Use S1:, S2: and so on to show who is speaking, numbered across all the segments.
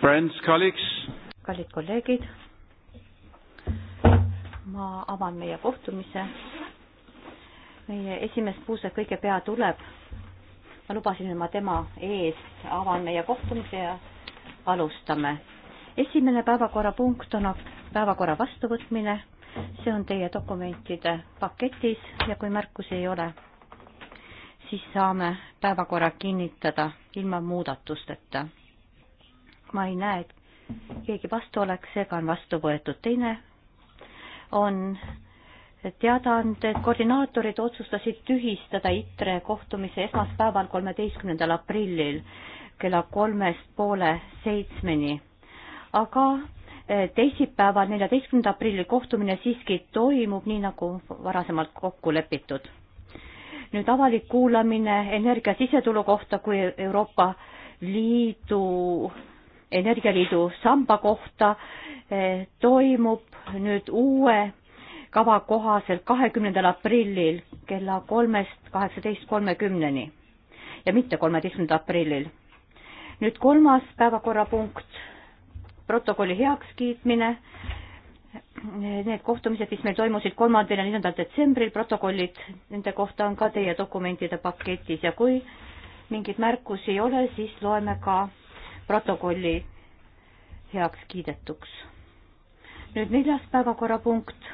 S1: Friends, colleagues.
S2: kallid kolleegid, ma avan meie kohtumise. meie esimees Puusek õigepea tuleb. ma lubasin, et ma tema ees avan meie kohtumise ja alustame. esimene päevakorrapunkt on päevakorra vastuvõtmine. see on teie dokumentide paketis ja kui märkusi ei ole, siis saame päevakorra kinnitada ilma muudatusteta. ma ei näe, et keegi vastu oleks, seega on vastu võetud. teine on teadaanded, koordinaatorid otsustasid tühistada ITRE kohtumise esmaspäeval, kolmeteistkümnendal aprillil kella kolmest poole seitsmeni. aga eh, teisipäeval, neljateistkümnenda aprillil kohtumine siiski toimub, nii nagu varasemalt kokku lepitud nüüd avalik kuulamine energia sisetulu kohta kui Euroopa Liidu, Energialiidu samba kohta eh, toimub nüüd uue kava kohaselt kahekümnendal aprillil kella kolmest kaheksateist kolmekümneni ja mitte kolmeteistkümnendal aprillil. nüüd kolmas päevakorrapunkt, protokolli heakskiitmine need kohtumised, mis meil toimusid kolmandal ja neljandal detsembril, protokollid nende kohta on ka teie dokumentide paketis ja kui mingeid märkusi ei ole, siis loeme ka protokolli heaks kiidetuks. nüüd neljas päevakorrapunkt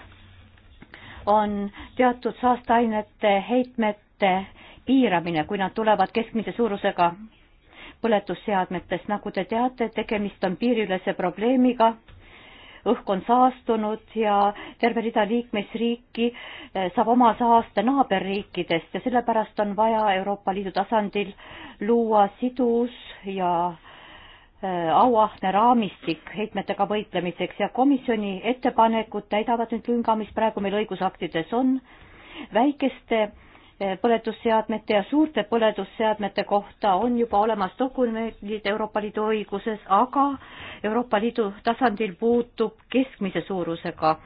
S2: on teatud saasteainete heitmete piiramine, kui nad tulevad keskmise suurusega põletusseadmetest. nagu te teate, tegemist on piiriülese probleemiga õhk on saastunud ja terve rida liikmesriiki eh, saab oma saaste naaberriikidest ja sellepärast on vaja Euroopa Liidu tasandil luua sidus ja eh, auahne raamistik heitmetega võitlemiseks ja komisjoni ettepanekud täidavad nüüd lünga, mis praegu meil õigusaktides on. väikeste põletusseadmete ja suurte põletusseadmete kohta on juba olemas dokumendid Euroopa Liidu õiguses, aga Euroopa Liidu tasandil puutub keskmise suurusega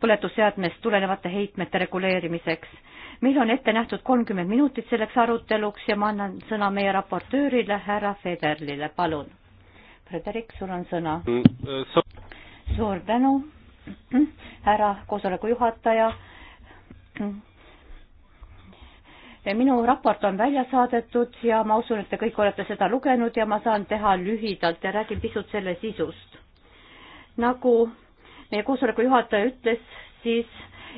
S2: põletusseadmest tulenevate heitmete reguleerimiseks. meil on ette nähtud kolmkümmend minutit selleks aruteluks ja ma annan sõna meie raportöörile, härra Federlile, palun. Frederik, sul on sõna. suur tänu, härra koosoleku juhataja minu raport on välja saadetud ja ma usun, et te kõik olete seda lugenud ja ma saan teha lühidalt ja räägin pisut selle sisust. nagu meie koosoleku juhataja ütles, siis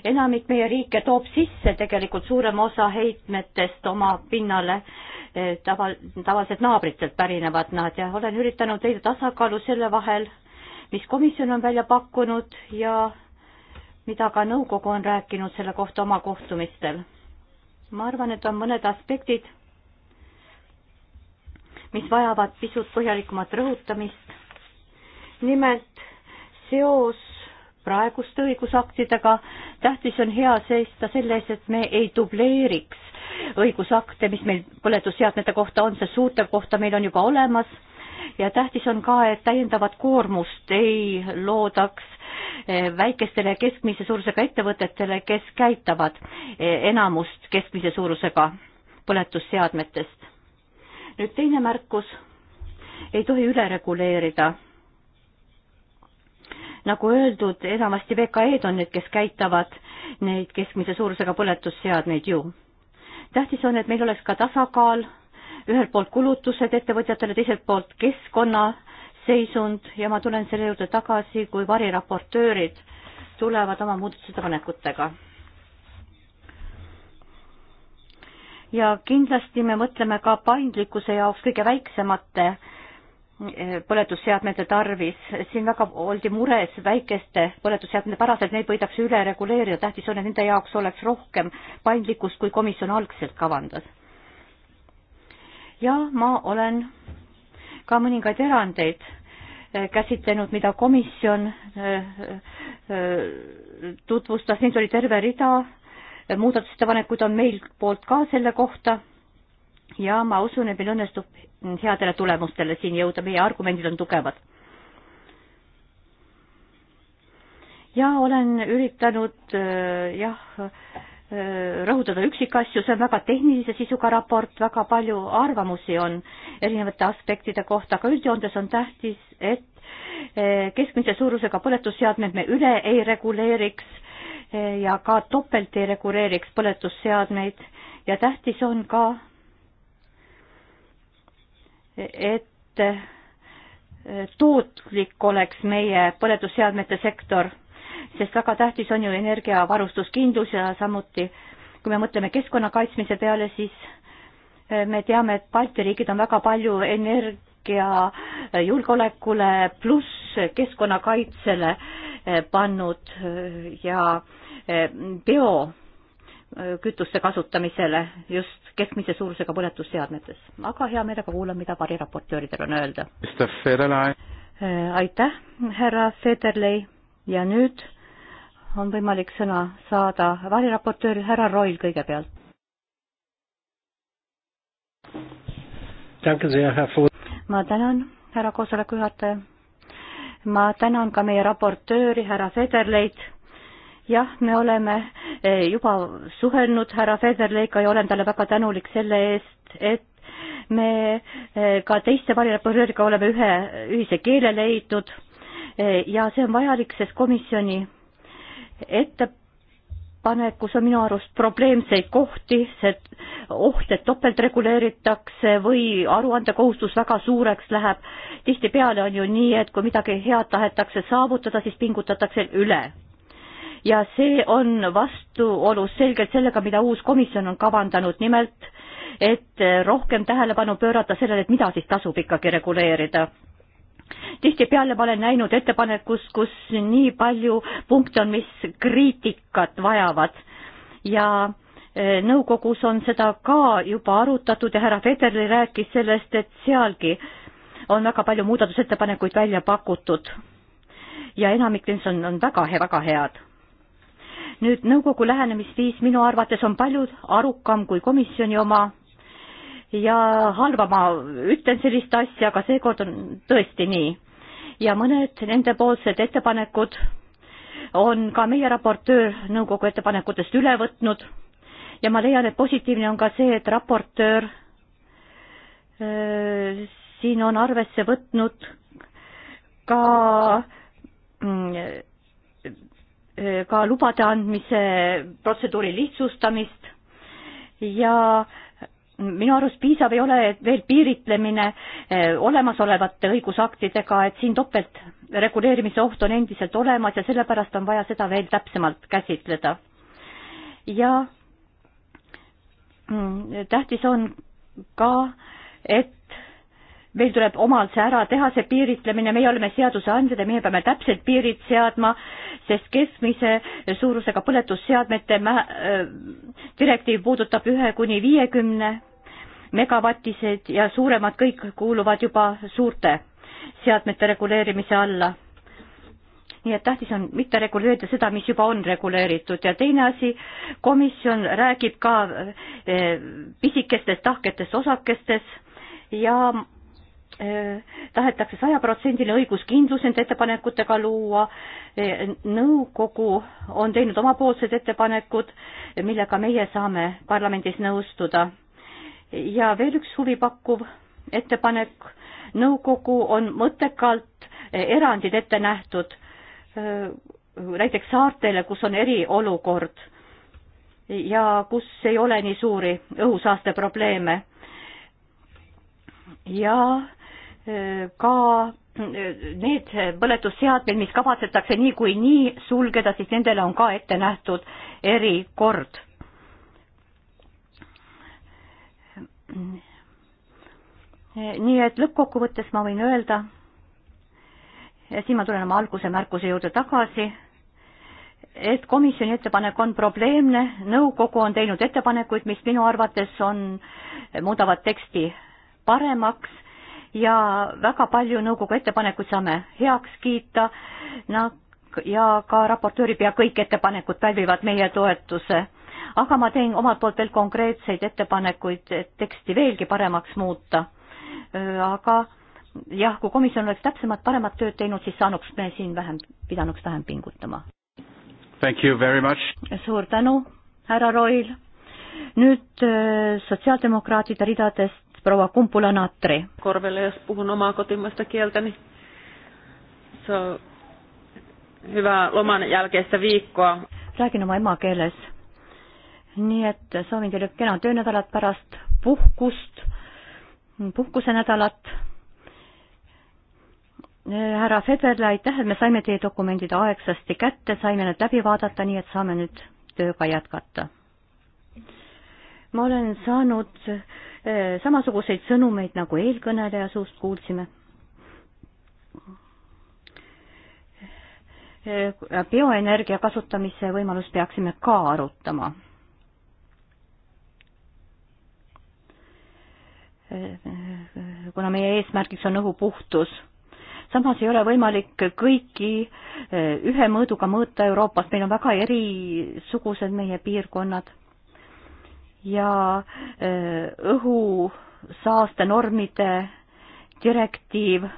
S2: enamik meie riike toob sisse tegelikult suurema osa heitmetest oma pinnale e, taval, tavaliselt naabritelt pärinevad nad ja olen üritanud leida tasakaalu selle vahel, mis komisjon on välja pakkunud ja mida ka nõukogu on rääkinud selle kohta oma kohtumistel ma arvan, et on mõned aspektid, mis vajavad pisut põhjalikumat rõhutamist. nimelt seos praeguste õigusaktidega. tähtis on hea seista selle eest, et me ei dubleeriks õigusakte, mis meil põletusseadmete kohta on, sest suurte kohta meil on juba olemas ja tähtis on ka, et täiendavat koormust ei loodaks eh, väikestele ja keskmise suurusega ettevõtetele, kes käitavad eh, enamust keskmise suurusega põletusseadmetest. nüüd teine märkus, ei tohi üle reguleerida. nagu öeldud, enamasti VKE-d on need, kes käitavad neid keskmise suurusega põletusseadmeid ju. tähtis on, et meil oleks ka tasakaal ühelt poolt kulutused ettevõtjatele, teiselt poolt keskkonnaseisund ja ma tulen selle juurde tagasi, kui variraportöörid tulevad oma muudatusettepanekutega. ja kindlasti me mõtleme ka paindlikkuse jaoks kõige väiksemate eh, põletusseadmete tarvis, siin väga oldi mures väikeste põletusseadmete pärast, et neid võidakse üle reguleerida, tähtis on, et nende jaoks oleks rohkem paindlikkust, kui komisjon algselt kavandas ja ma olen ka mõningaid erandeid eh, käsitlenud, mida komisjon eh, eh, tutvustas, neid oli terve rida, muudatusettepanekuid on meil poolt ka selle kohta ja ma usun, et meil õnnestub headele tulemustele siin jõuda, meie argumendid on tugevad. ja olen üritanud jah, Äh, rõhutada üksikasju, see on väga tehnilise sisuga raport, väga palju arvamusi on erinevate aspektide kohta, aga üldjoontes on tähtis, et äh, keskmise suurusega põletusseadmed me üle ei reguleeriks äh, ja ka topelt ei reguleeriks põletusseadmeid ja tähtis on ka, et tootlik oleks meie põletusseadmete sektor sest väga tähtis on ju energiavarustuskindlus ja samuti kui me mõtleme keskkonna kaitsmise peale, siis eh, me teame, et Balti riigid on väga palju energiajulgeolekule eh, pluss keskkonnakaitsele eh, pannud ja biokütuste kasutamisele just keskmise suurusega põletusseadmetes. aga hea meelega kuulan, mida variraportööridel on öelda. aitäh, härra Federley ja nüüd on võimalik sõna saada variraportööril härra Roil kõigepealt. ma tänan, härra koosoleku juhataja. ma tänan ka meie raportööri härra Federleit. jah, me oleme eh, juba suhelnud härra Federleiga ja olen talle väga tänulik selle eest, et me eh, ka teiste variraportööriga oleme ühe ühise keele leidnud eh, ja see on vajalik, sest komisjoni ettepanekus on minu arust probleemseid kohti, see oht, et topeltreguleeritakse või aruandekohustus väga suureks läheb. tihtipeale on ju nii, et kui midagi head tahetakse saavutada, siis pingutatakse üle ja see on vastuolus selgelt sellega, mida uus komisjon on kavandanud, nimelt et rohkem tähelepanu pöörata sellele, et mida siis tasub ikkagi reguleerida tihtipeale ma olen näinud ettepanekus, kus nii palju punkte on, mis kriitikat vajavad ja e, nõukogus on seda ka juba arutatud ja härra Federli rääkis sellest, et sealgi on väga palju muudatusettepanekuid välja pakutud ja enamik neist on, on väga, väga head. nüüd nõukogu lähenemisviis minu arvates on palju arukam kui komisjoni oma ja halba ma ütlen sellist asja, aga seekord on tõesti nii. ja mõned nendepoolsed ettepanekud on ka meie raportöör nõukogu ettepanekutest üle võtnud ja ma leian, et positiivne on ka see, et raportöör öö, äh, siin on arvesse võtnud ka mm, äh, ka lubade andmise protseduuri lihtsustamist ja äh, minu arust piisav ei ole veel piiritlemine eh, olemasolevate õigusaktidega, et siin topeltreguleerimise oht on endiselt olemas ja sellepärast on vaja seda veel täpsemalt käsitleda. ja mm, tähtis on ka, et meil tuleb omal see ära teha, see piiritlemine, meie oleme seadusandjad ja meie peame täpselt piirid seadma, sest keskmise suurusega põletusseadmete mä-, direktiiv puudutab ühe kuni viiekümne megavatised ja suuremad kõik kuuluvad juba suurte seadmete reguleerimise alla. nii et tähtis on mitte reguleerida seda, mis juba on reguleeritud ja teine asi, komisjon räägib ka eh, pisikestest tahketest osakestes ja eh, tahetakse sajaprotsendiline õiguskindlus nende ettepanekutega luua. Eh, nõukogu on teinud omapoolsed ettepanekud, millega meie saame parlamendis nõustuda ja veel üks huvipakkuv ettepanek, nõukogu on mõttekalt eh, erandid ette nähtud eh, näiteks saartele, kus on eriolukord ja kus ei ole nii suuri õhusaaste probleeme. ja eh, ka need põletusseadmed, mis kavatsetakse niikuinii nii sulgeda, siis nendele on ka ette nähtud erikord Mm. nii et lõppkokkuvõttes ma võin öelda, siin ma tulen oma alguse märkuse juurde tagasi, et komisjoni ettepanek on probleemne, nõukogu on teinud ettepanekuid, mis minu arvates on, muudavad teksti paremaks ja väga palju nõukogu ettepanekuid saame heaks kiita no, ja ka raportöör ei pea kõik ettepanekud pälvivad meie toetuse aga ma teen omalt poolt veel konkreetseid ettepanekuid, et teksti veelgi paremaks muuta. aga jah, kui komisjon oleks täpsemalt paremat tööd teinud, siis saanuks me siin vähem, pidanuks vähem pingutama. suur tänu, härra Roil. nüüd sotsiaaldemokraatide ridadest proua Kumpula-Natri.
S3: korvele, jos puhun oma kotimaista kieltäni niin hyvää loman jälkeistä viikkoa.
S2: Räägin oma emakeeles nii et soovin teile kena töönädalat pärast puhkust, puhkusenädalat. härra Federle, aitäh, et me saime teie dokumendid aegsasti kätte, saime need läbi vaadata, nii et saame nüüd tööga jätkata. ma olen saanud eh, samasuguseid sõnumeid, nagu eelkõneleja suust kuulsime eh, bioenergia kasutamise võimalust peaksime ka arutama kuna meie eesmärgiks on õhu puhtus. samas ei ole võimalik kõiki eh, ühe mõõduga mõõta Euroopas, meil on väga erisugused meie piirkonnad ja eh, õhusaastenormide direktiiv öö,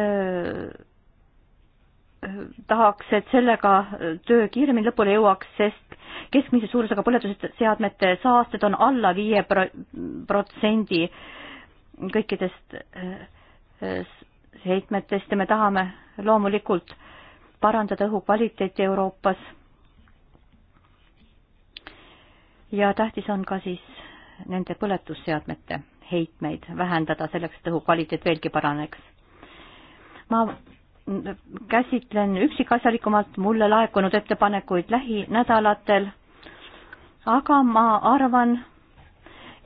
S2: eh, tahaks, et sellega töö kiiremini lõpule jõuaks, sest keskmise suurusega põletusseadmete saasted on alla viie protsendi kõikidest äh, heitmetest ja me tahame loomulikult parandada õhukvaliteeti Euroopas. ja tähtis on ka siis nende põletusseadmete heitmeid vähendada selleks, et õhukvaliteet veelgi paraneks. ma käsitlen üksikasjalikumalt mulle laekunud ettepanekuid lähinädalatel, aga ma arvan,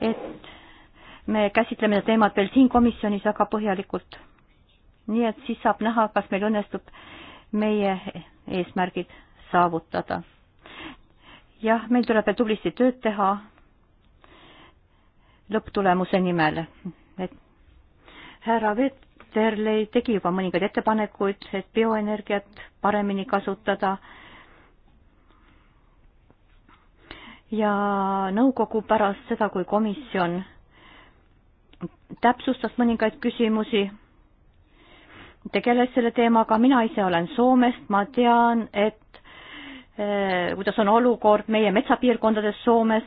S2: et me käsitleme teemat veel siin komisjonis väga põhjalikult. nii et siis saab näha, kas meil õnnestub meie eesmärgid saavutada. jah, meil tuleb veel tublisti tööd teha lõpptulemuse nimel, et härra Vett Sterley tegi juba mõningaid ettepanekuid, et bioenergiat paremini kasutada. ja nõukogu pärast seda, kui komisjon täpsustas mõningaid küsimusi, tegeles selle teemaga, mina ise olen Soomest, ma tean, et eh, kuidas on olukord meie metsapiirkondades Soomes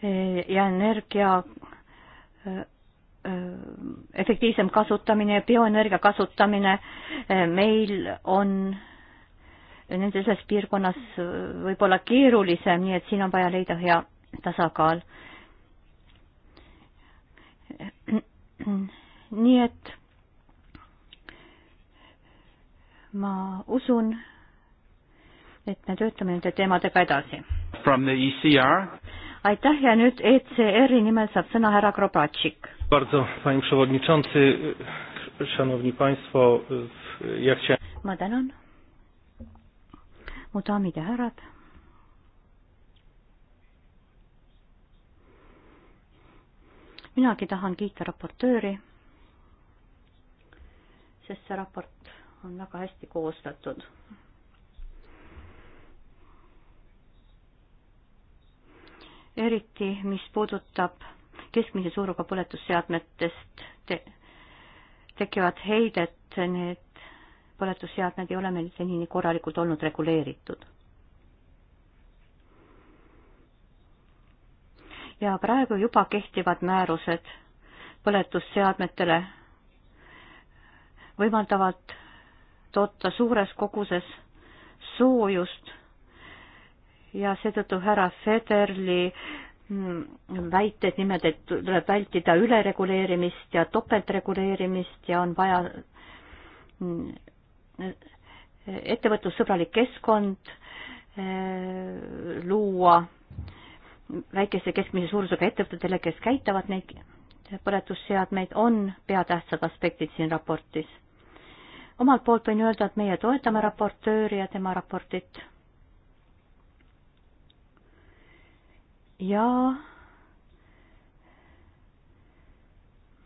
S2: eh, ja energia efektiivsem kasutamine ja bioenergia kasutamine. meil on nende selles piirkonnas võib-olla keerulisem, nii et siin on vaja leida hea tasakaal. nii et ma usun, et me töötame nende teemadega edasi.
S1: From the ECR
S2: aitäh ja nüüd ECR-i nimel saab sõna härra Krobatšik. ma tänan. mu daamid ja härrad. minagi tahan kiita raportööri, sest see raport on väga hästi koostatud eriti mis puudutab keskmise suuruga põletusseadmetest te tekivad heidet, need põletusseadmed ei ole meil senini korralikult olnud reguleeritud. ja praegu juba kehtivad määrused põletusseadmetele võimaldavad toota suures koguses soojust ja seetõttu härra Federli mm, väited nimelt, et tuleb vältida ülereguleerimist ja topeltreguleerimist ja on vaja mm, ettevõtlussõbralik keskkond eh, luua väikese keskmise suurusega ettevõtetele, kes käitavad neid põletusseadmeid, on peatähtsad aspektid siin raportis. omalt poolt võin öelda, et meie toetame raportööri ja tema raportit ja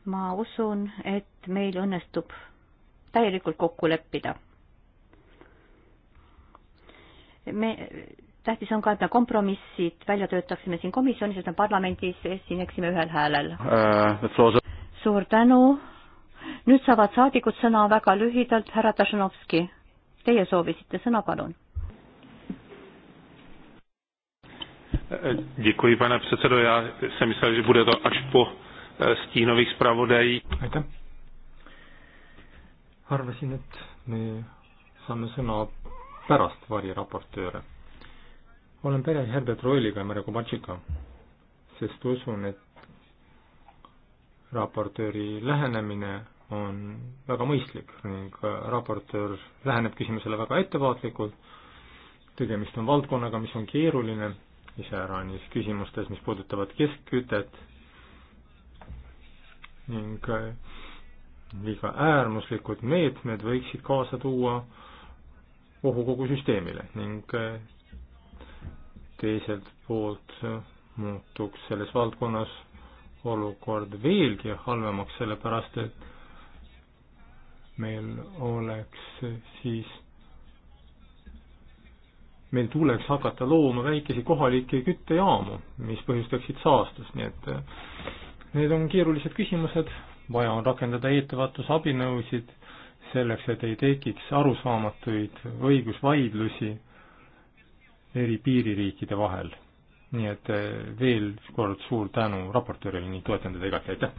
S2: ma usun, et meil õnnestub täielikult kokku leppida. me, tähtis on ka, et me kompromissid välja töötaksime siin komisjonis, et me parlamendis esineksime ühel häälel
S1: uh,.
S2: suur tänu. nüüd saavad saadikud sõna väga lühidalt, härra Tašanovski, teie soovisite sõna, palun
S1: Děkuji, pane předsedo. Já jsem myslel, že bude to až po eh, stínových zpravodajích. aitäh. arvasin, et me saame sõna pärast variraportööre. olen peres Herbert Roiliga ja Mare Kovatšiga, sest usun, et raportööri lähenemine on väga mõistlik ning raportöör läheneb küsimusele väga ettevaatlikult. tegemist on valdkonnaga, mis on keeruline iseäranis küsimustes, mis puudutavad keskkütet ning äh, liiga äärmuslikud meetmed võiksid kaasa tuua ohu kogu süsteemile ning äh, teiselt poolt äh, muutuks selles valdkonnas olukord veelgi halvemaks, sellepärast et meil oleks siis meil tuleks hakata looma väikesi kohalikke küttejaamu, mis põhjustaksid saastust, nii et eh, need on keerulised küsimused, vaja on rakendada ettevaatusabinõusid selleks, et ei tekiks arusaamatuid õigusvaidlusi eri piiririikide vahel. nii et eh, veel kord suur tänu raportöörile ning toetan teda igati, aitäh!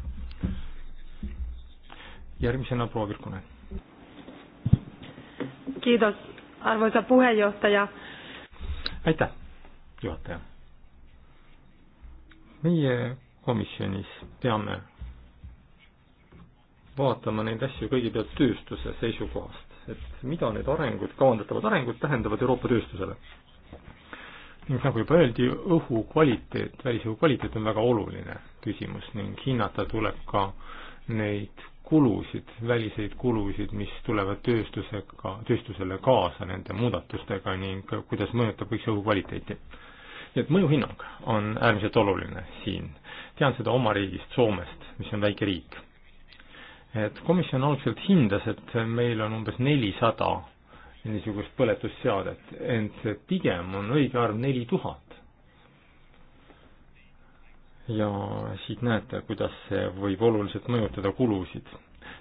S1: järgmisena proua Virkunen.
S3: Kiitos, arvoisa puheenjohtaja
S1: aitäh, juhataja. meie komisjonis peame vaatama neid asju kõigepealt tööstuse seisukohast, et mida need arengud, kavandatavad arengud tähendavad Euroopa tööstusele. ning nagu juba öeldi, õhu kvaliteet, välisõhu kvaliteet on väga oluline küsimus ning hinnata tuleb ka neid kulusid, väliseid kulusid, mis tulevad tööstusega, tööstusele kaasa nende muudatustega ning kuidas mõjutab kõik see õhukvaliteeti. nii et mõjuhinnang on äärmiselt oluline siin. tean seda oma riigist, Soomest, mis on väike riik. et komisjon algselt hindas, et meil on umbes nelisada niisugust põletusseadet, ent pigem on õige arv neli tuhat ja siit näete, kuidas see võib oluliselt mõjutada kulusid.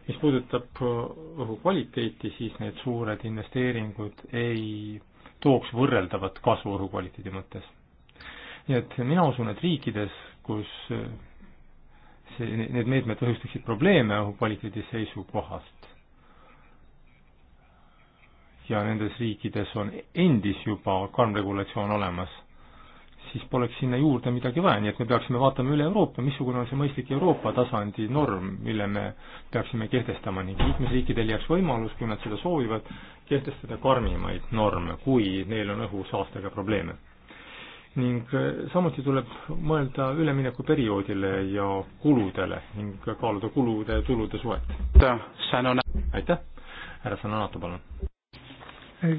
S1: mis puudutab äh, õhu kvaliteeti, siis need suured investeeringud ei tooks võrreldavat kasvu õhu kvaliteedi mõttes. nii et mina usun, et riikides, kus äh, see, need meetmed põhjustaksid probleeme õhu kvaliteedi seisukohast ja nendes riikides on endis juba karm regulatsioon olemas siis poleks sinna juurde midagi vaja, nii et me peaksime vaatama üle Euroopa, missugune on see mõistlik Euroopa tasandi norm, mille me peaksime kehtestama ning liikmesriikidel jääks võimalus, kui nad seda soovivad, kehtestada karmimaid norme, kui neil on õhusaastega probleeme. ning äh, samuti tuleb mõelda üleminekuperioodile ja kuludele ning kaaluda kulude ja tulude suhet. aitäh, härra Sananato, palun.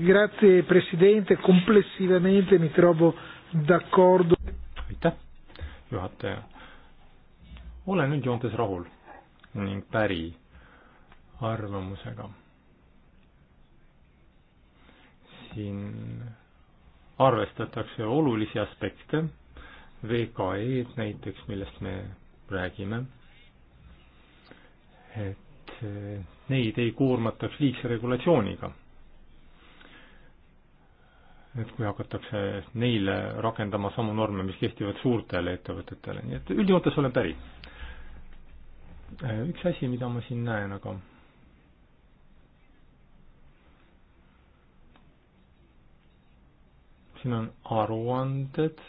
S1: Grazie Presidente, complessivamente mi trovo aitäh, juhataja. olen üldjoontes rahul ning päri arvamusega. siin arvestatakse olulisi aspekte, VKE-d näiteks, millest me räägime, et neid ei koormataks liigse regulatsiooniga et kui hakatakse neile rakendama samu norme, mis kehtivad suurtele ettevõtetele, nii et üldjoontes olen päri. Äh, üks asi, mida ma siin näen, aga siin on aruanded,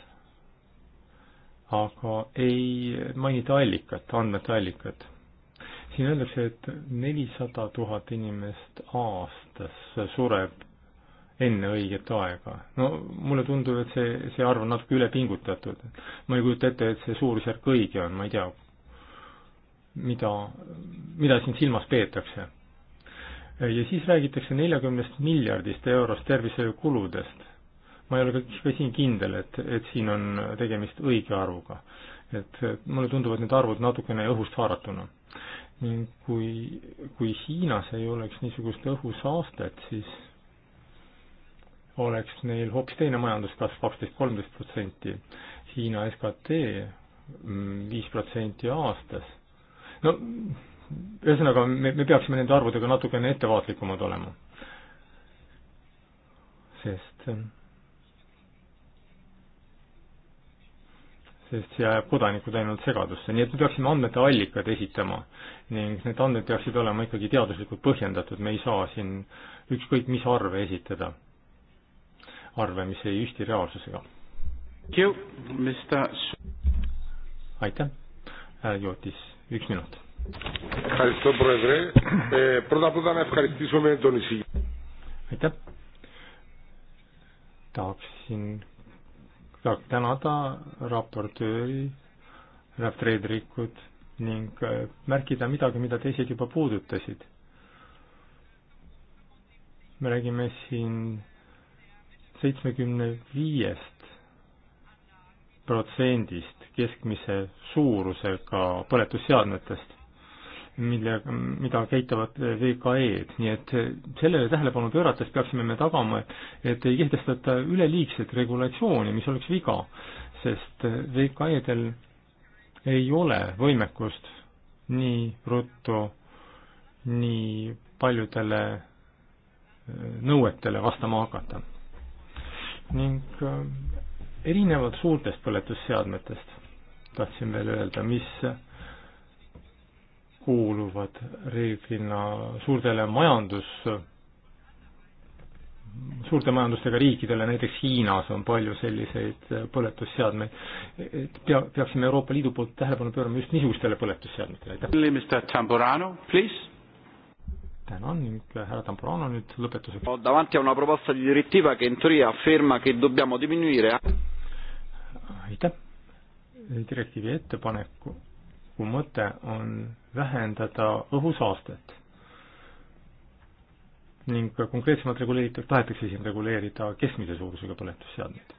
S1: aga ei mainita allikat, andmete allikat. siin öeldakse, et nelisada tuhat inimest aastas sureb enne õiget aega. no mulle tundub, et see, see arv on natuke ülepingutatud. ma ei kujuta ette, et see suurusjärk õige on, ma ei tea, mida, mida siin silmas peetakse. ja siis räägitakse neljakümnest miljardist eurost tervishoiukuludest. ma ei ole ka siin kindel, et, et siin on tegemist õige arvuga. et mulle tunduvad need arvud natukene õhust haaratuna ning kui, kui Hiinas ei oleks niisugust õhusaastet, siis oleks neil hoopis teine majanduskasv, kaksteist, kolmteist protsenti. Hiina SKT mm, viis protsenti aastas. no ühesõnaga, me, me peaksime nende arvudega natukene ettevaatlikumad olema. sest, mm, sest see ajab kodanikud ainult segadusse, nii et me peaksime andmete allikad esitama ning need andmed peaksid olema ikkagi teaduslikult põhjendatud, me ei saa siin ükskõik mis arve esitada arve, mis ei ühti reaalsusega. aitäh, äh, Jootis, üks minut. aitäh. tahaksin tahab tänada raportööri, Refreedrikut ning äh, märkida midagi, mida teised juba puudutasid. me räägime siin seitsmekümne viiest protsendist keskmise suurusega põletusseadmetest, mille, mida käitavad VKE-d, nii et sellele tähelepanu pöörates peaksime me tagama, et ei kehtestata üleliigset regulatsiooni, mis oleks viga, sest VKE-del ei ole võimekust nii ruttu nii paljudele nõuetele vastama hakata ning äh, erinevad suurtest põletusseadmetest, tahtsin veel öelda, mis kuuluvad reeglina suurtele majandus, suurte majandustega riikidele, näiteks Hiinas on palju selliseid äh, põletusseadmeid, et pea, peaksime Euroopa Liidu poolt tähelepanu pöörama just niisugustele põletusseadmetele, aitäh tänan nüüd härra Tamburano nüüd lõpetuseks. Davanti a una proposta di direttiva che
S2: in teoria afferma che dobbiamo diminuire.
S1: aitäh. direktiivi ettepaneku mõte on vähendada õhusaastet ning konkreetsemalt reguleeritakse, tahetakse siin reguleerida keskmise suurusega põletusseadmeid.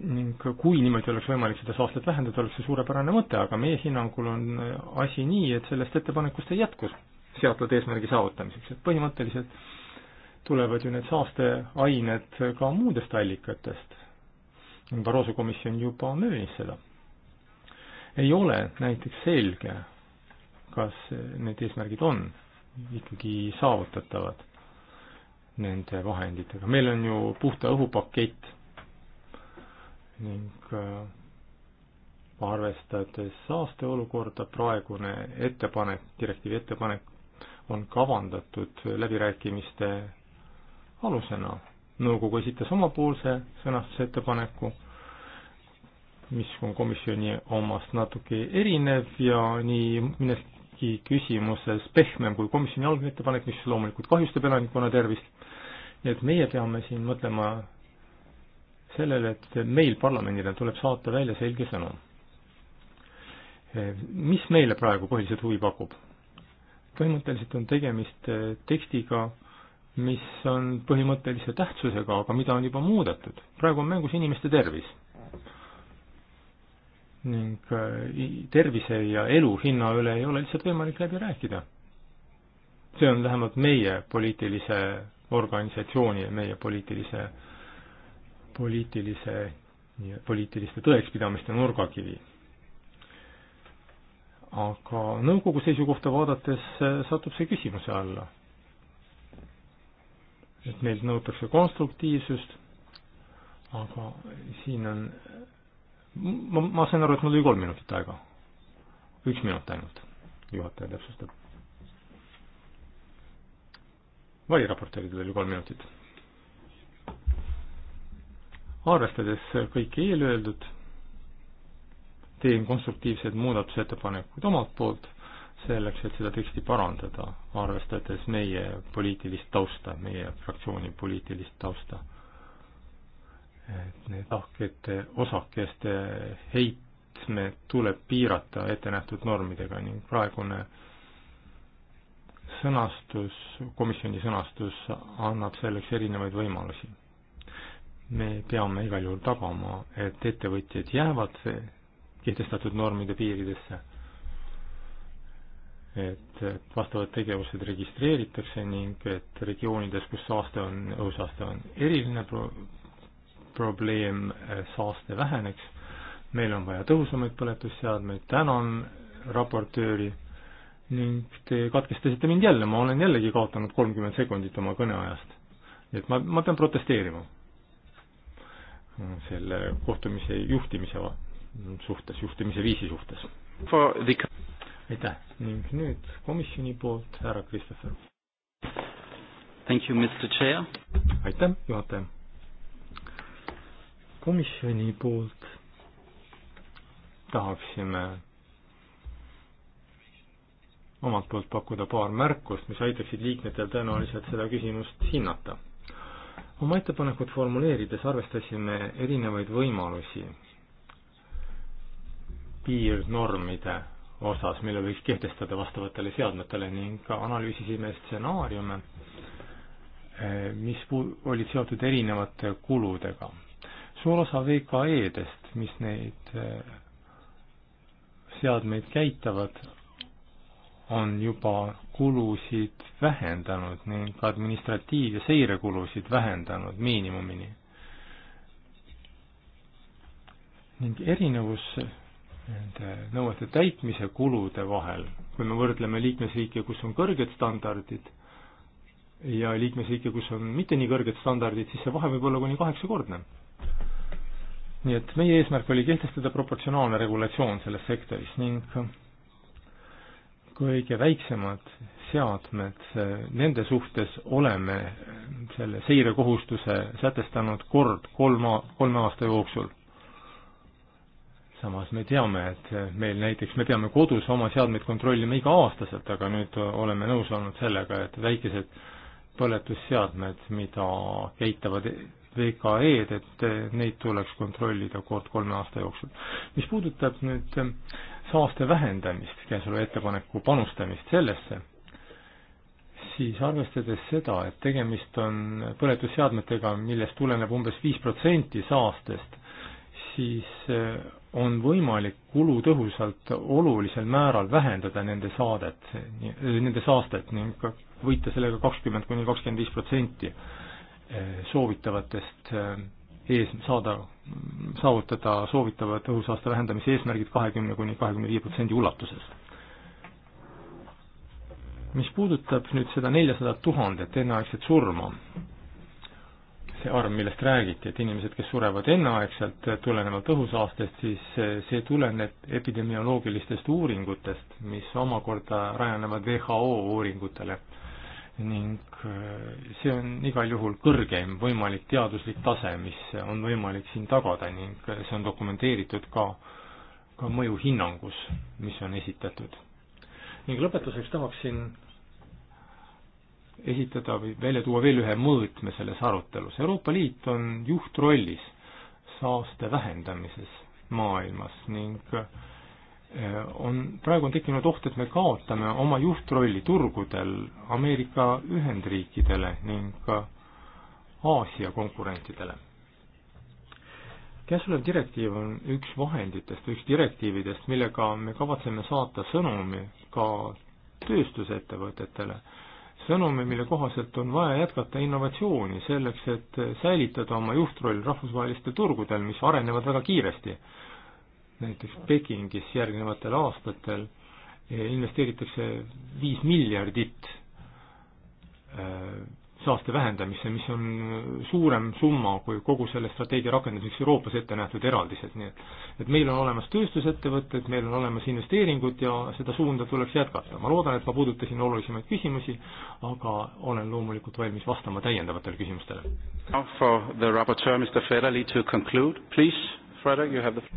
S1: ning kui niimoodi oleks võimalik seda saastet vähendada, oleks see suurepärane mõte, aga meie hinnangul on asi nii, et sellest ettepanekust ei jätku seatud eesmärgi saavutamiseks, et põhimõtteliselt tulevad ju need saasteained ka muudest allikatest. Barroso komisjon juba möönis seda. ei ole näiteks selge, kas need eesmärgid on ikkagi saavutatavad nende vahenditega. meil on ju puhta õhupakett ning äh, arvestades saasteolukorda, praegune ettepanek, direktiivi ettepanek on kavandatud läbirääkimiste alusena. nõukogu esitas omapoolse sõnastuse ettepaneku, mis on komisjoni omast natuke erinev ja nii mõneski küsimuses pehmem kui komisjoni algne ettepanek, mis loomulikult kahjustab elanikkonna tervist. nii et meie peame siin mõtlema sellele, et meil parlamendile tuleb saata välja selge sõnum. mis meile praegu põhiliselt huvi pakub? põhimõtteliselt on tegemist äh, tekstiga, mis on põhimõttelise tähtsusega, aga mida on juba muudetud. praegu on mängus inimeste tervis. ning äh, tervise ja elu hinna üle ei ole lihtsalt võimalik läbi rääkida. see on vähemalt meie poliitilise organisatsiooni ja meie poliitilise, poliitilise, poliitiliste tõekspidamiste nurgakivi aga nõukogu seisukohta vaadates eh, satub see küsimuse alla. et meilt nõutakse konstruktiivsust, aga siin on, ma, ma sain aru, et mul oli kolm minutit aega. üks minut ainult, juhataja täpsustab. variraportööridel oli kolm minutit. arvestades kõike eelöeldut teen konstruktiivseid muudatusettepanekuid omalt poolt, selleks, et seda teksti parandada, arvestades meie poliitilist tausta, meie fraktsiooni poliitilist tausta. et need lahkete osakeste heitmed tuleb piirata ettenähtud normidega ning praegune sõnastus, komisjoni sõnastus annab selleks erinevaid võimalusi. me peame igal juhul tagama, et ettevõtjad jäävad kehtestatud normide piiridesse. et vastavad tegevused registreeritakse ning et regioonides, kus saaste on, õhusaaste on eriline pro-, probleem, eh, saaste väheneks. meil on vaja tõhusamaid põletusseadmeid, tänan raportööri ning te katkestasite mind jälle, ma olen jällegi kaotanud kolmkümmend sekundit oma kõneajast. nii et ma, ma pean protesteerima selle kohtumise juhtimise suhtes, juhtimise viisi suhtes. aitäh ning nüüd komisjoni poolt härra Christopher. aitäh, juhataja. komisjoni poolt tahaksime omalt poolt pakkuda paar märkust, mis aitaksid liikmetel tõenäoliselt seda küsimust hinnata. oma ettepanekut formuleerides arvestasime erinevaid võimalusi, piirnormide osas, mille võiks kehtestada vastavatele seadmetele ning ka analüüsisime stsenaariume, eh, mis olid seotud erinevate kuludega. suur osa VKE-dest, mis neid eh, seadmeid käitavad, on juba kulusid vähendanud ning administratiiv- ja seirekulusid vähendanud miinimumini. ning erinevus nende nõuete täitmise kulude vahel, kui me võrdleme liikmesriike, kus on kõrged standardid ja liikmesriike, kus on mitte nii kõrged standardid, siis see vahe võib olla kuni kaheksakordne. nii et meie eesmärk oli kehtestada proportsionaalne regulatsioon selles sektoris ning kõige väiksemad seadmed, nende suhtes oleme selle seirekohustuse sätestanud kord kolma, kolme aasta jooksul samas me teame, et meil näiteks, me peame kodus oma seadmeid kontrollima iga-aastaselt, aga nüüd oleme nõus olnud sellega, et väikesed põletusseadmed, mida eitavad VKE-d, et neid tuleks kontrollida kord kolme aasta jooksul. mis puudutab nüüd saaste vähendamist, käesoleva ettepaneku panustamist sellesse, siis arvestades seda, et tegemist on põletusseadmetega, millest tuleneb umbes viis protsenti saastest, siis on võimalik kulutõhusalt olulisel määral vähendada nende saadet, nende saastet ning võita sellega kakskümmend kuni kakskümmend viis protsenti eh, soovitavatest eh, ees-, saada, saavutada soovitava tõhusaaste vähendamise eesmärgid kahekümne kuni kahekümne viie protsendi ulatuses. mis puudutab nüüd seda neljasadat tuhandet enneaegset surma, see arv, millest räägiti, et inimesed, kes surevad enneaegselt tulenevalt õhusaastest, siis see tuleneb epidemioloogilistest uuringutest, mis omakorda rajanevad WHO uuringutele. ning eh, see on igal juhul kõrgeim võimalik teaduslik tase, mis on võimalik siin tagada ning see on dokumenteeritud ka, ka mõjuhinnangus, mis on esitatud. ning lõpetuseks tahaksin esitada või välja tuua veel ühe mõõtme selles arutelus. Euroopa Liit on juhtrollis saaste vähendamises maailmas ning eh, on, praegu on tekkinud oht, et me kaotame oma juhtrolli turgudel Ameerika Ühendriikidele ning Aasia konkurentidele. käesolev direktiiv on üks vahenditest, üks direktiividest, millega me kavatseme saata sõnumi ka tööstusettevõtetele, sõnumi, mille kohaselt on vaja jätkata innovatsiooni selleks, et säilitada oma juhtroll rahvusvahelistel turgudel, mis arenevad väga kiiresti. näiteks Pekingis järgnevatel aastatel investeeritakse viis miljardit äh, saaste vähendamisse, mis on äh, suurem summa kui kogu selle strateegia rakendamiseks Euroopas ette nähtud eraldised, nii et et meil on olemas tööstusettevõtted, meil on olemas investeeringud ja seda suunda tuleks jätkata. ma loodan, et ma puudutasin olulisemaid küsimusi, aga olen loomulikult valmis vastama täiendavatele küsimustele.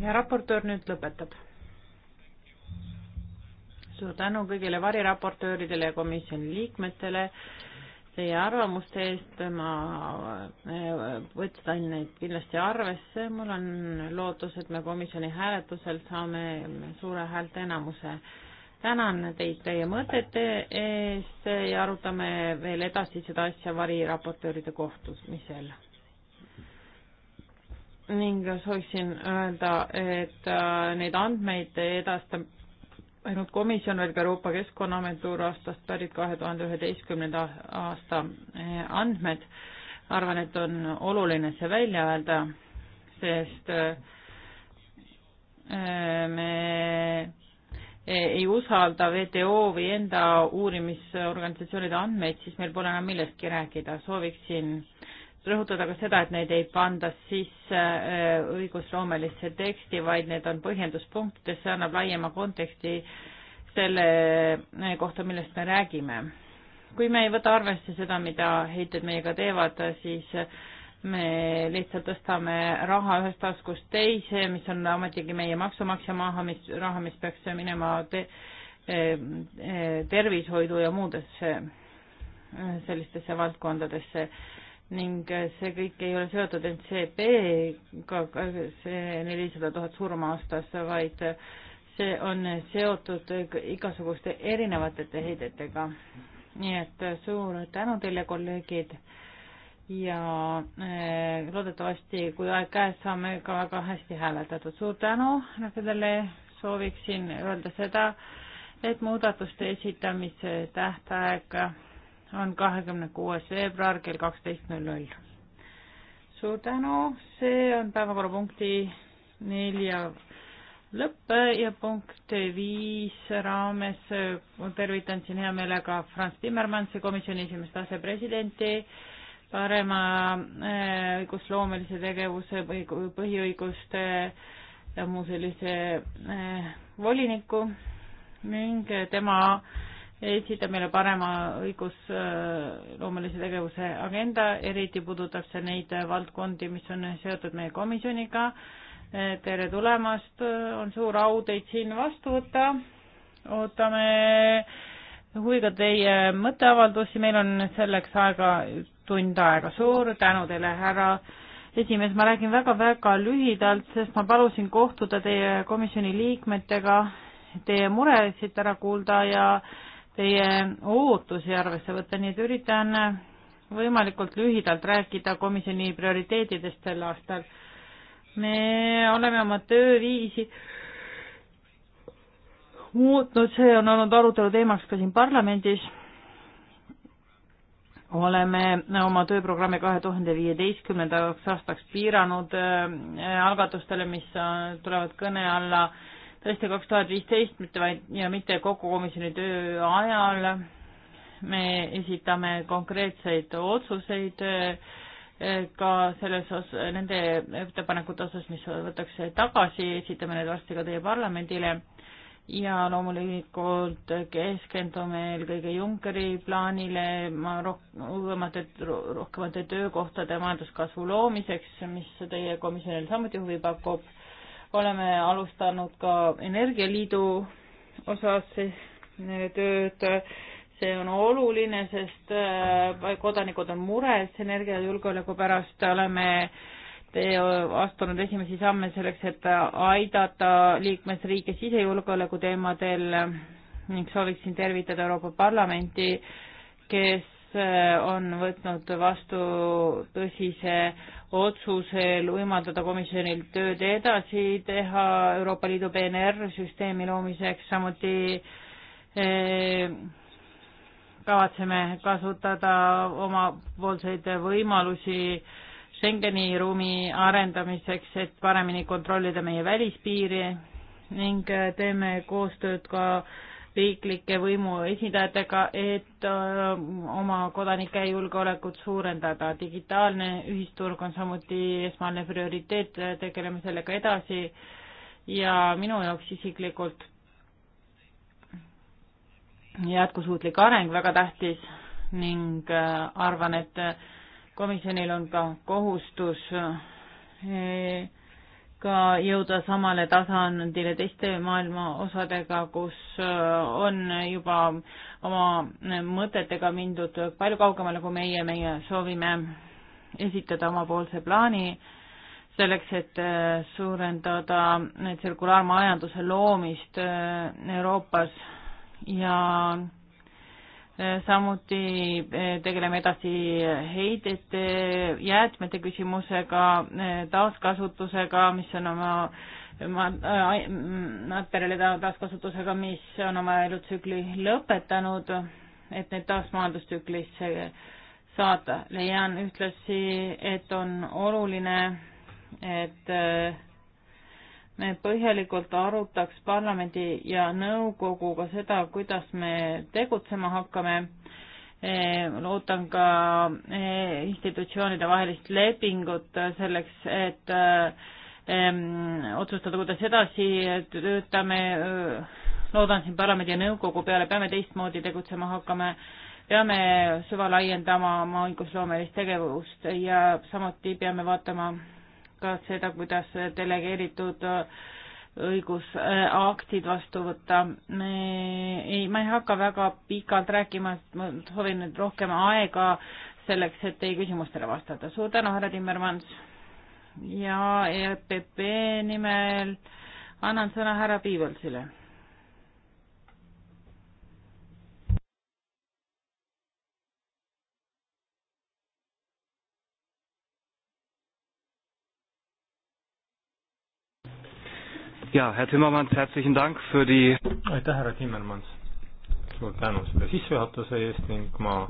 S1: ja raportöör
S3: nüüd lõpetab. suur tänu kõigile variraportööridele ja komisjoni liikmetele teie arvamuste eest, ma eh, võtan neid kindlasti arvesse, mul on lootus, et me komisjoni hääletusel saame suure häälteenamuse. tänan teid teie mõtete eest ja arutame veel edasi seda asja variraportööride kohtumisel. ning sooviksin öelda, et eh, neid andmeid edastab ainult komisjon, vaid ka Euroopa Keskkonnaagentuur aastast pärit kahe tuhande üheteistkümnenda aasta eh, andmed. arvan, et on oluline see välja öelda, sest eh, eh, me ei usalda WTO või enda uurimisorganisatsioonide andmeid, siis meil pole enam millestki rääkida. sooviksin äh, rõhutada ka seda, et neid ei panda sisse äh, õigusloomelisse teksti, vaid need on põhjenduspunktides, see annab laiema konteksti selle äh, kohta, millest me räägime. kui me ei võta arvesse seda, mida heited meiega teevad, siis me lihtsalt tõstame raha ühest taskust teise, mis on ometigi meie maksumaksja maha, mis raha, mis peaks minema te, äh, tervishoidu ja muudesse sellistesse valdkondadesse ning see kõik ei ole seotud ainult CP-ga, see nelisada tuhat surma aastas, vaid see on seotud igasuguste erinevate heidetega. nii et suur tänu teile, kolleegid, ja eh, loodetavasti, kui aeg käes, saame ka väga hästi hääletatud. suur tänu nendele, sooviksin öelda seda, et muudatuste esitamise tähtaeg on kahekümne kuues veebruar kell kaksteist null null. suur tänu, see on päevakorrapunkti nelja lõpp ja punkt viis raames tervitan siin hea meelega Franz Timmermansi, komisjoni esimest asepresidenti, parema äh, õigusloomelise tegevuse või põhiõiguste ja muu sellise äh, voliniku ning tema äh, esitab meile parema õigusloomelise tegevuse agenda, eriti puudutab see neid valdkondi, mis on seotud meie komisjoniga. tere tulemast, on suur au teid siin vastu võtta. ootame huviga teie mõtteavaldusi, meil on selleks aega tund aega. suur tänu teile, härra esimees, ma räägin väga-väga lühidalt, sest ma palusin kohtuda teie komisjoni liikmetega, teie muresid ära kuulda ja äh, teie ootusi arvesse võtta, nii et üritan võimalikult lühidalt rääkida komisjoni prioriteetidest sel aastal. me oleme oma tööviisi muutnud, see on olnud arutelu teemaks ka siin parlamendis. oleme oma tööprogrammi kahe tuhande viieteistkümnendaks aastaks piiranud äh, algatustele, mis äh, tulevad kõne alla äh, tõesti kaks tuhat viisteist, mitte vaid ja mitte kogu komisjoni töö ajal. me esitame konkreetseid otsuseid eh, ka selles osas, nende ettepanekute osas, mis võetakse tagasi, esitame need varsti ka teie parlamendile ja loomulikult keskendume eelkõige Junckeri plaanile ma roh-, uuemate, rohkemate töökohtade majanduskasvu loomiseks, mis teie komisjonil samuti huvi pakub oleme alustanud ka Energialiidu osas tööd. see on oluline, sest äh, kodanikud on mures energiajulgeoleku pärast, oleme astunud esimesi samme selleks, et aidata liikmesriike sisejulgeoleku teemadel ning sooviksin tervitada Euroopa Parlamenti, kes Äh, on võtnud vastu tõsise otsuse võimaldada komisjonil tööd edasi teha Euroopa Liidu PNR-süsteemi loomiseks, samuti äh, kavatseme kasutada omapoolseid võimalusi Schengeni ruumi arendamiseks, et paremini kontrollida meie välispiiri ning äh, teeme koostööd ka äh, riiklike võimu esindajatega, et äh, oma kodanike julgeolekut suurendada. digitaalne ühisturg on samuti esmane prioriteet, äh, tegeleme sellega edasi ja minu jaoks isiklikult jätkusuutlik areng väga tähtis ning äh, arvan, et komisjonil on ka kohustus ka jõuda samale tasandile teiste maailma osadega, kus äh, on juba oma mõtetega mindud palju kaugemale kui meie, meie soovime esitada omapoolse plaani selleks, et äh, suurendada tsirkulaarmajanduse loomist äh, Euroopas ja samuti eh, tegeleme edasi heidete, jäätmete küsimusega, eh, taaskasutusega, mis on oma materjalide taaskasutusega, mis on oma elutsükli lõpetanud, et neid taas majandustsüklisse saada. leian ühtlasi, et on oluline, et äh, põhjalikult arutaks parlamendi ja nõukoguga seda, kuidas me tegutsema hakkame. Eh, loodan ka eh, institutsioonide vahelist lepingut selleks, et eh, otsustada, kuidas edasi töötame. loodan siin parlamendi ja nõukogu peale, peame teistmoodi tegutsema hakkama peame süvalaiendama oma õigusloomelist tegevust ja samuti peame vaatama ka seda, kuidas delegeeritud õigusaktid vastu võtta. ei, ma ei hakka väga pikalt rääkima, sest ma soovin nüüd rohkem aega selleks, et teie küsimustele vastata. suur tänu, härra Timmermans. ja EPP nimel annan sõna härra Piivalsile
S1: ja, härra Timmermans, herzlichen Dank für die aitäh, härra Timmermans! suur tänu selle sissejuhatuse eest ning ma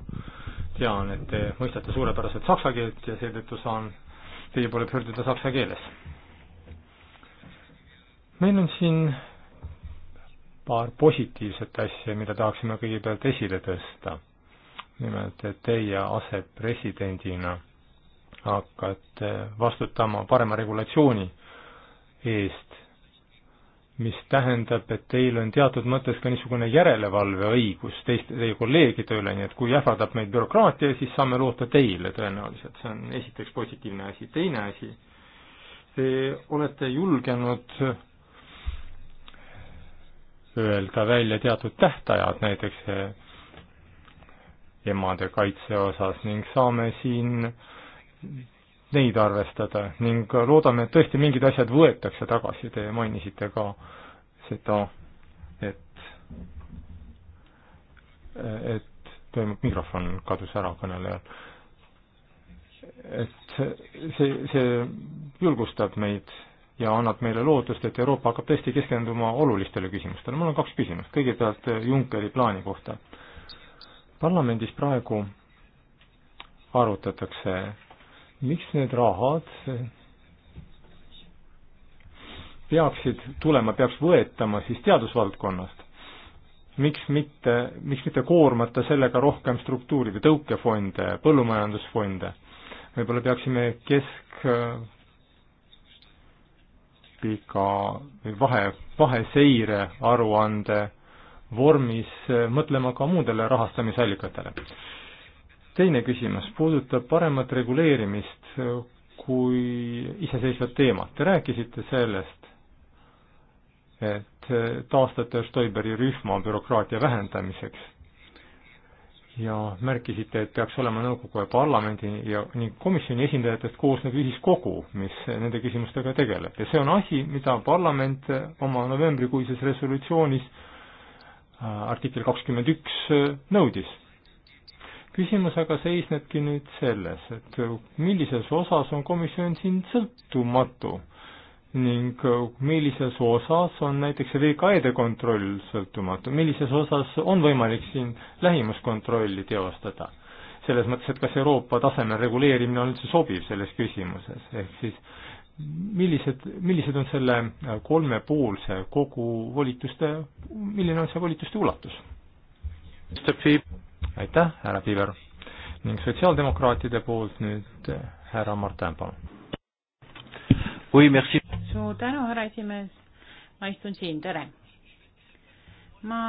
S1: tean, et te mõistate suurepäraselt saksa keelt ja seetõttu saan teie poole pöörduda saksa keeles. meil on siin paar positiivset asja, mida tahaksime kõigepealt esile tõsta. nimelt, et teie asepresidendina hakkate vastutama parema regulatsiooni eest mis tähendab, et teil on teatud mõttes ka niisugune järelevalveõigus teiste, teie kolleegide üle, nii et kui ähvardab meid bürokraatia, siis saame loota teile tõenäoliselt, see on esiteks positiivne asi, teine asi, te olete julgenud öelda välja teatud tähtajad näiteks eh, emade kaitse osas ning saame siin neid arvestada ning loodame, et tõesti mingid asjad võetakse tagasi, te mainisite ka seda, et, et toimub, mikrofon kadus ära kõnelejal. et see, see julgustab meid ja annab meile lootust, et Euroopa hakkab tõesti keskenduma olulistele küsimustele. mul on kaks küsimust, kõigepealt Junckeri plaani kohta. parlamendis praegu arutatakse miks need rahad peaksid tulema, peaks võetama siis teadusvaldkonnast? miks mitte, miks mitte koormata sellega rohkem struktuuri või tõukefonde, põllumajandusfonde? võib-olla peaksime kesk pika või vahe, vaheseire aruande vormis mõtlema ka muudele rahastamisallikatele teine küsimus puudutab paremat reguleerimist kui iseseisvat teemat. Te rääkisite sellest, et taastate Stoiberi rühma bürokraatia vähendamiseks ja märkisite, et peaks olema nõukogu ja parlamendi ja ning komisjoni esindajatest koosnev ühiskogu, mis nende küsimustega tegeleb ja see on asi, mida parlament oma novembrikuises resolutsioonis äh, artikkel kakskümmend üks äh, nõudis küsimus aga seisnebki nüüd selles, et millises osas on komisjon siin sõltumatu ning millises osas on näiteks veekaede kontroll sõltumatu, millises osas on võimalik siin lähimuskontrolli teostada. selles mõttes, et kas Euroopa tasemel reguleerimine on üldse sobiv selles küsimuses, ehk siis millised, millised on selle kolmepoolse kogu volituste, milline on see volituste ulatus? aitäh, härra Piiler. ning sotsiaaldemokraatide poolt nüüd eh, härra Martin, palun.
S3: suur tänu, härra esimees. ma istun siin, tere. ma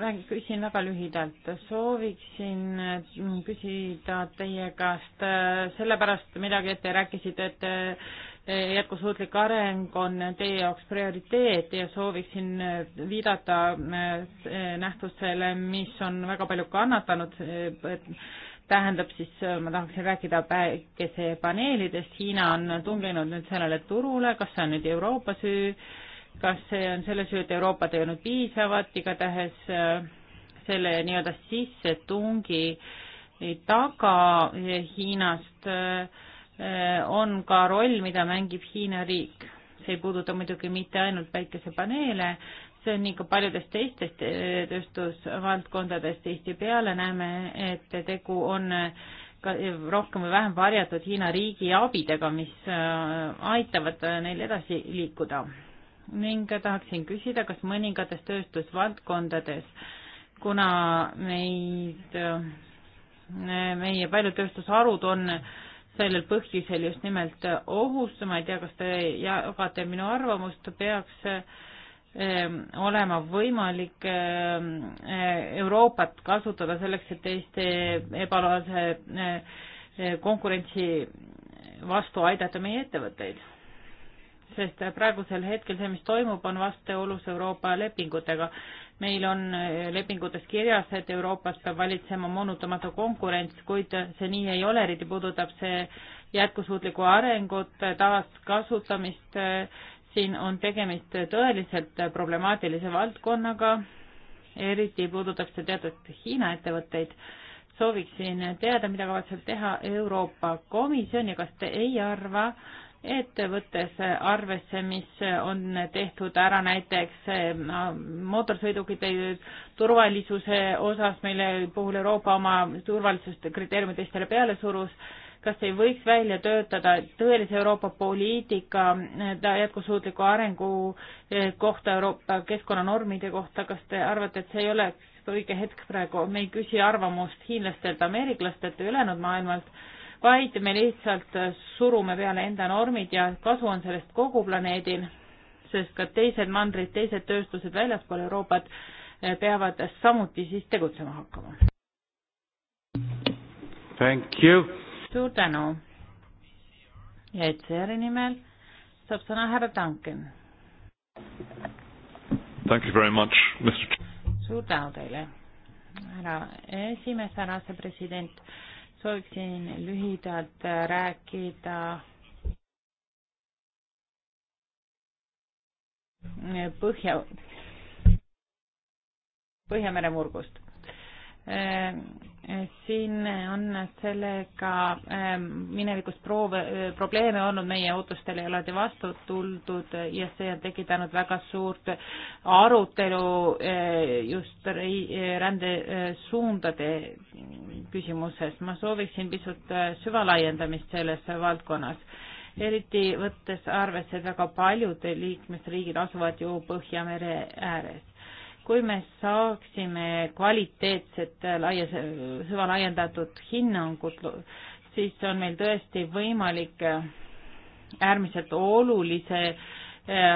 S3: räägin, küsin väga lühidalt. sooviksin eh, küsida teie käest eh, sellepärast midagi, et te rääkisite, et jätkusuutlik areng on teie jaoks prioriteet ja sooviksin viidata eh, nähtusele, mis on väga palju kannatanud, tähendab siis, ma tahaksin rääkida päikesepaneelidest, Hiina on tunginud nüüd sellele turule, kas see on nüüd Euroopa süü, kas see on selle süü, et Euroopat ei olnud piisavat, igatahes eh, selle nii-öelda sissetungi taga Hiinast äh, Äh, on ka roll, mida mängib Hiina riik. see ei puuduta muidugi mitte ainult päikesepaneele, see on nii ka paljudest teistest äh, tööstusvaldkondadest tihtipeale näeme, et tegu on äh, ka rohkem või vähem varjatud Hiina riigi abidega, mis aitavad neil edasi liikuda. ning tahaksin küsida, kas mõningates tööstusvaldkondades, kuna meid, meie paljud tööstusharud on äh, sellel põhjusel just nimelt ohus, ma ei tea, kas te jagate minu arvamust, peaks ehm, olema võimalik ehm, eh, Euroopat kasutada selleks, et teiste ebalojaalse eh, eh, konkurentsi vastu aidata meie ettevõtteid. sest praegusel hetkel see, mis toimub, on vastuolus Euroopa lepingutega meil on äh, lepingutes kirjas, et Euroopas peab valitsema moonutamatu konkurents, kuid äh, see nii ei ole, eriti puudutab see jätkusuutlikku arengut, äh, taaskasutamist, siin on tegemist tõeliselt problemaatilise valdkonnaga, eriti puudutab see teatud Hiina ettevõtteid. sooviksin teada, mida kavatseb teha Euroopa Komisjon ja kas te ei arva, et võttes arvesse, mis on tehtud ära näiteks mootorsõidukite turvalisuse osas, mille puhul Euroopa oma turvalisust kriteeriumi teistele peale surus, kas ei võiks välja töötada tõelise Euroopa poliitika äh, jätkusuutliku arengu äh, kohta, Euroopa keskkonnanormide kohta, kas te arvate, et see ei oleks õige hetk praegu, me ei küsi arvamust hiinlastelt, ameeriklastelt ja ülejäänud maailmalt vaid me lihtsalt surume peale enda normid ja kasu on sellest kogu planeedil, sest ka teised mandrid, teised tööstused väljaspool Euroopat eh, peavad samuti siis tegutsema hakkama.
S1: Thank you.
S3: suur tänu. ja ECR-i nimel saab sõna härra Duncan.
S1: Thank you very much, Mr.
S3: suur tänu teile, härra esimees, härra asepresident sooviksin lühidalt rääkida Põhja, Põhjamere murgust Ehm, siin on sellega ehm, minevikus proov, eh, probleeme olnud, meie ootustele ei ole vastu tuldud ja see on tekitanud väga suurt arutelu eh, just eh, rändesuundade küsimuses. ma sooviksin pisut süvalaiendamist selles valdkonnas, eriti võttes arvesse, et väga paljud liikmesriigid asuvad ju Põhjamere ääres kui me saaksime kvaliteetset laia, süvalaiendatud hinnangut, siis on meil tõesti võimalik äärmiselt olulise eh,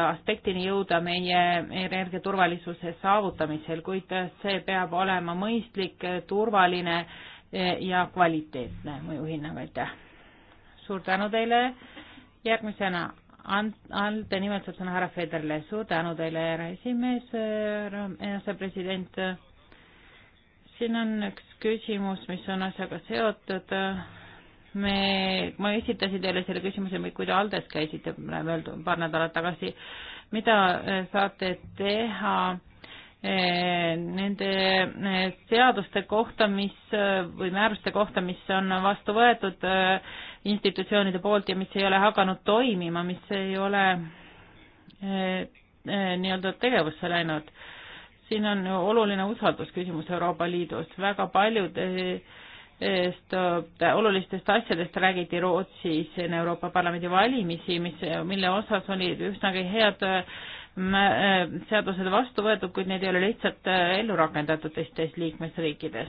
S3: aspektini jõuda meie energiaturvalisuse saavutamisel, kuid see peab olema mõistlik, turvaline eh, ja kvaliteetne mõjuhinnang, aitäh! suur tänu teile, järgmisena Ant-, Alte nimel saab sõna härra Federle, suur tänu teile, härra esimees, härra enesepresident. siin on üks küsimus, mis on asjaga seotud. me, ma esitasin teile selle küsimuse, kui te Aldes käisite veel paar nädalat tagasi. mida eh, saate teha eh, nende eh, seaduste kohta, mis või määruste kohta, mis on vastu võetud äh, institutsioonide poolt ja mis ei ole hakanud toimima, mis ei ole eh, eh, nii-öelda tegevusse läinud. siin on oluline usaldusküsimus Euroopa Liidus, väga paljudest eh, olulistest asjadest räägiti Rootsis enne Euroopa Parlamendi valimisi, mis, mille osas olid üsnagi head seadused vastu võetud, kuid need ei ole lihtsalt ellu rakendatud teistes liikmesriikides.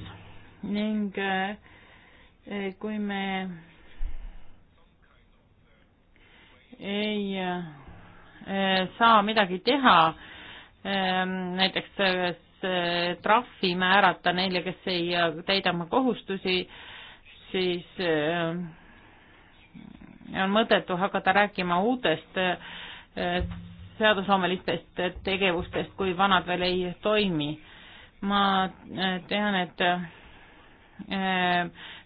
S3: ning kui me ei eh, saa midagi teha, ehm, näiteks eh, trahvi määrata neile, kes ei eh, täida oma kohustusi, siis on mõttetu hakata rääkima uutest seadusloomelistest tegevustest, kui vanad veel ei toimi. ma tean, et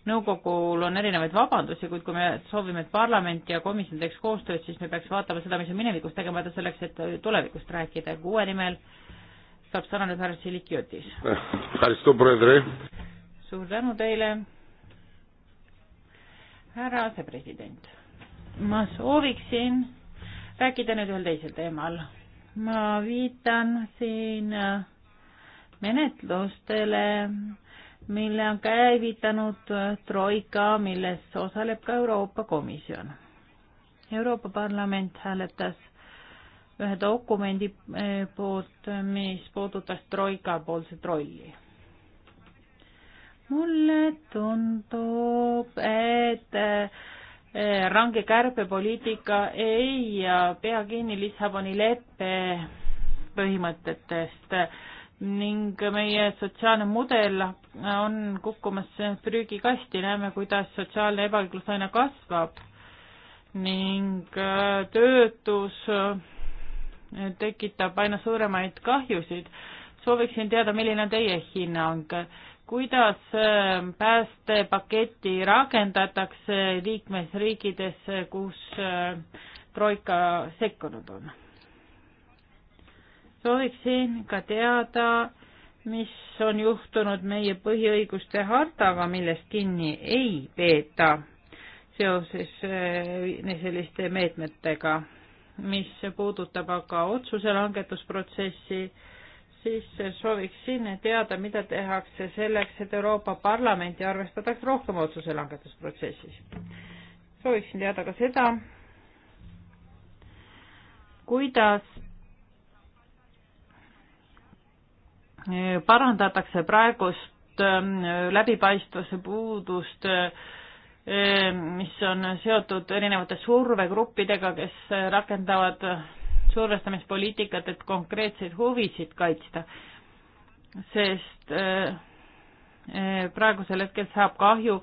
S3: nõukogul on erinevaid vabandusi, kuid kui me soovime, et parlament ja komisjon teeks koostööd, siis me peaks vaatama seda, mis on minevikus tegemata selleks, et tulevikust rääkida. uue nimel saab sõna nüüd härra Silikiotis. suur tänu teile, härra asepresident. ma sooviksin rääkida nüüd ühel teisel teemal. ma viitan siin menetlustele äh, mille on käivitanud Troika, milles osaleb ka Euroopa Komisjon. Euroopa Parlament hääletas ühe dokumendi eh, poolt, mis puudutas Troika poolset rolli. mulle tundub, et eh, range kärbepoliitika ei pea kinni Lissaboni leppe põhimõtetest ning meie sotsiaalne mudel on kukkumas prügikasti, näeme, kuidas sotsiaalne ebaõiglus aina kasvab ning äh, töötus äh, tekitab aina suuremaid kahjusid. sooviksin teada, milline on teie hinnang, kuidas äh, päästepaketi rakendatakse liikmesriikides, kus troika sekkunud on? sooviksin ka teada, mis on juhtunud meie põhiõiguste hartaga, millest kinni ei peeta seoses äh, selliste meetmetega, mis puudutab aga otsuse langetusprotsessi, siis sooviksin teada, mida tehakse selleks, et Euroopa Parlamenti arvestataks rohkem otsuse langetusprotsessis. sooviksin teada ka seda, kuidas parandatakse praegust ähm, läbipaistvuse puudust, ähm, mis on seotud erinevate survegruppidega, kes rakendavad survestamispoliitikat, et konkreetseid huvisid kaitsta. sest äh, äh, praegusel hetkel saab kahju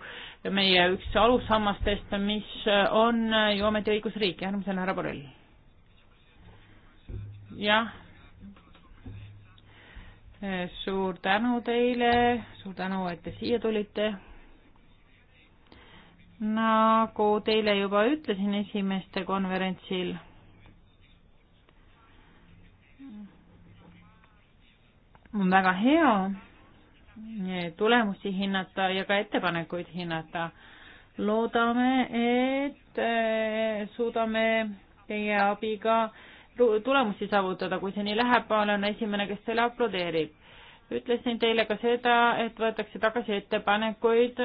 S3: meie üks alussammastest, mis on ju ometi õigusriik, järgmisena härra Borrell. jah Eh, suur tänu teile, suur tänu, et te siia tulite. nagu teile juba ütlesin esimeste konverentsil, on väga hea eh, tulemusi hinnata ja ka ettepanekuid hinnata. loodame, et eh, suudame teie abiga äh, tulemusi saavutada, kui see nii läheb, ma olen esimene, kes teile aplodeerib. ütlesin teile ka seda, et võetakse tagasi ettepanekuid,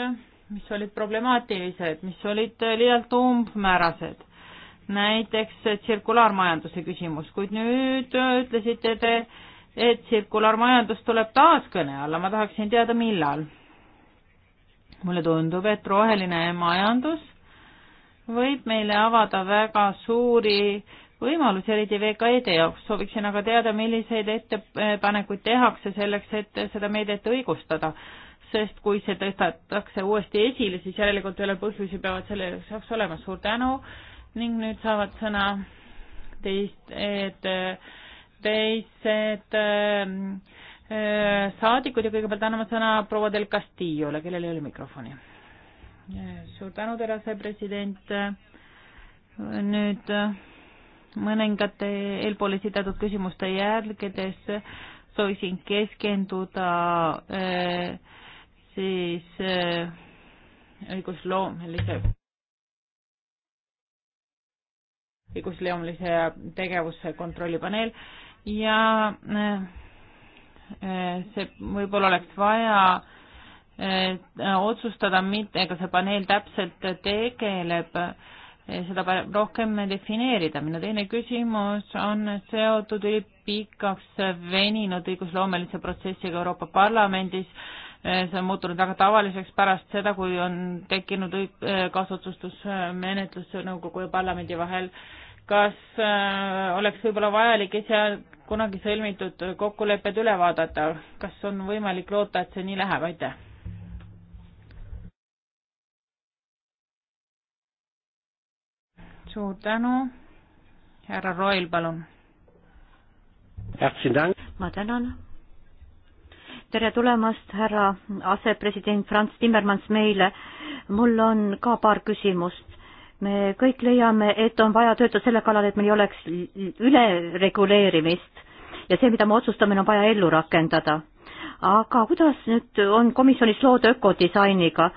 S3: mis olid problemaatilised, mis olid liialt umbmäärased. näiteks tsirkulaarmajanduse küsimus, kuid nüüd ütlesite te, et tsirkulaarmajandus tuleb taas kõne alla, ma tahaksin teada, millal. mulle tundub, et roheline majandus võib meile avada väga suuri võimalusi, eriti VKE-de jaoks. sooviksin aga teada, milliseid ettepanekuid tehakse selleks, et seda meedet õigustada, sest kui see tõstetakse uuesti esile, siis järelikult ei ole põhjusi, peavad selle jaoks olema. suur tänu ning nüüd saavad sõna teist, et teised äh, saadikud ja kõigepealt anname sõna proua del Castillole, kellel ei ole mikrofoni. suur tänu, terase president. nüüd äh, mõningate eelpool esitatud küsimuste jälgedes soovisin keskenduda eh, siis eh, õigusloomelise õigusloomelise tegevuse kontrollipaneel ja eh, see võib-olla oleks vaja otsustada, millega see paneel täpselt tegeleb seda rohkem defineerida. minu teine küsimus on seotud pikaks veninud õigusloomelise protsessiga Euroopa Parlamendis. see on muutunud väga tavaliseks pärast seda, kui on tekkinud kaasotsustusmenetlus nõukogu ja parlamendi vahel. kas äh, oleks võib-olla vajalik esialgu kunagi sõlmitud kokkulepped üle vaadata, kas on võimalik loota, et see nii läheb, aitäh? suur tänu. härra Roil, palun.
S2: ma tänan. tere tulemast, härra asepresident Franz Timmermans meile. mul on ka paar küsimust. me kõik leiame, et on vaja töötada selle kallal, et meil ei oleks ülereguleerimist ja see, mida me otsustame, on vaja ellu rakendada. aga kuidas nüüd on komisjonis lood ökodisainiga?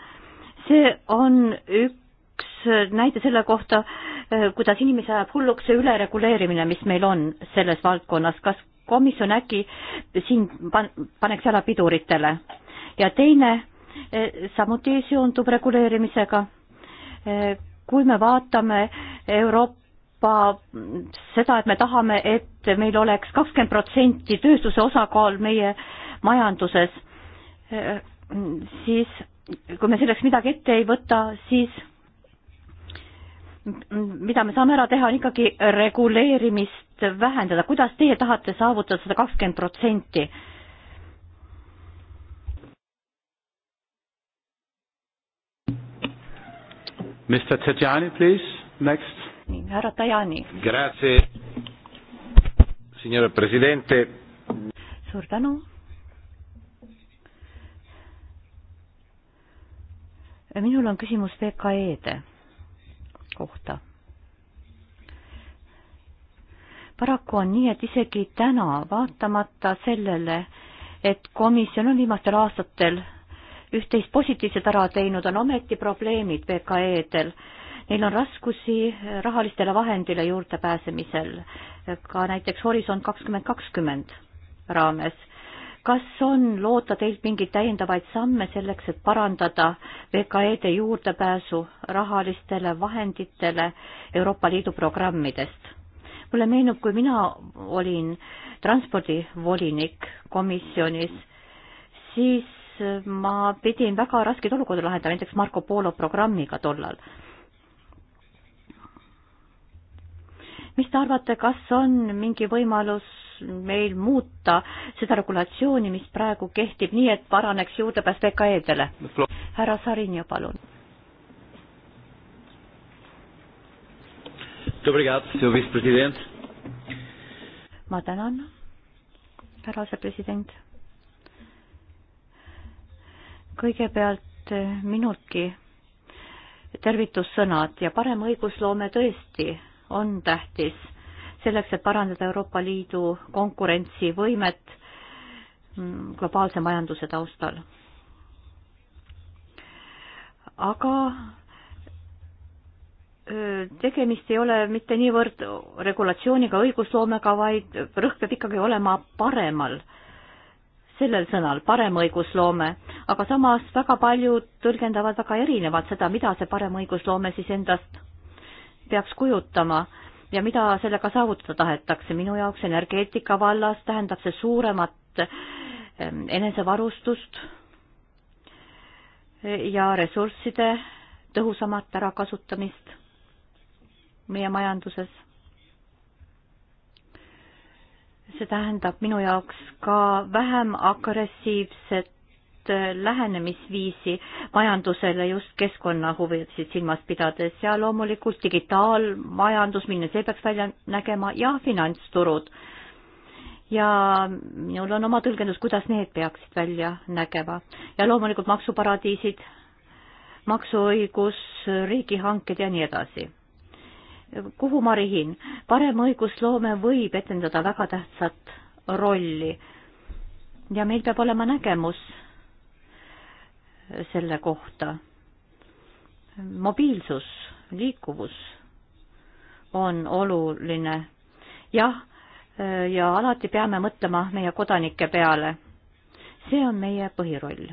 S2: see on üks näide selle kohta, Äh, kuidas inimesi ajab hulluks see ülereguleerimine, mis meil on selles valdkonnas, kas komisjon äkki siin pan-, paneks jala piduritele? ja teine äh, samuti seondub reguleerimisega. Äh, kui me vaatame Euroopa seda, et me tahame, et meil oleks kakskümmend protsenti tööstuse osakaal meie majanduses, siis kui me selleks midagi ette ei võta, siis mida me saame ära teha, on ikkagi reguleerimist vähendada. kuidas teie tahate saavutada seda kakskümmend protsenti?
S1: Mr Tajani, please, next.
S2: härra Tajani.
S1: Grazie, signora presidente.
S2: suur tänu. minul on küsimus VKE-de kohta. paraku on nii, et isegi täna, vaatamata sellele, et komisjon on viimastel aastatel üht-teist positiivset ära teinud, on ometi probleemid VKE-del. Neil on raskusi rahalistele vahendile juurdepääsemisel, ka näiteks Horisont kakskümmend kakskümmend raames kas on loota teilt mingeid täiendavaid samme selleks, et parandada VKE-de juurdepääsu rahalistele vahenditele Euroopa Liidu programmidest? mulle meenub, kui mina olin transpordivolinik komisjonis, siis ma pidin väga raskeid olukordi lahendama, näiteks Marco Polo programmiga tollal mis te arvate, kas on mingi võimalus meil muuta seda regulatsiooni, mis praegu kehtib, nii et paraneks juurdepääs VKE-dele? härra Sarinja, palun. ma tänan, härra asepresident. kõigepealt eh, minultki tervitussõnad ja parem õigusloome tõesti on tähtis selleks, et parandada Euroopa Liidu konkurentsivõimet mm, globaalse majanduse taustal. aga tegemist ei ole mitte niivõrd regulatsiooniga, õigusloomega, vaid rõhk peab ikkagi olema paremal, sellel sõnal, parem õigusloome, aga samas väga paljud tõlgendavad väga erinevalt seda, mida see parem õigusloome siis endast peaks kujutama ja mida sellega saavutada tahetakse. minu jaoks energeetika vallas tähendab see suuremat
S4: ehm,
S2: enesevarustust ja ressursside tõhusamat ärakasutamist meie majanduses. see tähendab minu jaoks ka vähem agressiivset Äh, lähenemisviisi majandusele just keskkonnahuvisid silmas pidades ja loomulikult digitaalmajandus, milline see peaks välja nägema ja finantsturud. ja minul on oma tõlgendus, kuidas need peaksid välja nägema ja loomulikult maksuparadiisid, maksuõigus, riigihanked ja nii edasi kuhu ma rihin? parem õigusloome võib etendada väga tähtsat rolli ja meil peab olema nägemus selle kohta. mobiilsus, liikuvus on oluline. jah, ja alati peame mõtlema meie kodanike peale. see on meie põhiroll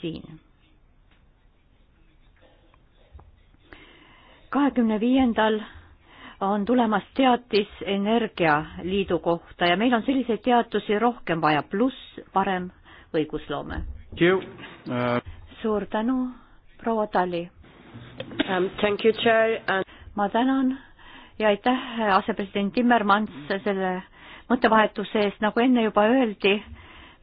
S2: siin. kahekümne viiendal on tulemas teatis Energialiidu kohta ja meil on selliseid teatusi rohkem vaja, pluss parem õigusloome.
S1: Uh
S2: suur tänu, proua Tali um,. Thank you, chair and.... ma tänan ja aitäh, asepresident Timmermans selle mõttevahetuse eest, nagu enne juba öeldi,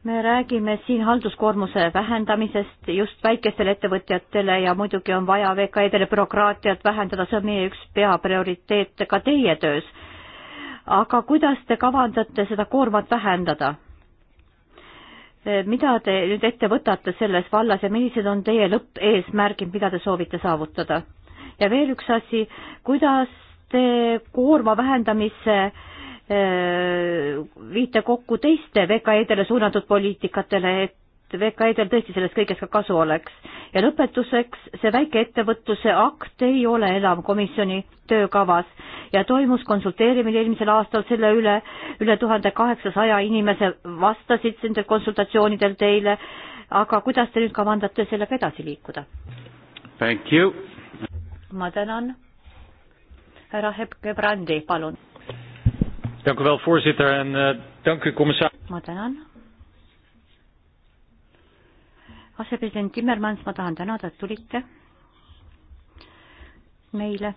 S2: me räägime siin halduskoormuse vähendamisest just väikestele ettevõtjatele ja muidugi on vaja VKE-dele bürokraatiat vähendada, see on meie üks peaprioriteete ka teie töös. aga kuidas te kavandate seda koormat vähendada? Eh, mida te nüüd ette võtate selles vallas ja millised on teie lõppeesmärgid, mida te soovite saavutada? ja veel üks asi, kuidas te koorma vähendamise eh, viite kokku teiste VKE-dele suunatud poliitikatele, et et VKE-del tõesti sellest kõigest ka kasu oleks. ja lõpetuseks, see väikeettevõtluse akt ei ole enam komisjoni töökavas ja toimus konsulteerimine eelmisel aastal selle üle, üle tuhande kaheksasaja inimese vastasid nendel konsultatsioonidel teile, aga kuidas te nüüd kavandate sellega edasi liikuda? ma tänan. härra Hepke Brandi, palun. Eh, ma tänan asepresident Timmermans, ma tahan tänada, et tulite meile.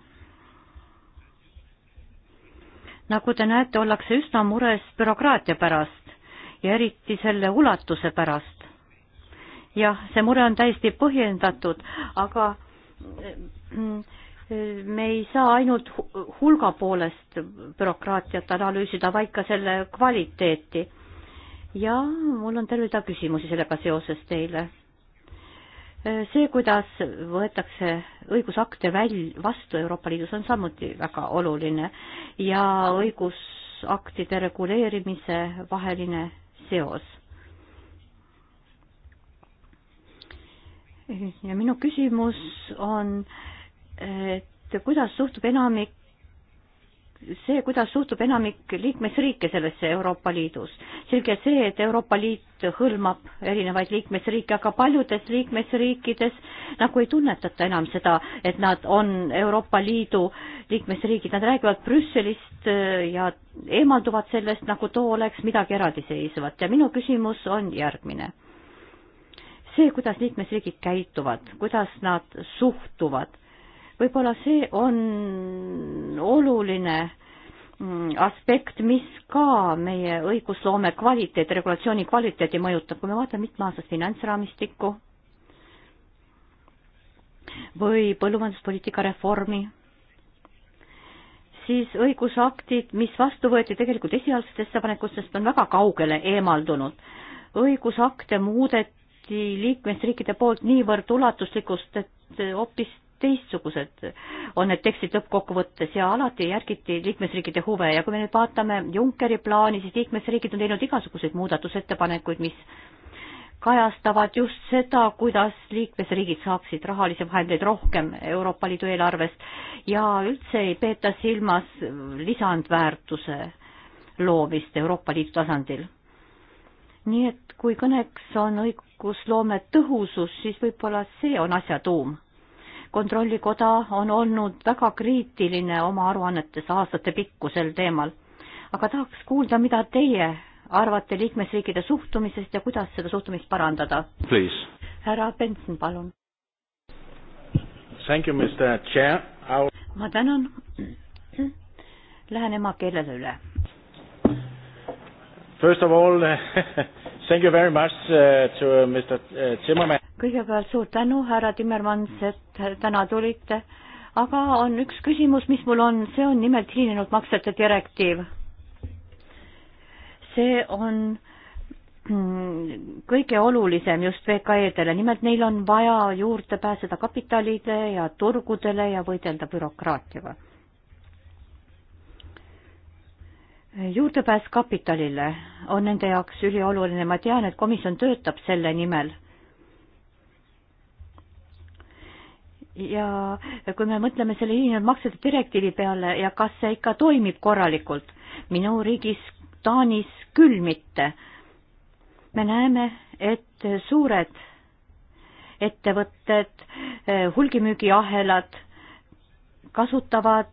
S2: nagu te näete, ollakse üsna mures bürokraatia pärast ja eriti selle ulatuse pärast. jah, see mure on täiesti põhjendatud, aga mm, me ei saa ainult hulga poolest bürokraatiat analüüsida, vaid ka selle kvaliteeti. ja mul on terve rida küsimusi sellega seoses teile see, kuidas võetakse õigusakte väl-, vastu Euroopa Liidus, on samuti väga oluline ja õigusaktide reguleerimise vaheline seos. ja minu küsimus on, et kuidas suhtub enamik see, kuidas suhtub enamik liikmesriike sellesse Euroopa Liidus. selge see, et Euroopa Liit hõlmab erinevaid liikmesriike, aga paljudes liikmesriikides nagu ei tunnetata enam seda, et nad on Euroopa Liidu liikmesriigid, nad räägivad Brüsselist äh, ja eemalduvad sellest, nagu too oleks midagi eraldiseisvat ja minu küsimus on järgmine see, kuidas liikmesriigid käituvad, kuidas nad suhtuvad võib-olla see on oluline mm, aspekt, mis ka meie õigusloome kvaliteeti, regulatsiooni kvaliteeti mõjutab, kui me vaatame mitmeaastast finantsraamistikku või põllumajanduspoliitika reformi, siis õigusaktid, mis vastu võeti tegelikult esialgsetest ettepanekutest, on väga kaugele eemaldunud. õigusakte muudeti liikmesriikide poolt niivõrd ulatuslikust, et hoopis teistsugused on need tekstid lõppkokkuvõttes ja alati järgiti liikmesriikide huve ja kui me nüüd vaatame Junckeri plaani, siis liikmesriigid on teinud igasuguseid muudatusettepanekuid, mis kajastavad just seda, kuidas liikmesriigid saaksid rahalisi vahendeid rohkem Euroopa Liidu eelarvest ja üldse ei peeta silmas lisandväärtuse loomist Euroopa Liidu tasandil. nii et kui kõneks on õigusloome tõhusus, siis võib-olla see on asja tuum kontrollikoda on olnud väga kriitiline oma aruannetes aastate pikkusel teemal. aga tahaks kuulda, mida teie arvate liikmesriikide suhtumisest ja kuidas seda suhtumist parandada? härra Benson, palun. Our... ma tänan. Lähen emakeelele üle.
S1: First of all Thank you very much uh, to uh, Mr uh, Timmermann.
S2: kõigepealt suur tänu, härra Timmermans, et täna tulite. aga on üks küsimus, mis mul on, see on nimelt hilinenud maksete direktiiv. see on mm, kõige olulisem just VKE-dele, nimelt neil on vaja juurde pääseda kapitalile ja turgudele ja võidelda bürokraatiaga juurdepääs kapitalile on nende jaoks ülioluline, ma tean, et komisjon töötab selle nimel. ja kui me mõtleme selle ühinenud maksete direktiivi peale ja kas see ikka toimib korralikult, minu riigis Taanis küll mitte. me näeme, et suured ettevõtted, hulgimüügiahelad kasutavad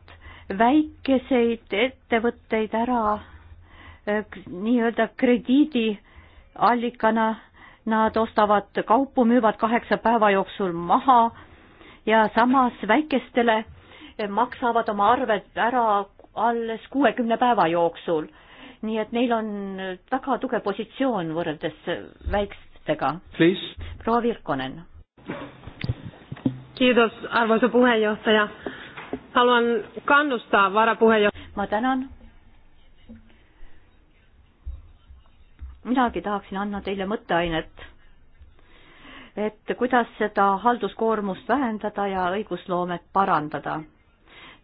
S2: väikeseid ettevõtteid ära eh, nii-öelda krediidiallikana. Nad ostavad kaupu, müüvad kaheksa päeva jooksul maha ja samas väikestele eh, maksavad oma arved ära alles kuuekümne päeva jooksul. nii et neil on väga tugev positsioon võrreldes väikestega. proua Virkonen.
S3: kiidus, arvamuse puhejuhataja haluan kannustaa varapuheenjohtaja. ma tänan.
S2: minagi tahaksin anda teile mõtteainet, et kuidas seda halduskoormust vähendada ja õigusloomet parandada.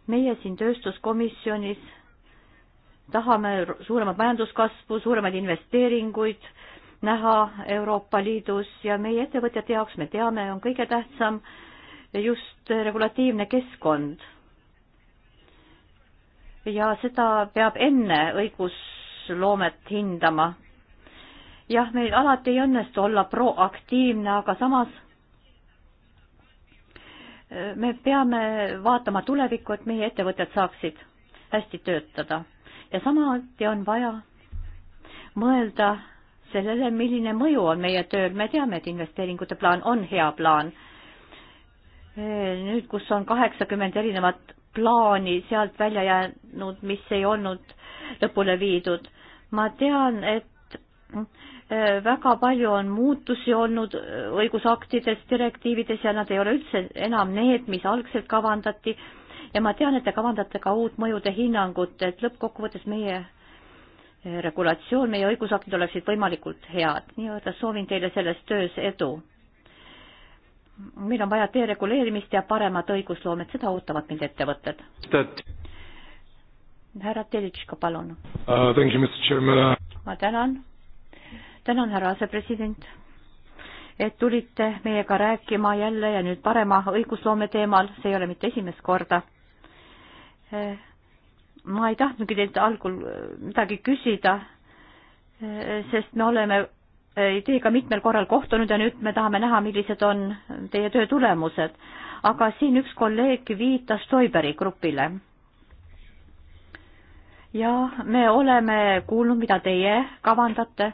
S2: meie siin tööstuskomisjonis tahame suuremat majanduskasvu, suuremaid investeeringuid näha Euroopa Liidus ja meie ettevõtjate jaoks, me teame, on kõige tähtsam just regulatiivne keskkond ja seda peab enne õigusloomet hindama. jah, meil alati ei õnnestu olla proaktiivne, aga samas äh, me peame vaatama tulevikku, et meie ettevõtted saaksid hästi töötada ja samuti on vaja mõelda sellele, milline mõju on meie tööl, me teame, et investeeringute plaan on hea plaan. Äh, nüüd, kus on kaheksakümmend erinevat plaani sealt välja jäänud, mis ei olnud lõpule viidud. ma tean, et äh, väga palju on muutusi olnud äh, õigusaktides, direktiivides ja nad ei ole üldse enam need, mis algselt kavandati. ja ma tean, et te kavandate ka uut mõjude hinnangut, et lõppkokkuvõttes meie äh, regulatsioon, meie õigusaktid oleksid võimalikult head. nii-öelda soovin teile selles töös edu meil on vaja dereguleerimist ja paremat õigusloomet, seda ootavad meilt ettevõtted. härra Telitška, palun
S1: uh,.
S2: ma tänan. tänan, härra asepresident, et tulite meiega rääkima jälle ja nüüd parema õigusloome teemal, see ei ole mitte esimest korda. ma ei tahtnudki teilt algul äh, midagi küsida, äh, sest me oleme teiega mitmel korral kohtunud ja nüüd me tahame näha, millised on teie töö tulemused. aga siin üks kolleeg viitas Toiberi grupile. ja me oleme kuulnud, mida teie kavandate.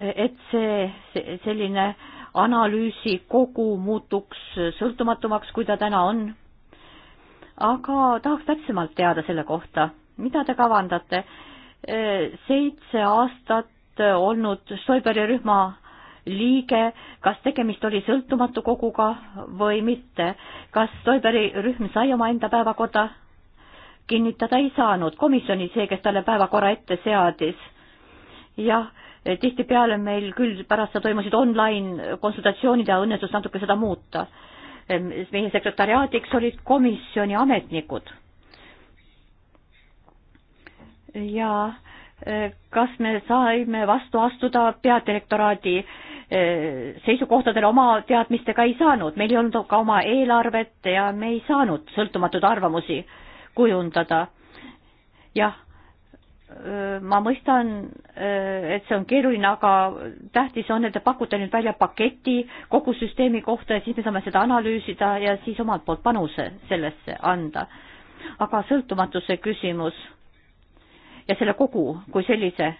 S2: et see, see selline analüüsikogu muutuks sõltumatumaks, kui ta täna on. aga tahaks täpsemalt teada selle kohta, mida te kavandate seitse aastat olnud Stoiberi rühma liige, kas tegemist oli sõltumatu koguga või mitte, kas Stoiberi rühm sai omaenda päevakorda kinnitada ei saanud, komisjon oli see, kes talle päevakorra ette seadis. jah, tihtipeale meil küll pärast seda toimusid online konsultatsioonid ja õnnestus natuke seda muuta. meie sekretariaadiks olid komisjoni ametnikud ja eh, kas me saime vastu astuda peadirektoraadi eh, seisukohtadele oma teadmistega ei saanud, meil ei olnud ka oma eelarvet ja me ei saanud sõltumatuid arvamusi kujundada. jah, eh, ma mõistan, et see on keeruline, aga tähtis on, et te pakute nüüd välja paketi kogu süsteemi kohta ja siis me saame seda analüüsida ja siis omalt poolt panuse sellesse anda. aga sõltumatuse küsimus ja selle kogu kui sellise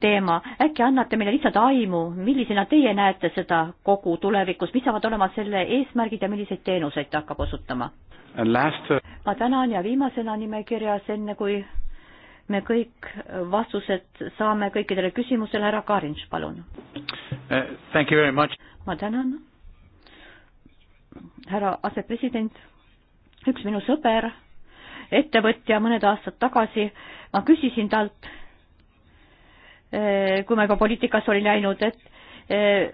S2: teema, äkki annate meile lihtsalt aimu, millisena teie näete seda kogu tulevikus, mis saavad olema selle eesmärgid ja milliseid teenuseid ta hakkab osutama? Last... Uh, ma tänan ja viimasena nimekirjas, enne kui me kõik vastused saame kõikidele küsimusele, härra Karinš, palun
S1: uh,.
S2: ma tänan. härra asepresident, üks minu sõber ettevõtja mõned aastad tagasi, ma küsisin talt, eh, kui ma juba poliitikasse olin läinud, et eh,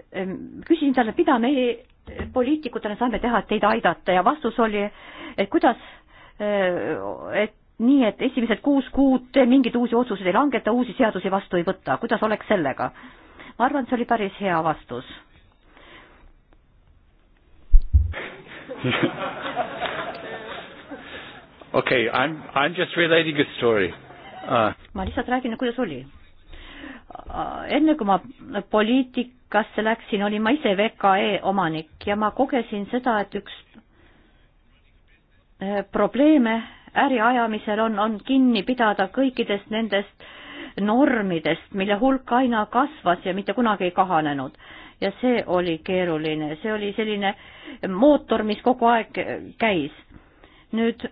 S2: küsisin talle, mida meie poliitikutena saame teha, et teid aidata ja vastus oli, et kuidas, eh, et nii, et esimesed kuus kuud mingeid uusi otsuseid ei langeta, uusi seadusi vastu ei võta, kuidas oleks sellega? ma arvan, see oli päris hea vastus okei okay,, I m, I m just relating a story uh.. ma lihtsalt räägin, kuidas oli. Uh, enne kui ma poliitikasse läksin, olin ma ise VKE omanik ja ma kogesin seda, et üks eh, probleeme äri ajamisel on, on kinni pidada kõikidest nendest normidest, mille hulk aina kasvas ja mitte kunagi ei kahanenud ja see oli keeruline, see oli selline mootor, mis kogu aeg käis. nüüd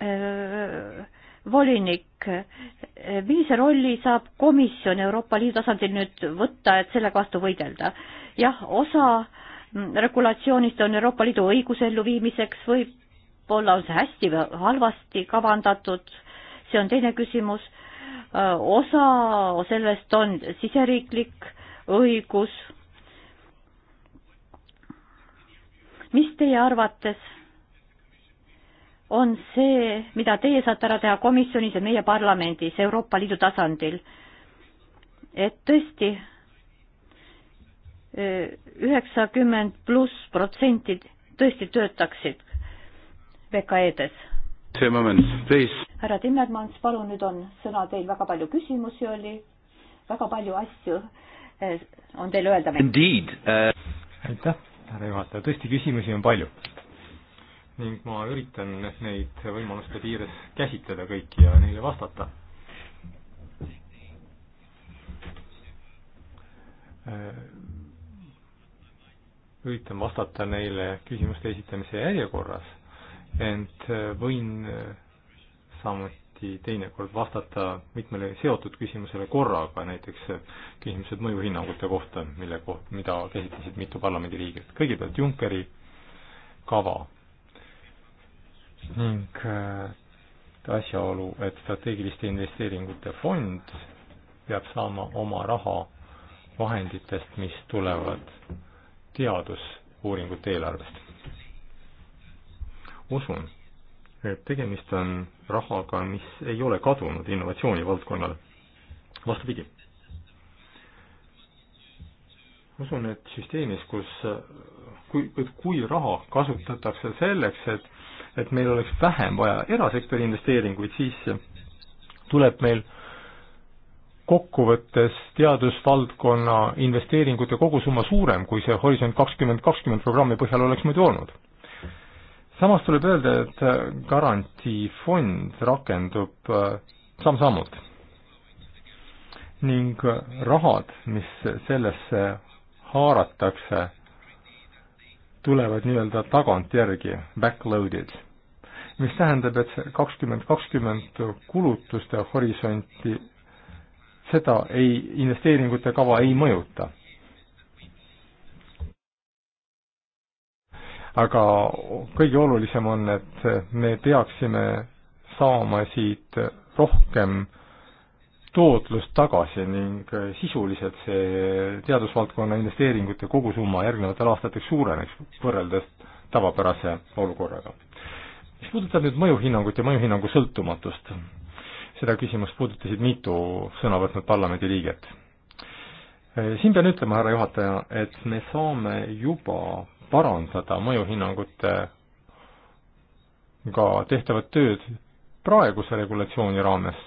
S2: Äh, volinik, äh, millise rolli saab komisjon Euroopa Liidu tasandil nüüd võtta, et selle vastu võidelda? jah, osa mm, regulatsioonist on Euroopa Liidu õiguse elluviimiseks, võib-olla on see hästi või halvasti kavandatud, see on teine küsimus, äh, osa sellest on siseriiklik õigus, mis teie arvates on see, mida teie saate ära teha komisjonis ja meie parlamendis, Euroopa Liidu tasandil. et tõesti, e, üheksakümmend pluss protsenti tõesti töötaksid VKE-des. härra Timmermans, palun, nüüd on sõna teil, väga palju küsimusi oli, väga palju asju e, on teil öelda meil.
S1: Äh, aitäh, härra juhataja, tõesti küsimusi on palju ning ma üritan neid võimaluste piires käsitleda kõiki ja neile vastata. üritan vastata neile küsimuste esitamise järjekorras, ent võin samuti teinekord vastata mitmele seotud küsimusele korraga, näiteks küsimused mõjuhinnangute kohta, mille koht-, mida käsitlesid mitu parlamendiliiget. kõigepealt Junckeri kava ning äh, asjaolu, et strateegiliste investeeringute fond peab saama oma raha vahenditest, mis tulevad teadusuuringute eelarvest. usun, et tegemist on rahaga, mis ei ole kadunud innovatsiooni valdkonnale. vastupidi. usun, et süsteemis, kus, kui, kui raha kasutatakse selleks, et et meil oleks vähem vaja erasektori investeeringuid, siis tuleb meil kokkuvõttes teadusvaldkonna investeeringute kogusumma suurem, kui see Horisont kakskümmend kakskümmend programmi põhjal oleks muidu olnud. samas tuleb öelda, et garantiifond rakendub äh, samm-sammult ning rahad, mis sellesse haaratakse tulevad nii-öelda tagantjärgi, backloaded, mis tähendab, et see kakskümmend kakskümmend kulutuste horisonti, seda ei, investeeringute kava ei mõjuta. aga kõige olulisem on, et me peaksime saama siit rohkem äh, tootlust tagasi ning äh, sisuliselt see teadusvaldkonna investeeringute kogusumma järgnevatel aastateks suureneks võrreldes tavapärase olukorraga. mis puudutab nüüd mõjuhinnangut ja mõjuhinnangu sõltumatust, seda küsimust puudutasid mitu sõna võtnud parlamendiliiget. Äh, siin pean ütlema, härra juhataja, et me saame juba parandada mõjuhinnangute ka tehtavat tööd praeguse regulatsiooni raames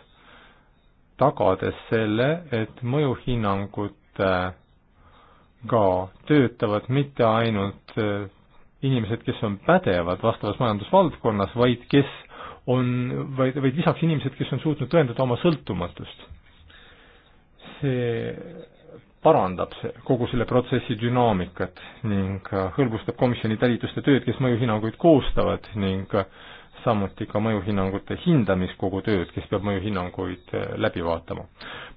S1: tagades selle, et mõjuhinnangud ka töötavad mitte ainult äh, inimesed, kes on pädevad vastavas majandusvaldkonnas, vaid kes on, vaid, vaid lisaks inimesed, kes on suutnud tõendada oma sõltumatust. see parandab see, kogu selle protsessi dünaamikat ning äh, hõlbustab komisjoni talituste tööd, kes mõjuhinnanguid koostavad ning äh, samuti ka mõjuhinnangute hindamiskogu tööd, kes peab mõjuhinnanguid eh, läbi vaatama.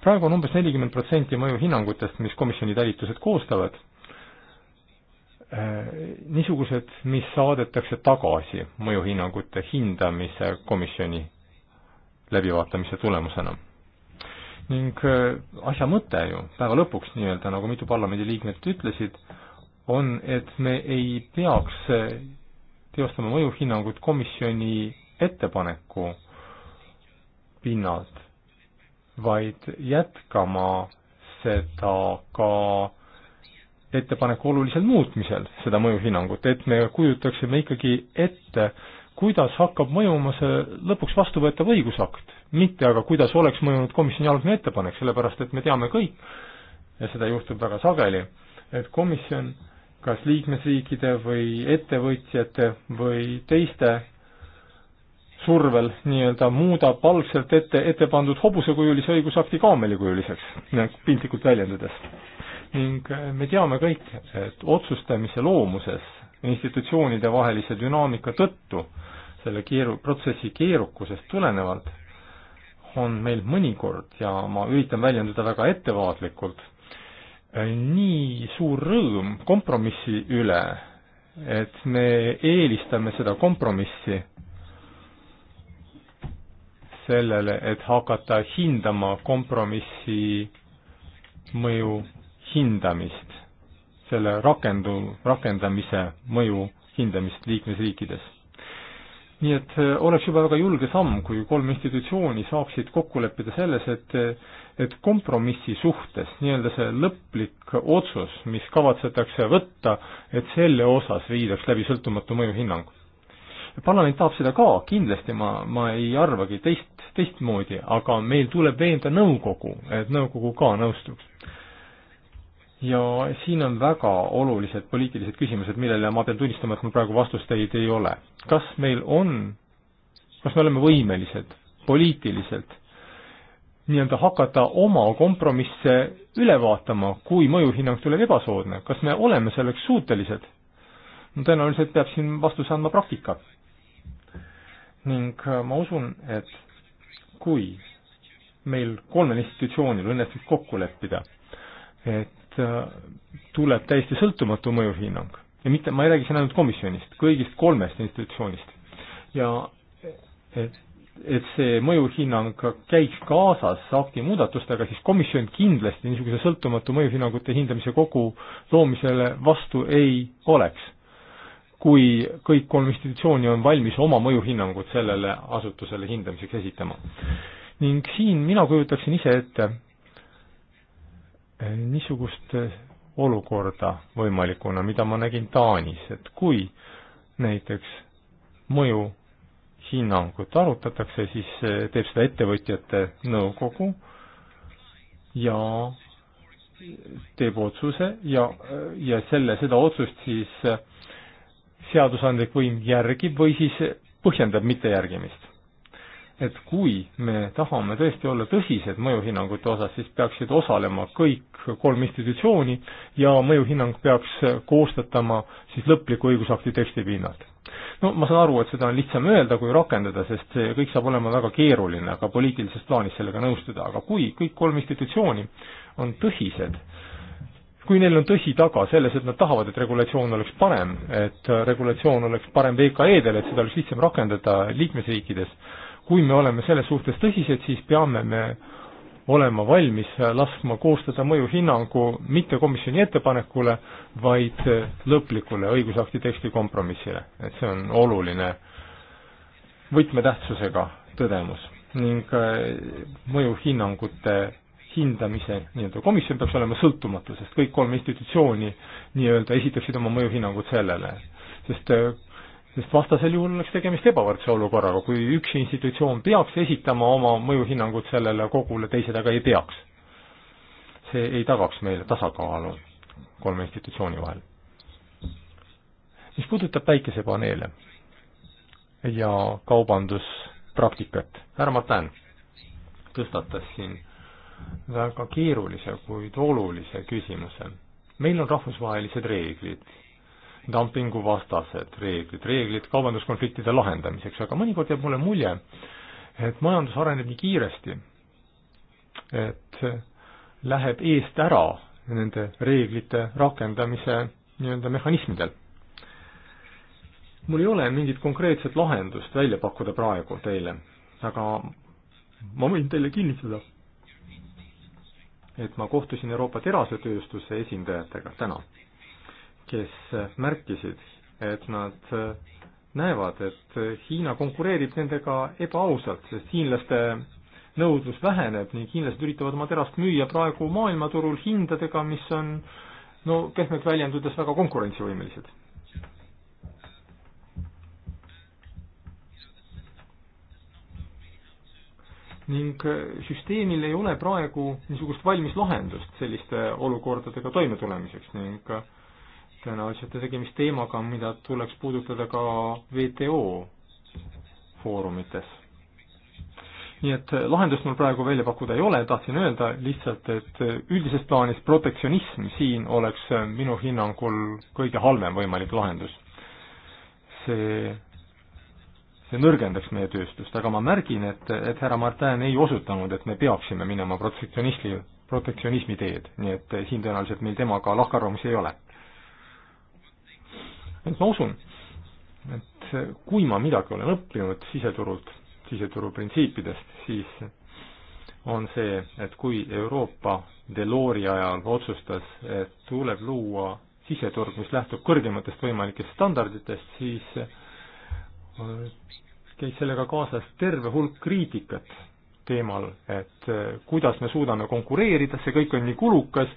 S1: praegu on umbes nelikümmend protsenti mõjuhinnangutest, mis komisjoni talitused koostavad, eh, niisugused, mis saadetakse tagasi mõjuhinnangute hindamise komisjoni läbivaatamise tulemusena. ning eh, asja mõte ju päeva lõpuks nii-öelda, nagu mitu parlamendiliikmet ütlesid, on, et me ei peaks teostame mõjuhinnangut komisjoni ettepaneku pinnalt, vaid jätkama seda ka ettepaneku olulisel muutmisel, seda mõjuhinnangut, et me kujutaksime ikkagi ette, kuidas hakkab mõjuma see lõpuks vastuvõetav õigusakt, mitte aga kuidas oleks mõjunud komisjoni algne ettepanek, sellepärast et me teame kõik, ja seda juhtub väga sageli, et komisjon äh, kas liikmesriikide või ettevõtjate või teiste survel nii-öelda muudab algselt ette, ette pandud hobusekujulise õigusakti kaamelikujuliseks, nagu piltlikult väljendades. ning äh, me teame kõik, et otsustamise loomuses institutsioonide vahelise dünaamika tõttu, selle keeru-, protsessi keerukusest tulenevalt, on meil mõnikord ja ma üritan väljenduda väga ettevaatlikult Äh, nii suur rõõm kompromissi üle, et me eelistame seda kompromissi sellele, et hakata hindama kompromissi mõju hindamist, selle rakendu, rakendamise mõju hindamist liikmesriikides nii et eh, oleks juba väga julge samm, kui kolm institutsiooni saaksid kokku leppida selles, et eh, et kompromissi suhtes nii-öelda see lõplik otsus, mis kavatsetakse võtta, et selle osas viidaks läbi sõltumatu mõjuhinnang. parlament tahab seda ka, kindlasti ma, ma ei arvagi teist, teistmoodi, aga meil tuleb veenda nõukogu, et nõukogu ka nõustuks ja siin on väga olulised poliitilised küsimused, millele ma pean tunnistama, et mul praegu vastusteid ei ole. kas meil on, kas me oleme võimelised poliitiliselt nii-öelda hakata oma kompromisse üle vaatama, kui mõjuhinnang tuleb ebasoodne, kas me oleme selleks suutelised? no tõenäoliselt peab siin vastuse andma praktika. ning äh, ma usun, et kui meil kolmel institutsioonil õnnestuks kokku leppida, et Äh, tuleb täiesti sõltumatu mõjuhinnang ja mitte, ma ei räägi siin ainult komisjonist, kõigist kolmest institutsioonist. ja et, et see mõjuhinnang käiks kaasas akti muudatustega, siis komisjon kindlasti niisuguse sõltumatu mõjuhinnangute hindamise kogu loomisele vastu ei oleks. kui kõik kolm institutsiooni on valmis oma mõjuhinnangut sellele asutusele hindamiseks esitama. ning siin mina kujutaksin ise ette niisugust olukorda võimalikuna, mida ma nägin Taanis, et kui näiteks mõjuhinnangut arutatakse, siis teeb seda ettevõtjate nõukogu ja teeb otsuse ja, ja selle, seda otsust siis seadusandlik võim järgib või siis põhjendab mittejärgimist et kui me tahame tõesti olla tõsised mõjuhinnangute osas, siis peaksid osalema kõik kolm institutsiooni ja mõjuhinnang peaks koostatama siis lõpliku õigusakti teksti pinnalt. no ma saan aru, et seda on lihtsam öelda kui rakendada, sest see kõik saab olema väga keeruline, aga poliitilises plaanis sellega nõustuda, aga kui kõik kolm institutsiooni on tõsised, kui neil on tõsi taga selles, et nad tahavad, et regulatsioon oleks parem, et regulatsioon oleks parem VKE-del, et seda oleks lihtsam rakendada liikmesriikides, kui me oleme selles suhtes tõsised, siis peame me olema valmis laskma koostada mõjuhinnangu mitte komisjoni ettepanekule, vaid lõplikule õigusakti teksti kompromissile, et see on oluline võtmetähtsusega tõdemus ning äh, mõjuhinnangute hindamise nii-öelda komisjon peaks olema sõltumatu, sest kõik kolm institutsiooni nii-öelda esitaksid oma mõjuhinnangud sellele. sest äh, sest vastasel juhul oleks tegemist ebavõrdse olukorraga, kui üks institutsioon peaks esitama oma mõjuhinnangut sellele kogule, teised aga ei peaks. see ei tagaks meile tasakaalu kolme institutsiooni vahel. mis puudutab päikesepaneele ja kaubanduspraktikat, härra Matan tõstatas siin väga keerulise, kuid olulise küsimuse. meil on rahvusvahelised reeglid dumpinguvastased reeglid, reeglid kaubanduskonfliktide lahendamiseks, aga mõnikord jääb mulle mulje, et majandus areneb nii kiiresti, et läheb eest ära nende reeglite rakendamise nii-öelda mehhanismidel. mul ei ole mingit konkreetset lahendust välja pakkuda praegu teile, aga ma võin teile kinnitada, et ma kohtusin Euroopa terasetööstuse esindajatega täna kes märkisid, et nad näevad, et Hiina konkureerib nendega ebaausalt, sest hiinlaste nõudlus väheneb ning hiinlased üritavad oma terast müüa praegu maailmaturul hindadega, mis on no pehmelt väljendudes väga konkurentsivõimelised. ning süsteemil ei ole praegu niisugust valmis lahendust selliste olukordadega toimetulemiseks ning äh, tõenäoliselt on tegemist teemaga, mida tuleks puudutada ka WTO foorumites. nii et lahendust mul praegu välja pakkuda ei ole, tahtsin öelda lihtsalt, et üldises plaanis protektsionism siin oleks minu hinnangul kõige halvem võimalik lahendus. see, see nõrgendaks meie tööstust, aga ma märgin, et, et härra Martin ei osutanud, et me peaksime minema protektsionismi, protektsionismi teed, nii et siin tõenäoliselt meil temaga lahkarvamusi ei ole et ma usun, et kui ma midagi olen õppinud siseturult, siseturu printsiipidest, siis on see, et kui Euroopa Delori ajal otsustas, et tuleb luua siseturg, mis lähtub kõrgematest võimalikest standarditest, siis äh, käis sellega kaasas terve hulk kriitikat teemal, et äh, kuidas me suudame konkureerida, see kõik on nii kulukas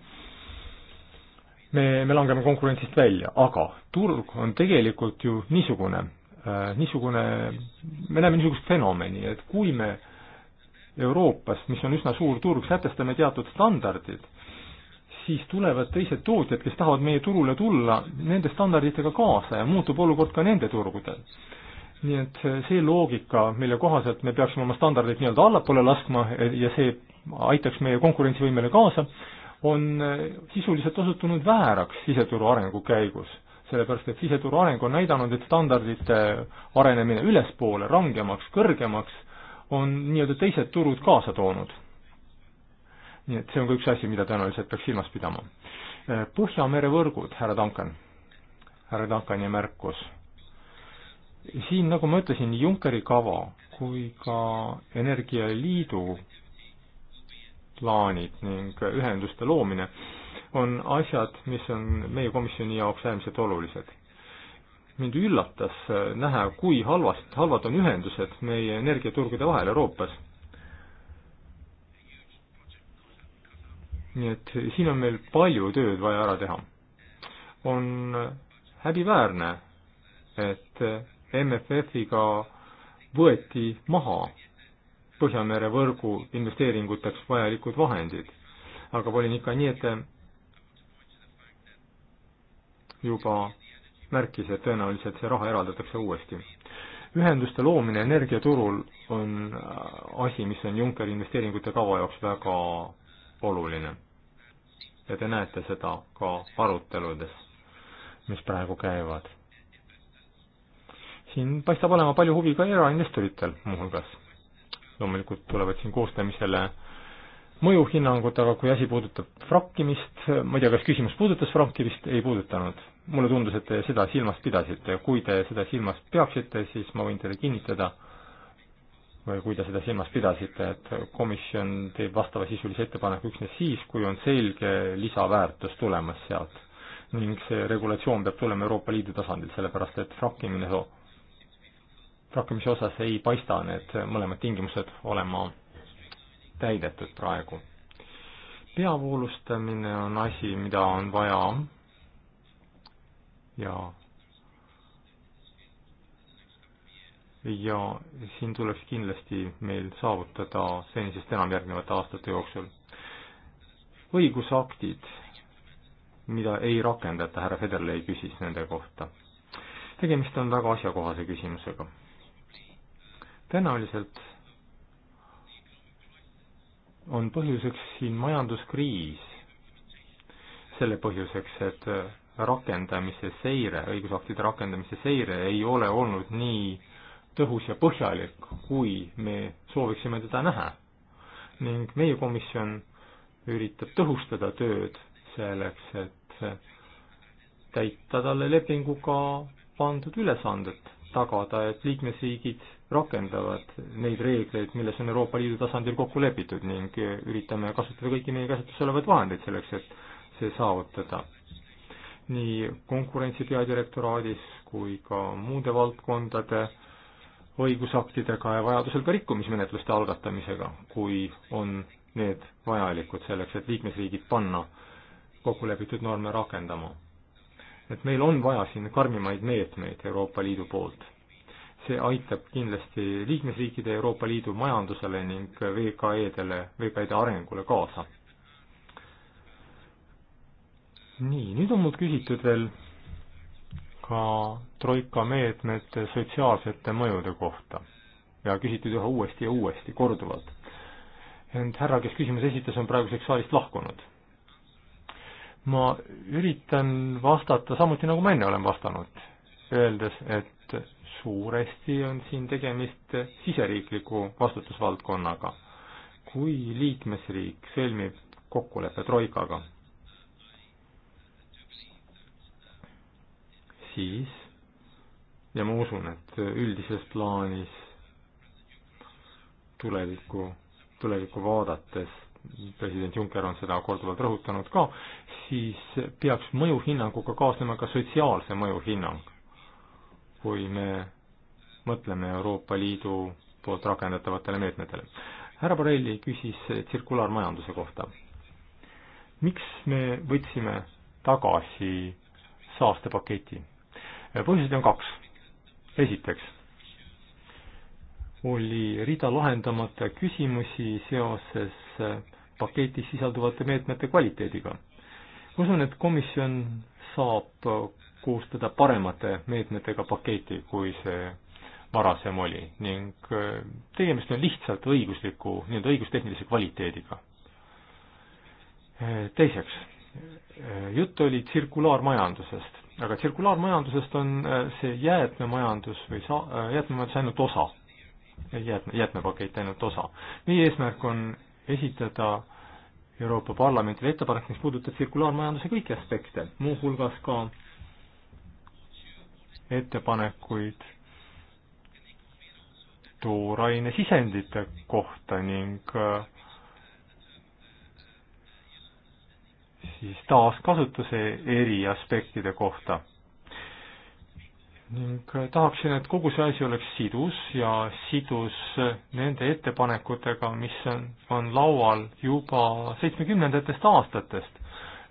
S1: me, me langeme konkurentsist välja, aga turg on tegelikult ju niisugune, äh, niisugune, me näeme niisugust fenomeni, et kui me Euroopas, mis on üsna suur turg, sätestame teatud standardid, siis tulevad teised tootjad, kes tahavad meie turule tulla, nende standarditega kaasa ja muutub olukord ka nende turgudel. nii et äh, see loogika, mille kohaselt me peaksime oma standardeid nii-öelda allapoole laskma ja see aitaks meie konkurentsivõimele kaasa, on äh, sisuliselt osutunud vääraks siseturu arengu käigus, sellepärast et siseturu areng on näidanud, et standardite arenemine ülespoole, rangemaks, kõrgemaks, on nii-öelda teised turud kaasa toonud. nii et see on ka üks asi, mida tõenäoliselt peaks silmas pidama. Äh, Põhjamere võrgud, härra Duncan, härra Duncani märkus. siin, nagu ma ütlesin, nii Junckeri kava kui ka Energialiidu plaanid ning ühenduste loomine on asjad, mis on meie komisjoni jaoks äärmiselt olulised. mind üllatas näha, kui halvast, halvad on ühendused meie energiaturgude vahel Euroopas. nii et siin on meil palju tööd vaja ära teha. on häbiväärne, et MFF-iga võeti maha Põhjamere võrgu investeeringuteks vajalikud vahendid. aga volinik Aniete juba märkis, et tõenäoliselt see raha eraldatakse uuesti. ühenduste loomine energiaturul on asi, mis on Junckeri investeeringute kava jaoks väga oluline. ja te näete seda ka aruteludes, mis praegu käivad. siin paistab olema palju huvi ka erainvestoritel muuhulgas loomulikult tulevad siin koostamisele mõjuhinnangud, aga kui asi puudutab frakkimist, ma ei tea, kas küsimus puudutas frakkimist, ei puudutanud. mulle tundus, et te seda silmas pidasite ja kui te seda silmas peaksite, siis ma võin teile kinnitada, või kui te seda silmas pidasite, et komisjon teeb vastavasisulise ettepaneku üksnes siis, kui on selge lisaväärtus tulemas sealt. ning see regulatsioon peab tulema Euroopa Liidu tasandil, sellepärast et frakkimine rakkumise osas ei paista need mõlemad tingimused olema täidetud praegu. peavoolustamine on asi, mida on vaja ja ja siin tuleks kindlasti meil saavutada senisest enam järgnevate aastate jooksul. õigusaktid, mida ei rakendata, härra Federley küsis nende kohta. tegemist on väga asjakohase küsimusega tõenäoliselt on põhjuseks siin majanduskriis, selle põhjuseks, et rakendamise seire, õigusaktide rakendamise seire ei ole olnud nii tõhus ja põhjalik, kui me sooviksime teda näha. ning meie komisjon üritab tõhustada tööd selleks, et täita talle lepinguga pandud ülesanded tagada, et liikmesriigid rakendavad neid reegleid, milles on Euroopa Liidu tasandil kokku lepitud ning üritame kasutada kõiki meie käsutuses olevaid vahendeid selleks, et see saavutada. nii konkurentsi peadirektoraadis kui ka muude valdkondade õigusaktidega ja vajadusel ka rikkumismenetluste algatamisega, kui on need vajalikud selleks, et liikmesriigid panna kokkulepitud norme rakendama et meil on vaja siin karmimaid meetmeid Euroopa Liidu poolt. see aitab kindlasti liikmesriikide Euroopa Liidu majandusele ning VKE-dele, VKE-de arengule kaasa. nii, nüüd on mult küsitud veel ka troika meetmete sotsiaalsete mõjude kohta ja küsitud üha uuesti ja uuesti, korduvalt. ent härra, kes küsimuse esitas, on praeguseks saalist lahkunud ma üritan vastata samuti, nagu ma enne olen vastanud, öeldes, et suuresti on siin tegemist siseriikliku vastutusvaldkonnaga. kui liikmesriik sõlmib kokkuleppe Troikaga, siis ja ma usun, et üldises plaanis tulevikku, tulevikku vaadates president Juncker on seda korduvalt rõhutanud ka, siis peaks mõjuhinnanguga kaasnema ka sotsiaalse mõjuhinnang. kui me mõtleme Euroopa Liidu poolt rakendatavatele meetmetele. härra Borrelli küsis tsirkulaarmajanduse kohta. miks me võtsime tagasi saastepaketi? põhjuseid on kaks. esiteks oli rida lahendamata küsimusi seoses paketis sisalduvate meetmete kvaliteediga. usun, et komisjon saab koostada paremate meetmetega paketi, kui see varasem oli ning äh, tegemist on lihtsalt õigusliku, nii-öelda õigustehnilise kvaliteediga. Äh, teiseks, äh, jutt oli tsirkulaarmajandusest, aga tsirkulaarmajandusest on see jäätmemajandus või sa-, jäätmemajandus ainult osa, jäätme, jäätmepakett ainult osa. meie eesmärk on esitada Euroopa Parlamendile ettepanek, mis puudutab tsirkulaarmajanduse kõiki aspekte, muuhulgas ka ettepanekuid tooraine sisendite kohta ning äh, siis taaskasutuse eri aspektide kohta ning äh, tahaksin, et kogu see asi oleks sidus ja sidus nende ettepanekutega, mis on, on laual juba seitsmekümnendatest aastatest,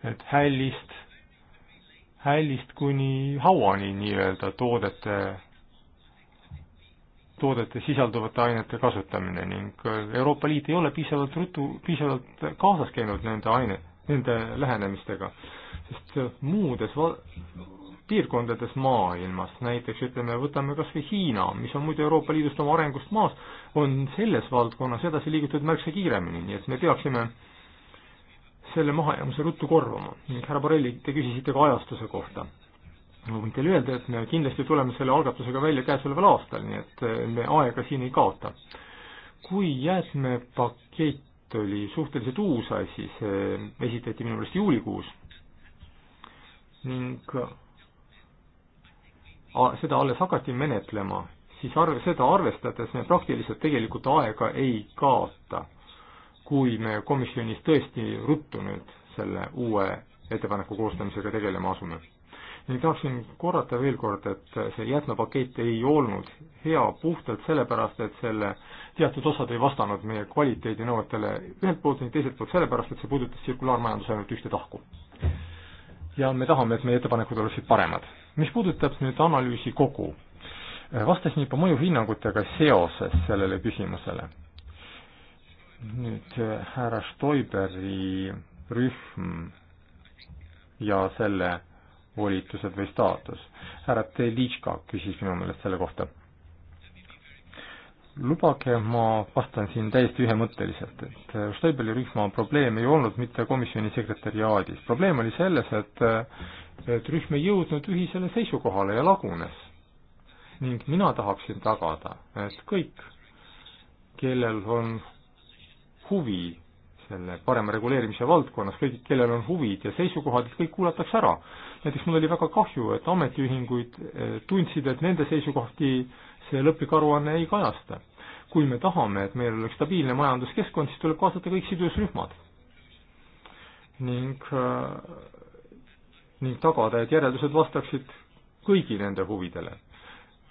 S1: et hällist, hällist kuni hauani nii-öelda toodete, toodete sisalduvate ainete kasutamine ning äh, Euroopa Liit ei ole piisavalt ruttu, piisavalt kaasas käinud nende aine, nende lähenemistega, sest äh, muudes val-, piirkondades maailmas, näiteks ütleme, võtame kas või Hiina, mis on muidu Euroopa Liidust oma arengust maas, on selles valdkonnas edasi liigutud märksa kiiremini, nii et me peaksime selle mahajäämuse ruttu korvama. ning härra Borrelli, te küsisite ka ajastuse kohta. ma võin teile öelda, et me kindlasti tuleme selle algatusega välja käesoleval aastal, nii et eh, me aega siin ei kaota. kui jäätmepakett oli suhteliselt uus asi, see esitati minu meelest juulikuus ning seda alles hakati menetlema, siis arv, seda arvestades me praktiliselt tegelikult aega ei kaota, kui me komisjonis tõesti ruttu nüüd selle uue ettepaneku koostamisega tegelema asume. ning tahaksin korrata veel kord, et see jäätmepakett ei olnud hea puhtalt sellepärast, et selle teatud osad ei vastanud meie kvaliteedinõuetele ühelt poolt ning teiselt poolt sellepärast, et see puudutas tsirkulaarmajanduse ainult ühte tahku ja me tahame, et meie ettepanekud oleksid paremad. mis puudutab nüüd analüüsi kogu, eh, vastasin juba mõjuhinnangutega seoses sellele küsimusele. nüüd eh, härra Stoiberi rühm ja selle volitused või staatus. härra Telitška küsis minu meelest selle kohta lubage, ma vastan siin täiesti ühemõtteliselt, et Stoibeli äh, rühma probleem ei olnud mitte komisjoni sekretäriaadis, probleem oli selles, et äh, et rühm ei jõudnud ühisele seisukohale ja lagunes. ning mina tahaksin tagada, et kõik, kellel on huvi selle parema reguleerimise valdkonnas, kõik, kellel on huvid ja seisukohad, et kõik kuulatakse ära. näiteks mul oli väga kahju, et ametiühinguid äh, tundsid, et nende seisukohti äh, see lõplik aruanne ei kajasta. kui me tahame, et meil oleks stabiilne majanduskeskkond, siis tuleb kaasata kõik sidusrühmad ning, äh, ning tagada, et järeldused vastaksid kõigi nende huvidele.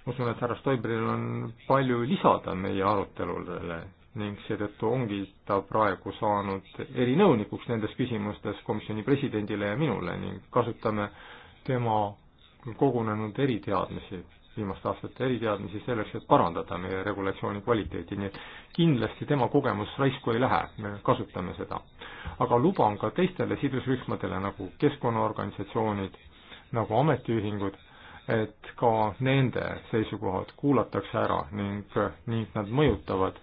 S1: usun, et härra Stoibril on palju lisada meie arutelule ning seetõttu ongi ta praegu saanud erinõunikuks nendes küsimustes komisjoni presidendile ja minule ning kasutame tema kogunenud eriteadmisi viimaste aastate eriteadmisi selleks, et parandada meie regulatsiooni kvaliteeti, nii et kindlasti tema kogemus raisku ei lähe, me kasutame seda. aga luban ka teistele sidusrühmadele nagu keskkonnaorganisatsioonid, nagu ametiühingud, et ka nende seisukohad kuulatakse ära ning, ning nad mõjutavad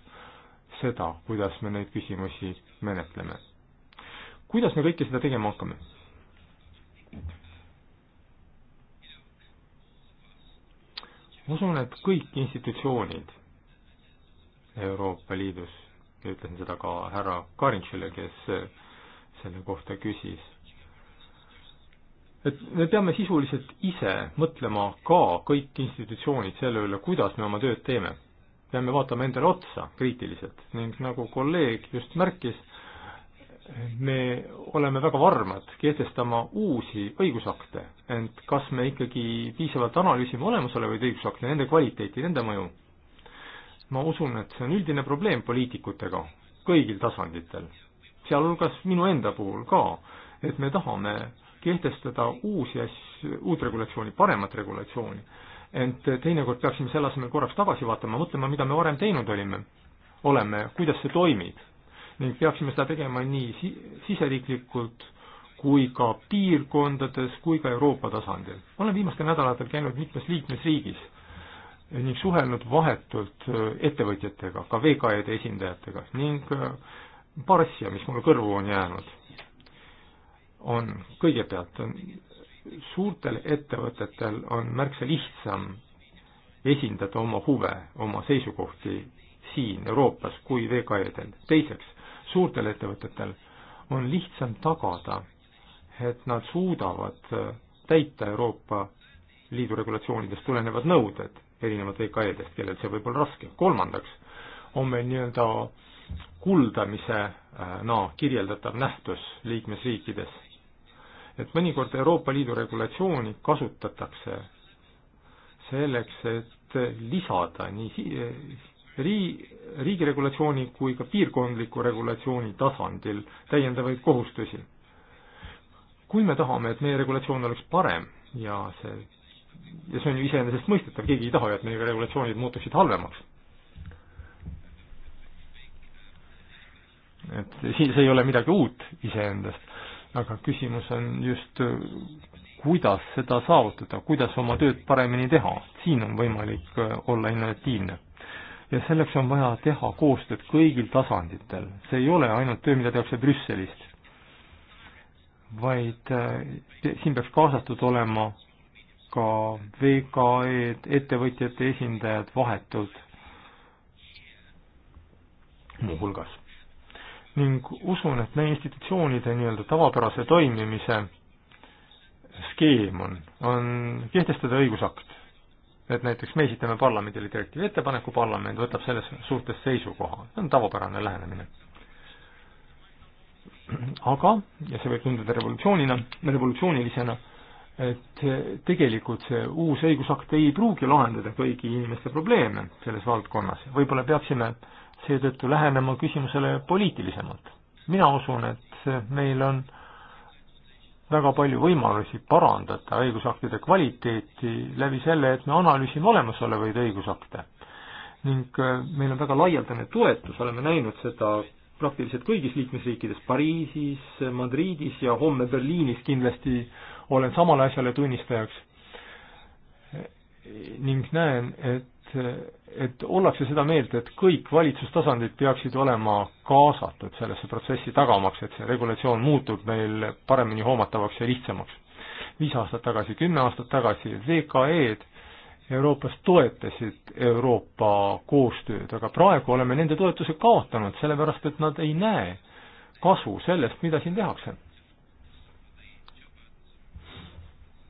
S1: seda, kuidas me neid küsimusi menetleme. kuidas me kõike seda tegema hakkame? ma usun, et kõik institutsioonid Euroopa Liidus, ütlen seda ka härra Karinšile, kes eh, selle kohta küsis, et me peame sisuliselt ise mõtlema ka kõik institutsioonid selle üle, kuidas me oma tööd teeme. peame vaatama endale otsa kriitiliselt ning nagu kolleeg just märkis, me oleme väga varmad kehtestama uusi õigusakte, ent kas me ikkagi piisavalt analüüsime olemasolevaid õigusakte, nende kvaliteeti, nende mõju? ma usun, et see on üldine probleem poliitikutega kõigil tasanditel, sealhulgas minu enda puhul ka, et me tahame kehtestada uusi asju, uut regulatsiooni, paremat regulatsiooni. ent teinekord peaksime selle asemel korraks tagasi vaatama, mõtlema, mida me varem teinud olime, oleme, kuidas see toimib ning peaksime seda tegema nii si siseriiklikult kui ka piirkondades kui ka Euroopa tasandil. olen viimastel nädalatel käinud mitmes liikmesriigis ning suhelnud vahetult äh, ettevõtjatega, ka VKE-de esindajatega ning äh, paar asja, mis mulle kõrvu on jäänud, on kõigepealt, suurtel ettevõtetel on märksa lihtsam esindada oma huve, oma seisukohti siin Euroopas kui VKE-del. teiseks, suurtel ettevõtetel on lihtsam tagada, et nad suudavad äh, täita Euroopa Liidu regulatsioonidest tulenevad nõuded erinevalt VKE-dest, kellel see võib olla raske. kolmandaks on meil nii-öelda kuldamise äh, no, kirjeldatav nähtus liikmesriikides. et mõnikord Euroopa Liidu regulatsiooni kasutatakse selleks, et lisada nii rii-, riigi regulatsiooni kui ka piirkondliku regulatsiooni tasandil täiendavaid kohustusi. kui me tahame, et meie regulatsioon oleks parem ja see, ja see on ju iseenesestmõistetav, keegi ei taha ju, et meie regulatsioonid muutuksid halvemaks. et siin see ei ole midagi uut iseendast, aga küsimus on just, kuidas seda saavutada, kuidas oma tööd paremini teha, siin on võimalik olla innovatiivne ja selleks on vaja teha koostööd kõigil tasanditel. see ei ole ainult töö, mida tehakse Brüsselist, vaid eh, siin peaks kaasatud olema ka VKE-d, ettevõtjate esindajad, vahetud muuhulgas. ning usun, et meie institutsioonide nii-öelda tavapärase toimimise skeem on, on kehtestada õigusakt et näiteks me esitame parlamendile direktiivi ettepaneku, parlament võtab selles suhtes seisukoha, see on tavapärane lähenemine. aga, ja see võib tunduda revolutsioonina, revolutsioonilisena, et tegelikult see uus õigusakt ei pruugi lahendada kõigi inimeste probleeme selles valdkonnas, võib-olla peaksime seetõttu lähenema küsimusele poliitilisemalt. mina usun, et meil on äh, väga palju võimalusi parandada õigusaktide kvaliteeti läbi selle, et me analüüsime olemasolevaid õigusakte. ning äh, meil on väga laialdane toetus, oleme näinud seda praktiliselt kõigis liikmesriikides, Pariisis, Madridis ja homme Berliinis kindlasti olen samale asjale tunnistajaks ning näen, et et ollakse seda meelt, et kõik valitsustasandid peaksid olema kaasatud sellesse protsessi tagamaks, et see regulatsioon muutub meil paremini hoomatavaks ja lihtsamaks. viis aastat tagasi, kümme aastat tagasi VKE-d Euroopas toetasid Euroopa koostööd, aga praegu oleme nende toetuse kaotanud, sellepärast et nad ei näe kasu sellest, mida siin tehakse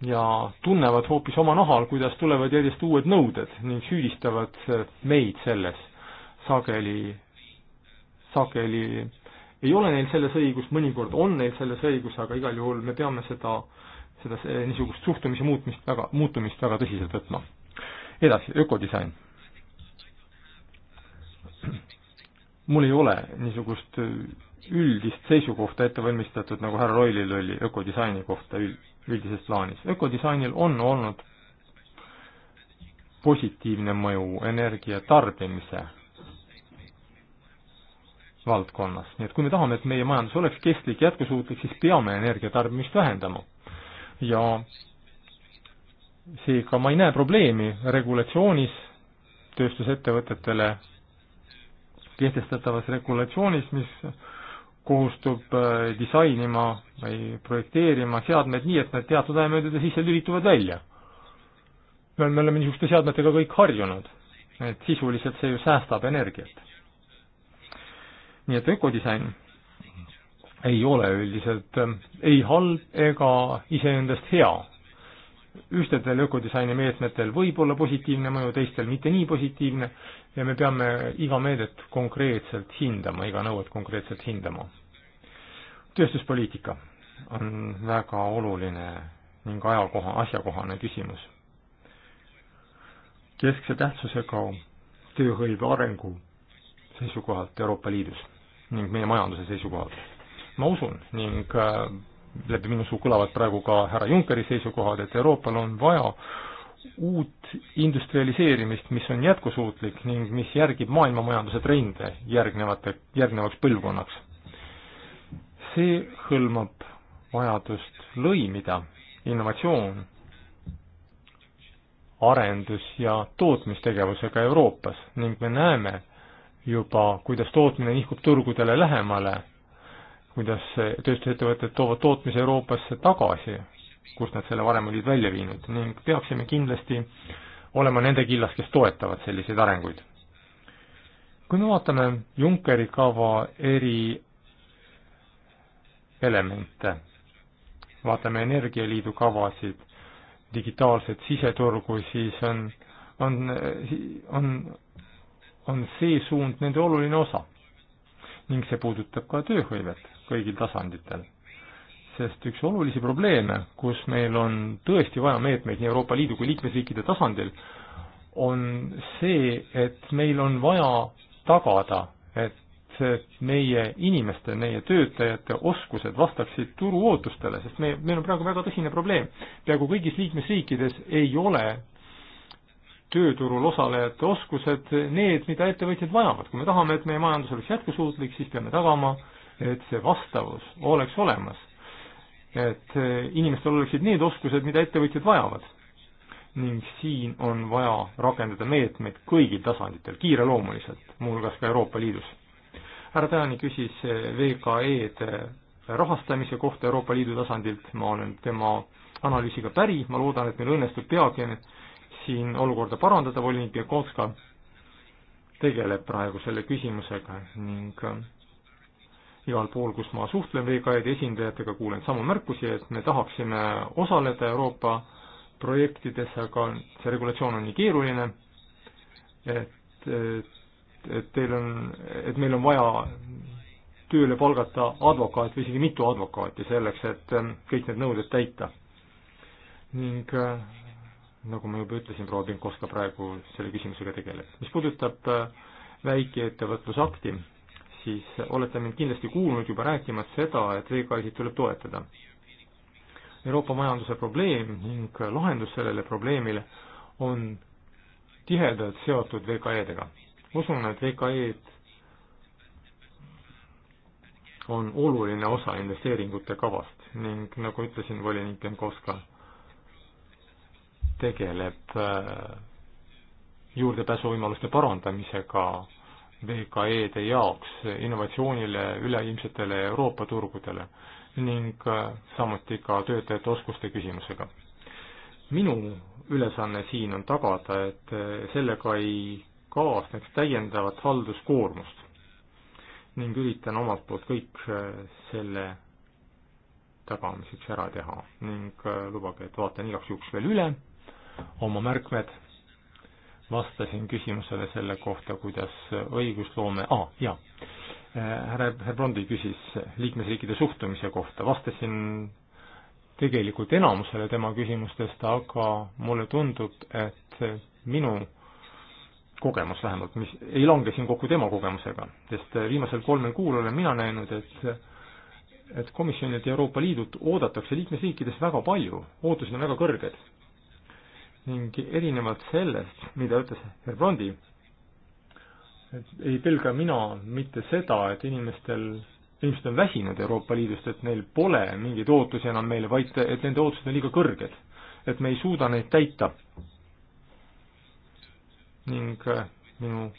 S1: ja tunnevad hoopis oma nahal, kuidas tulevad järjest uued nõuded ning süüdistavad meid selles. sageli, sageli ei ole neil selles õigus, mõnikord on neil selles õigus, aga igal juhul me peame seda, seda niisugust suhtumise muutmist väga, muutumist väga tõsiselt võtma. edasi, ökodisain. mul ei ole niisugust üldist seisukohta ette valmistatud, nagu härra Roilil oli ökodisaini kohta üld-, üldises plaanis. ökodisainil on olnud positiivne mõju energia tarbimise valdkonnas. nii et kui me tahame, et meie majandus oleks kestlik, jätkusuutlik, siis peame energia tarbimist vähendama. ja seega ma ei näe probleemi regulatsioonis, tööstusettevõtetele kehtestatavas regulatsioonis, mis kohustub äh, disainima või projekteerima seadmed nii, et nad teatud aja möödudes ise lülituvad välja. me oleme niisuguste seadmetega kõik harjunud, et sisuliselt see ju säästab energiat. nii et ökodisain ei ole üldiselt äh, ei halb ega iseendast hea. ühtedel ökodisaini meetmetel võib olla positiivne mõju, teistel mitte nii positiivne ja me peame iga meedet konkreetselt hindama, iga nõuet konkreetselt hindama. tööstuspoliitika on väga oluline ning ajakoha, asjakohane küsimus. keskse tähtsusega tööhõive arengu seisukohalt Euroopa Liidus ning meie majanduse seisukohalt. ma usun ning äh, läbi minu suu kõlavad praegu ka härra Junckeri seisukohad, et Euroopal on vaja uut industrialiseerimist, mis on jätkusuutlik ning mis järgib maailmamajanduse trende järgnevate, järgnevaks põlvkonnaks. see hõlmab vajadust lõimida innovatsioon, arendus ja tootmistegevusega Euroopas ning me näeme juba, kuidas tootmine nihkub turgudele lähemale, kuidas tööstusettevõtted toovad tootmise Euroopasse tagasi kust nad selle varem olid välja viinud ning peaksime kindlasti olema nende killas, kes toetavad selliseid arenguid. kui me vaatame Junckeri kava eri elemente, vaatame Energialiidu kavasid, digitaalset siseturgu, siis on, on, on, on see suund nende oluline osa. ning see puudutab ka tööhõivet kõigil tasanditel sest üks olulisi probleeme, kus meil on tõesti vaja meetmeid nii Euroopa Liidu kui liikmesriikide tasandil, on see, et meil on vaja tagada, et meie inimeste, meie töötajate oskused vastaksid turu ootustele, sest me, meil on praegu väga tõsine probleem. peaaegu kõigis liikmesriikides ei ole tööturul osalejate oskused need, mida ettevõtjad vajavad. kui me tahame, et meie majandus oleks jätkusuutlik, siis peame tagama, et see vastavus oleks olemas et eh, inimestel oleksid need oskused, mida ettevõtjad vajavad. ning siin on vaja rakendada meetmeid kõigil tasanditel, kiireloomuliselt, muuhulgas ka Euroopa Liidus. härra Tajani küsis eh, VKE-de rahastamise kohta Euroopa Liidu tasandilt, ma olen tema analüüsiga päri, ma loodan, et meil õnnestub peagi siin olukorda parandada, volinik Jakovska tegeleb praegu selle küsimusega ning eh, igal pool, kus ma suhtlen VKE-de esindajatega, kuulen samu märkusi, et me tahaksime osaleda Euroopa projektides, aga see regulatsioon on nii keeruline, et, et, et teil on, et meil on vaja tööle palgata advokaat või isegi mitu advokaati selleks, et kõik need nõuded täita. ning nagu ma juba ütlesin, proua Pinkovska praegu selle küsimusega tegeleb. mis puudutab äh, väikeettevõtlusakti, siis olete mind kindlasti kuulnud juba rääkimas seda, et VKI-sid tuleb toetada. Euroopa majanduse probleem ning lahendus sellele probleemile on tihedalt seotud VKE-dega. usun, et VKE-d on oluline osa investeeringute kavast ning nagu ütlesin, volinik Jankovska tegeleb äh, juurdepääsuvõimaluste parandamisega VKE-de jaoks innovatsioonile üleilmsetele Euroopa turgudele ning äh, samuti ka töötajate oskuste küsimusega. minu ülesanne siin on tagada, et äh, sellega ei kaasneks täiendavat halduskoormust ning üritan omalt poolt kõik äh, selle tagamiseks ära teha ning lubage, et vaatan igaks juhuks veel üle oma märkmed vastasin küsimusele selle kohta, kuidas õigusloome ah,, jaa, härra Herbrondi küsis liikmesriikide suhtumise kohta, vastasin tegelikult enamusele tema küsimustest, aga mulle tundub, et minu kogemus vähemalt, mis ei lange siin kokku tema kogemusega, sest viimasel kolmel kuul olen mina näinud, et et komisjonilt ja Euroopa Liidult oodatakse liikmesriikides väga palju, ootused on väga kõrged ning erinevalt sellest, mida ütles härra Brondi, et ei pelga mina mitte seda, et inimestel, inimesed on väsinud Euroopa Liidust, et neil pole mingeid ootusi enam meile, vaid et nende ootused on liiga kõrged, et me ei suuda neid täita. ning äh, minu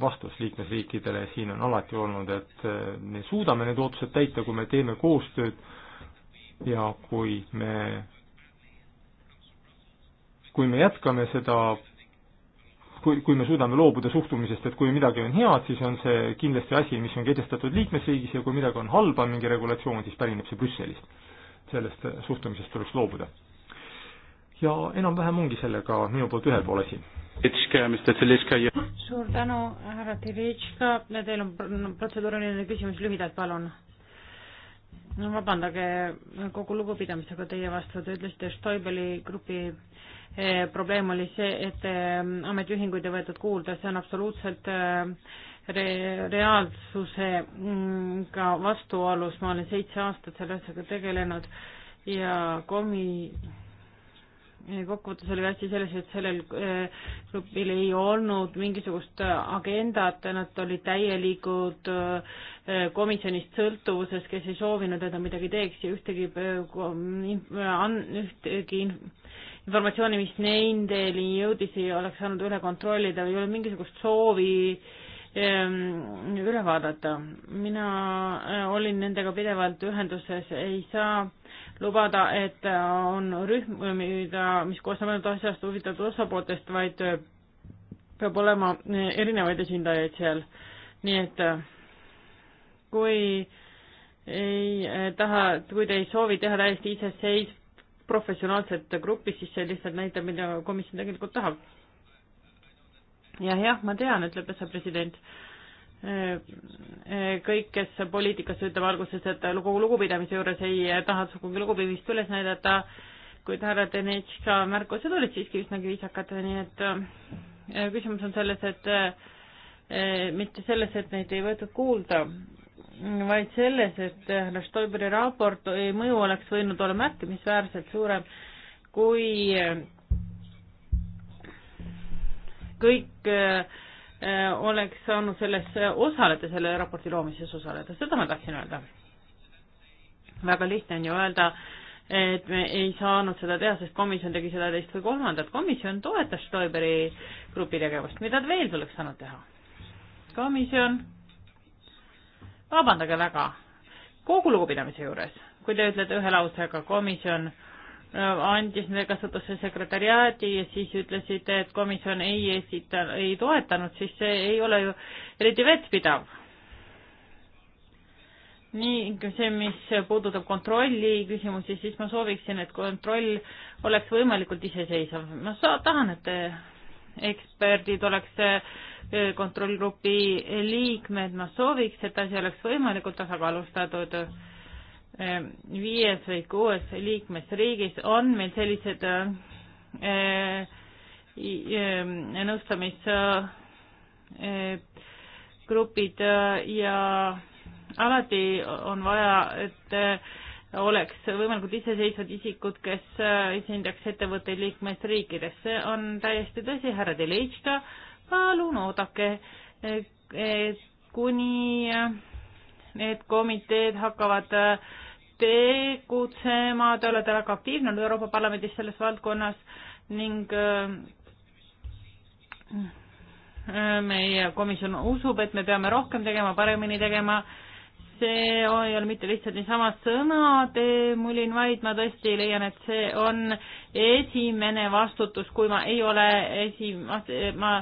S1: vastus liikmesriikidele siin on alati olnud, et äh, me suudame need ootused täita, kui me teeme koostööd ja kui me kui me jätkame seda, kui, kui me suudame loobuda suhtumisest, et kui midagi on head, siis on see kindlasti asi, mis on kehtestatud liikmesriigis ja kui midagi on halba, mingi regulatsioon, siis pärineb see Brüsselist. sellest äh, suhtumisest tuleks loobuda. ja enam-vähem ongi sellega minu poolt ühel pool asi.
S3: suur tänu, härra Tilitška, teil on protseduuriline küsimus, lühidalt palun no vabandage kogu lugupidamisega teie vastu, te ütlesite Stoibeli grupi Eh, probleem oli see, et eh, ametiühinguid ei võetud kuulda, see on absoluutselt eh, re reaalsusega mm, vastuolus, ma olen seitse aastat selle asjaga tegelenud ja komi-, kokkuvõttes oli asi selles, et sellel grupil ei olnud mingisugust agendat, nad olid täielikud komisjonist sõltuvuses, kes ei soovinud, et nad midagi teeks ja ühtegi, ühtegi informatsiooni, mis nendeni jõudis, ei oleks saanud üle kontrollida või ei ole mingisugust soovi ehm, üle vaadata. mina äh, olin nendega pidevalt ühenduses, ei saa lubada, et äh, on rühm, mida, mis koosneb ainult asjast huvitatud osapooltest, vaid äh, peab olema erinevaid esindajaid seal. nii et kui ei taha, kui te ei soovi teha täiesti iseseisv-, professionaalset gruppi, siis see lihtsalt näitab, mida komisjon tegelikult tahab. ja jah, ma tean, ütleb see president, eh, eh, kõik, kes poliitikas töötab alguses, et lugu, lugupidamise juures ei taha sugugi lugupidamist üles näidata, kuid härra Denetška märkused olid siiski üsnagi viisakad, nii et eh, küsimus on selles, et mitte selles, et neid ei võetud kuulda, vaid selles, et äh, härra Stoiberi raport mõju oleks võinud olla märkimisväärselt suurem, kui äh, kõik äh, oleks saanud selles osaleda, selle raporti loomises osaleda, seda ma tahtsin öelda. väga lihtne on ju öelda, et me ei saanud seda teha, sest komisjon tegi seda, teist või kolmandat. komisjon toetas Stoiberi grupi tegevust, mida veel tuleks saanud teha? komisjon vabandage väga, kogu lugupidamise juures, kui te ütlete ühe lausega komisjon äh, andis nende kasutusse sekretäriaadi ja siis ütlesite, et komisjon ei esita, ei toetanud, siis see ei ole ju eriti vettpidav. nii, see, mis puudutab kontrolli küsimusi, siis ma sooviksin, et kontroll oleks võimalikult iseseisev. ma sa-, tahan, et te eksperdid oleks e, kontrollgrupi liikmed, ma sooviks, et asi oleks võimalikult tasakaalustatud. E, viies või kuues liikmesriigis on meil sellised e, nõustamisgrupid ja alati on vaja, et oleks võimalikult iseseisvad isikud, kes äh, esindaks ettevõtteid liikmesriikides. see on täiesti tõsi, härra Delitška, palun oodake, kuni äh, need komiteed hakkavad äh, tegutsema, te olete väga aktiivne olnud Euroopa Parlamendis selles valdkonnas ning meie komisjon usub, et me peame rohkem tegema, paremini tegema see oh, ei ole mitte lihtsalt niisama sõnade mulin, vaid ma tõesti leian, et see on esimene vastutus, kui ma ei ole esi-, ma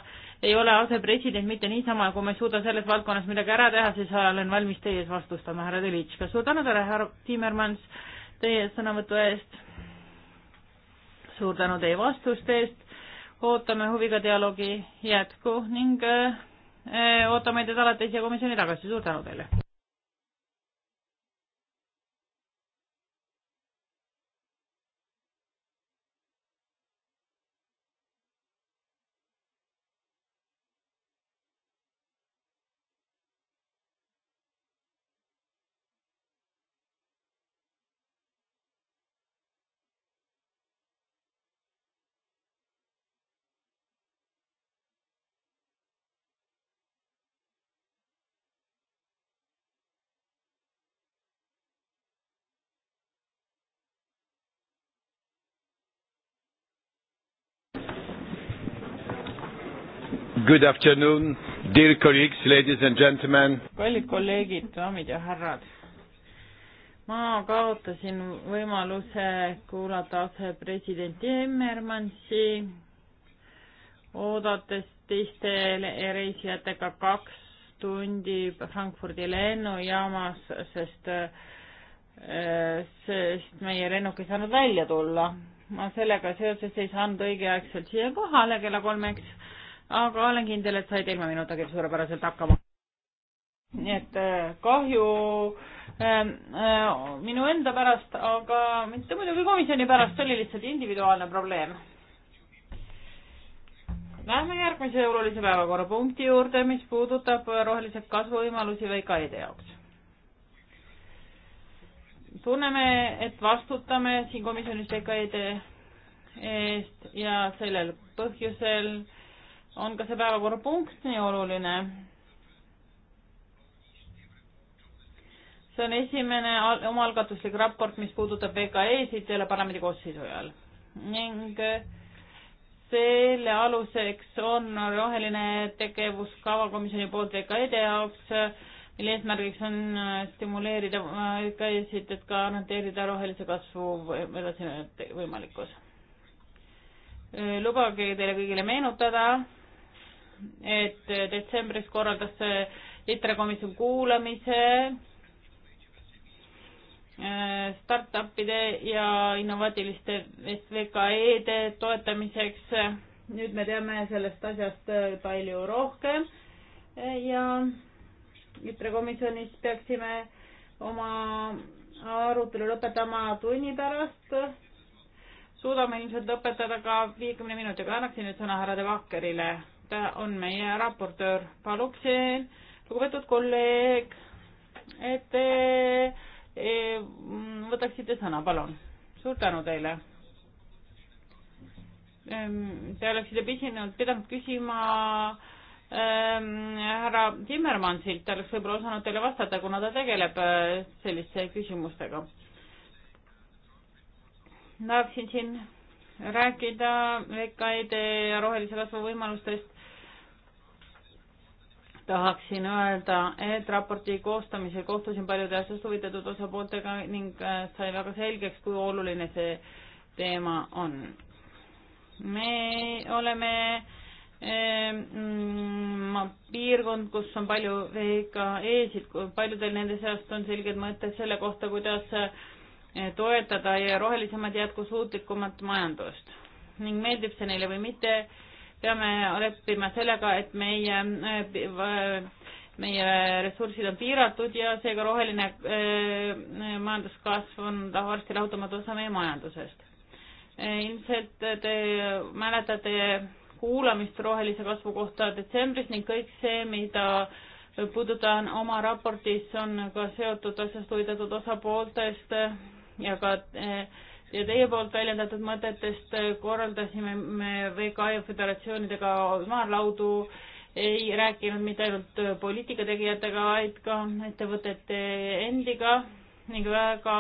S3: ei ole asepresident mitte niisama, kui ma ei suuda selles valdkonnas midagi ära teha, siis olen valmis teie ees vastustama, härra Delitška. suur tänu teile, härra Timmermans, teie sõnavõtu eest. suur tänu teie vastuste eest. ootame huviga dialoogi jätku ning öö, äh, ootame teid alates ja komisjoni tagasi. suur tänu teile!
S1: Good afternoon, dear colleagues, ladies
S4: and gentlemen.
S3: kallid kolleegid, daamid ja härrad. ma kaotasin võimaluse kuulata asepresident Emmermansi, oodates teiste reisijatega kaks tundi Frankfurdi lennujaamas, sest, äh, sest meie lennuk ei saanud välja tulla. ma sellega seoses ei saanud õigeaegselt siia kohale kella kolmeks aga olen kindel, et said ilma minutagi suurepäraselt hakkama. nii et äh, kahju ähm, äh, minu enda pärast, aga mitte muidugi komisjoni pärast, see oli lihtsalt individuaalne probleem. Lähme järgmise olulise päevakorrapunkti juurde, mis puudutab rohelise kasvuvõimalusi VKI-de jaoks. tunneme, et vastutame siin komisjonis VKI-de eest ja sellel põhjusel äh, on ka see päevakorrapunkt nii oluline. see on esimene omaalgatuslik raport, mis puudutab VKE-sid selle parlamendi koosseisu ajal ning äh, selle aluseks on roheline tegevuskava komisjoni poolt VKE-de jaoks, äh, mille eesmärgiks on äh, stimuleerida VKE-sid, et garanteerida rohelise kasvu edasine võimalikkus lubage teile kõigile meenutada, et detsembris korraldas ITRE komisjon kuulamise äh, startupide ja innovaatiliste VKE-de toetamiseks. nüüd me teame sellest asjast äh, palju rohkem äh, ja ITRE komisjonis peaksime oma arutelu lõpetama tunni pärast. suudame ilmselt lõpetada ka viiekümne minutiga, annaksin nüüd sõna härra De Vakkerile ta äh, on meie raportöör. palub siin, lugupeetud kolleeg, et te e, võtaksite sõna, palun. suur tänu teile. Ähm, te oleksite pisinud, pidanud küsima ähm, härra ähm, Timmermansilt, ta oleks võib-olla osanud teile vastata, kuna ta tegeleb äh, selliste küsimustega. tahaksin siin rääkida VKD e ja rohelise kasvu võimalustest tahaksin öelda, et raporti koostamisel kohtusin paljude asjast huvitatud osapooltega ning äh, sai väga selgeks, kui oluline see teema on. me oleme ähm, mm, ma piirkond, kus on palju VKE-sid, paljudel nende seast on selged mõtted selle kohta, kuidas äh, toetada rohelisemat, jätkusuutlikumat majandust ning meeldib see neile või mitte peame leppima sellega, et meie, meie ressursid on piiratud ja seega roheline eh, majanduskasv on varsti lahutamatu osa meie majandusest. Eh, ilmselt te mäletate kuulamist rohelise kasvu kohta detsembris ning kõik see, mida puudutan oma raportis, on ka seotud asjast huvitatud osapooltest ja ka eh, ja teie poolt väljendatud mõtetest korraldasime me VKI e föderatsioonidega maarlaudu, ei rääkinud mitte ainult poliitikategijatega, vaid ka ettevõtete endiga ning väga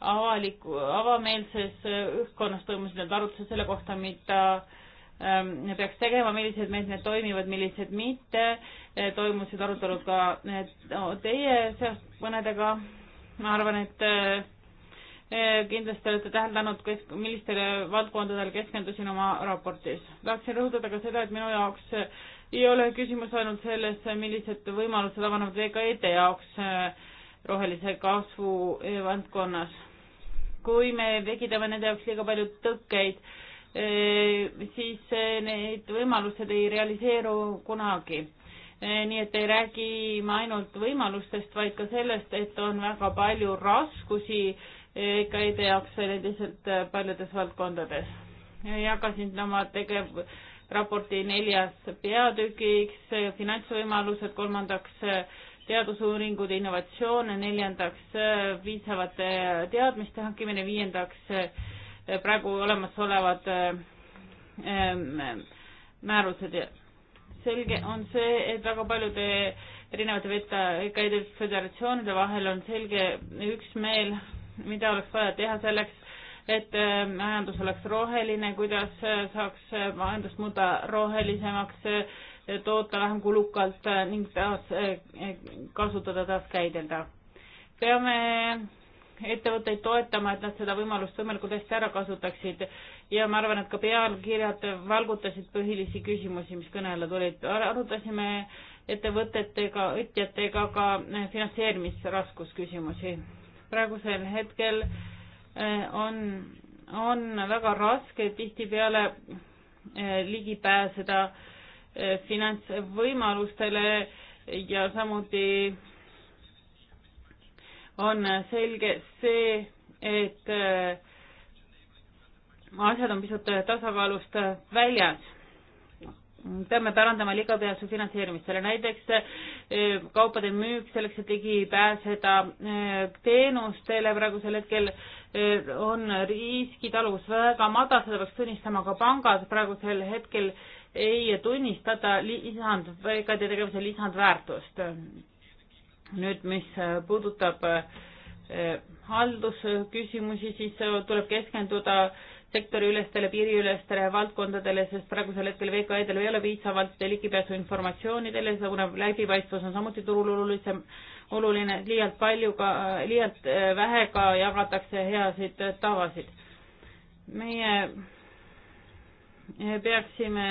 S3: avaliku, avameelses õhkkonnas toimusid need arutlused selle kohta, mida ähm, peaks tegema, millised meetmed toimivad, millised mitte e,. toimusid arutelud ka need, no, teie seast mõnedega. ma arvan, et äh, Eh, kindlasti olete täheldanud, kes, millistele valdkondadele keskendusin oma raportis. tahaksin rõhutada ka seda, et minu jaoks eh, ei ole küsimus ainult selles, millised võimalused avanevad VKE-de jaoks eh, rohelise kasvu valdkonnas. kui me tekitame nende jaoks liiga palju tõkkeid, siis need võimalused ei realiseeru kunagi. nii et ei räägi ma ainult võimalustest, vaid ka sellest, et on väga palju raskusi äh, EKI-de jaoks veel endiselt äh, paljudes valdkondades. jagasin oma tegev-, raporti neljas peatükiks, äh, finantsvõimalused, kolmandaks äh, teadusuuringud, innovatsioon, neljandaks piisavate teadmiste hankimine, viiendaks praegu olemasolevad ähm, ähm, määrused ja selge on see, et väga paljude erinevate veta-, föderatsioonide vahel on selge üksmeel mida oleks vaja teha selleks, et äh, majandus oleks roheline, kuidas äh, saaks äh, majandust muuta rohelisemaks, toota vähem kulukalt ning taas kasutada, taaskäidelda. peame ettevõtteid toetama, et nad seda võimalust võimalikult hästi ära kasutaksid ja ma arvan, et ka pealkirjad valgutasid põhilisi küsimusi, mis kõne alla tulid. arutasime ettevõtetega, võtjatega ka finantseerimisraskusküsimusi praegusel hetkel eh, on, on väga raske tihtipeale eh, ligi pääseda eh, finantsvõimalustele ja samuti on selge see, et asjad on pisut tasakaalust väljas peame parandama ligapääsu finantseerimist, selle näiteks eh, kaupade müük selleks, et ligi pääseda eh, teenustele praegusel hetkel eh, on riskitaluvus väga madal, seda peaks tunnistama ka pangad praegusel hetkel ei tunnistata lisand, väikede tegevuse lisandväärtust. nüüd, mis puudutab haldusküsimusi, siis tuleb keskenduda äh, sektoriülestele, piiriülestele valdkondadele, sest praegusel hetkel VKE-del ei ole piisavalt ligipääsu informatsioonidele, kuna läbipaistvus on samuti turul olulisem, oluline, liialt palju ka, liialt äh, vähe ka jagatakse heasid äh, tavasid. meie äh, peaksime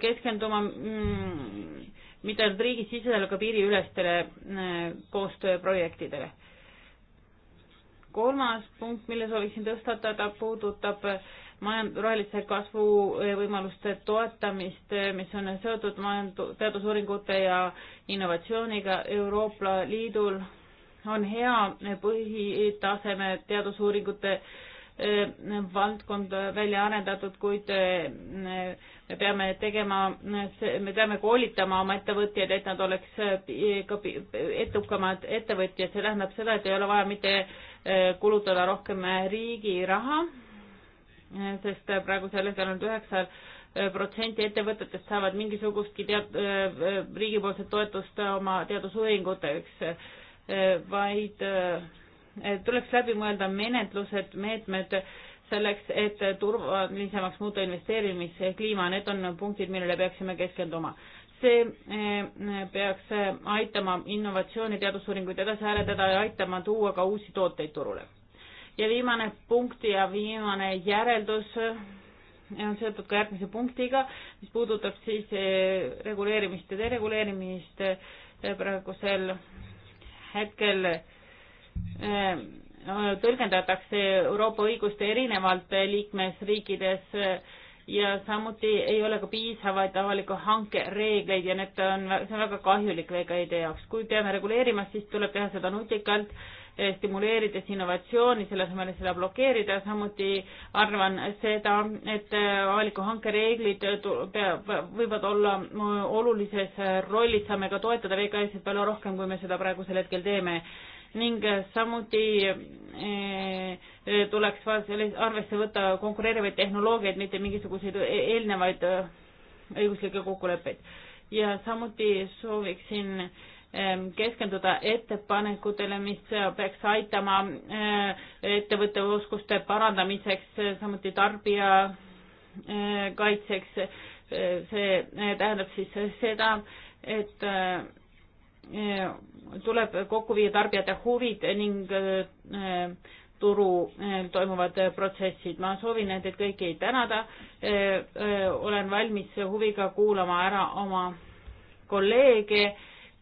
S3: keskenduma mm, mitte ainult riigisisesele, aga piiriülestele koostööprojektidele kolmas punkt, mille sooviksin tõstatada, puudutab majand-, rohelise kasvu võimaluste toetamist, mis on seotud majand-, teadusuuringute ja innovatsiooniga Euroopa Liidul on hea põhitaseme teadusuuringute eh, valdkond välja arendatud, kuid eh, me peame tegema, me peame koolitama oma ettevõtjaid, et nad oleks eh, ka edukamad ettevõtjad, see tähendab seda, et ei ole vaja mitte Äh, kulutada rohkem äh, riigi raha, äh, sest praegusel hetkel ainult üheksa protsenti ettevõtetest saavad mingisugustki tead-, riigipoolset toetust oma teadusuuringuteks, vaid tuleks läbi mõelda menetlused, meetmed selleks, et turvalisemaks muuta investeerimiskliima, need on punktid, millele peaksime keskenduma see eh, peaks eh, aitama innovatsiooni teadusuuringuid edasi arendada ja aitama tuua ka uusi tooteid turule. ja viimane punkt ja viimane järeldus eh, on seotud ka järgmise punktiga, mis puudutab siis reguleerimist ja dereguleerimist praegusel hetkel tõlgendatakse Euroopa õigust erinevalt liikmesriikides ja samuti ei ole ka piisavaid avaliku hanke reegleid ja need on, see on väga kahjulik VKI-de jaoks. kui peame reguleerima, siis tuleb teha seda nutikalt, eh, stimuleerides innovatsiooni, selle asemel, et seda blokeerida, samuti arvan seda, et eh, avaliku hanke reeglid peab, võivad olla eh, olulises rollis, saame ka toetada VKS-id palju rohkem, kui me seda praegusel hetkel teeme. ning samuti eh, Eh, tuleks arvesse võtta konkureerivaid tehnoloogiaid, mitte mingisuguseid e-, eelnevaid eh, õiguslikke kokkuleppeid. ja samuti sooviksin eh, keskenduda ettepanekutele, mis peaks aitama ettevõtte oskuste parandamiseks, samuti tarbija kaitseks. see tähendab siis seda, et tuleb kokku viia tarbijate huvid ning turul eh, toimuvad eh, protsessid. ma soovin neid kõiki tänada. Eh, olen valmis huviga kuulama ära oma kolleege,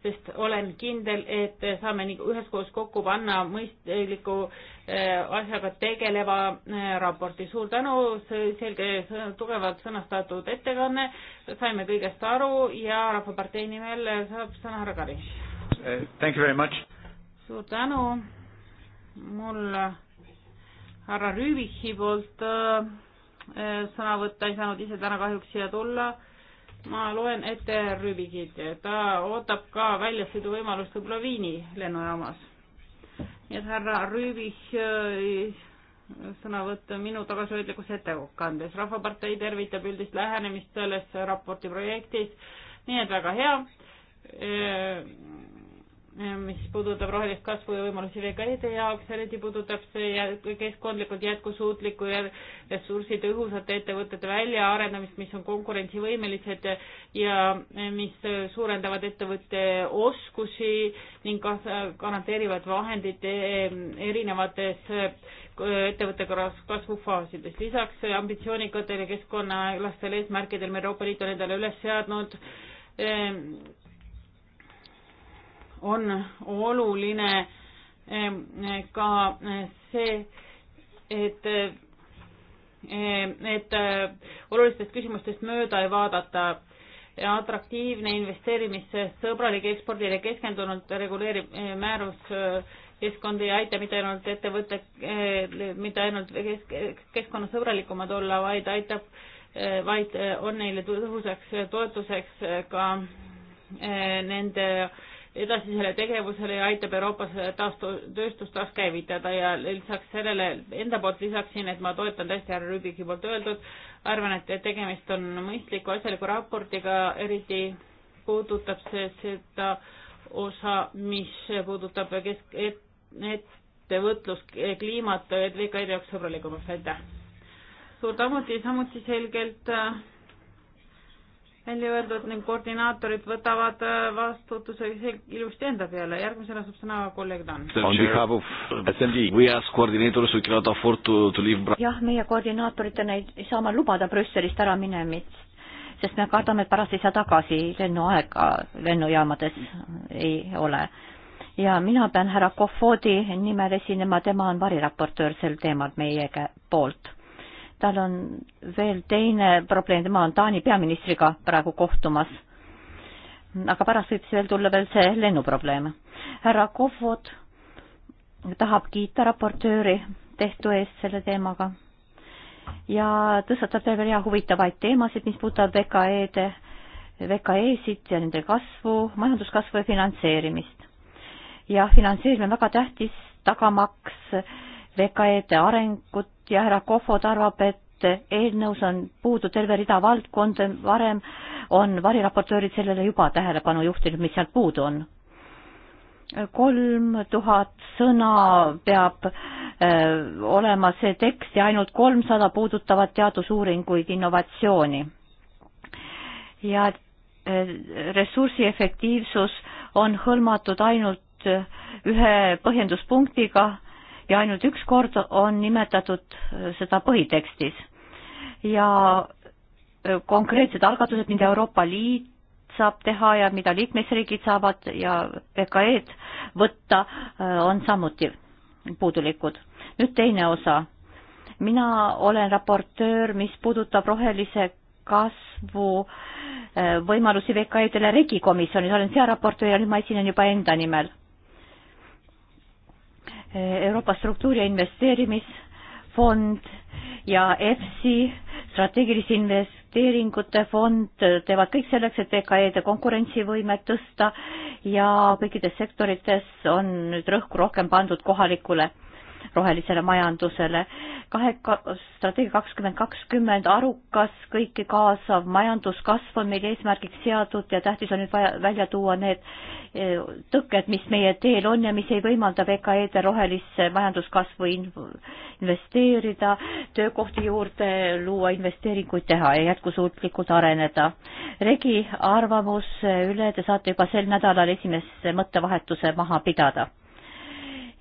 S3: sest olen kindel, et saame nii üheskoos kokku panna mõistliku asjaga tegeleva raporti. suur tänu, selge, tugevalt sõnastatud ettekanne, saime kõigest aru ja Rahvapartei nimel saab sõna härra Kari. Thank you very much. suur tänu mul härra Rüüvichi poolt äh, sõna võtta, ei saanud ise täna kahjuks siia tulla. ma loen ette Rüüvikit, ta ootab ka väljasõiduvõimalust võib-olla Viini lennujaamas. nii et härra Rüüvich äh, sõnavõtt minu tagasihoidlikus ettekandes. rahvapartei tervitab üldist lähenemist selles raporti projektis, nii et väga hea äh, mis puudutab rohelist kasvu ja võimalusi VKE-de jaoks, eriti puudutab see keskkondlikult jätkusuutlikku ja ressursitõhusate ettevõtete väljaarendamist, mis on konkurentsivõimelised ja mis suurendavad ettevõtte oskusi ning garanteerivad vahendid eh, erinevates eh, ettevõtte kasvufaasides. lisaks ambitsioonikatele keskkonnalastele eesmärkidele, mille Euroopa Liit on endale üles seadnud, eh, on oluline ehm, ka see, et, ehm, et äh, olulistest küsimustest mööda ei vaadata. atraktiivne investeerimissõbralik ekspordile keskendunud reguleeriv eh, määrus äh, keskkondi ei aita mitte ainult ettevõtted, eh, mitte ainult kesk, keskkonnasõbralikumad olla, vaid aitab, eh, vaid on neile tõhusaks toetuseks ka nende edasisele tegevusele ja aitab Euroopas taastu-, tööstust taaskäivitada ja lisaks sellele enda poolt lisaksin, et ma toetan täiesti härra Rüübiki poolt öeldud, arvan, et tegemist on mõistliku asjaliku raportiga, eriti puudutab see seda osa, mis puudutab kesk-, et, ettevõtluskliimat et VKD jaoks sõbralikumaks, aitäh! suur tänu, samuti selgelt äh, välja öeldud ning koordinaatorid võtavad äh, vastutuse ilusti enda peale. järgmisena saab sõna kolleeg Dan.
S2: jah, meie koordinaatoritena ei saa me lubada Brüsselist ära minemist, sest me kardame, et pärast ei saa tagasi, lennuaega lennujaamades ei ole. ja mina pean härra Kohvodi nimel esinema, tema on variraportöör sel teemal meie poolt tal on veel teine probleem, tema on Taani peaministriga praegu kohtumas. aga pärast võib veel tulla veel see lennuprobleem. härra Kohvod tahab kiita raportööri tehtu eest selle teemaga ja tõstatab terve rea huvitavaid teemasid, mis puudutavad VKE-de, VKE-sid ja nende kasvu, majanduskasvu ja finantseerimist. jah, finantseerimine on väga tähtis, tagamaks äh, VKE-de arengut ja härra Kohvod arvab, et eelnõus on puudu terve rida valdkondi, varem on variraportöörid sellele juba tähelepanu juhtinud, mis sealt puudu on. kolm tuhat sõna peab öö, äh, olema see tekst ja ainult kolmsada puudutavad teadusuuringuid, innovatsiooni. ja äh, ressursi efektiivsus on hõlmatud ainult ühe põhjenduspunktiga ja ainult üks kord on nimetatud äh, seda põhitekstis. ja äh, konkreetsed algatused, mida Euroopa Liit saab teha ja mida liikmesriigid saavad ja VKE-d võtta, äh, on samuti puudulikud. nüüd teine osa. mina olen raportöör, mis puudutab rohelise kasvu võimalusi VKE-dele regikomisjonis, olen seal raportöör ja nüüd ma esinen juba enda nimel Euroopa struktuuri ja investeerimisfond ja EFSI, strateegilise investeeringute fond teevad kõik selleks, et VKE-de konkurentsivõimet tõsta ja kõikides sektorites on nüüd rõhku rohkem pandud kohalikule rohelisele majandusele. kahe, strateegia kakskümmend kakskümmend arukas, kõiki kaasav majanduskasv on meil eesmärgiks seatud ja tähtis on nüüd vaja välja tuua need e, tõkked, mis meie teel on ja mis ei võimalda VKE-de rohelisse majanduskasvu investeerida, töökohti juurde luua, investeeringuid teha ja jätkusuutlikult areneda. regi arvamus üle te saate juba sel nädalal esimese mõttevahetuse maha pidada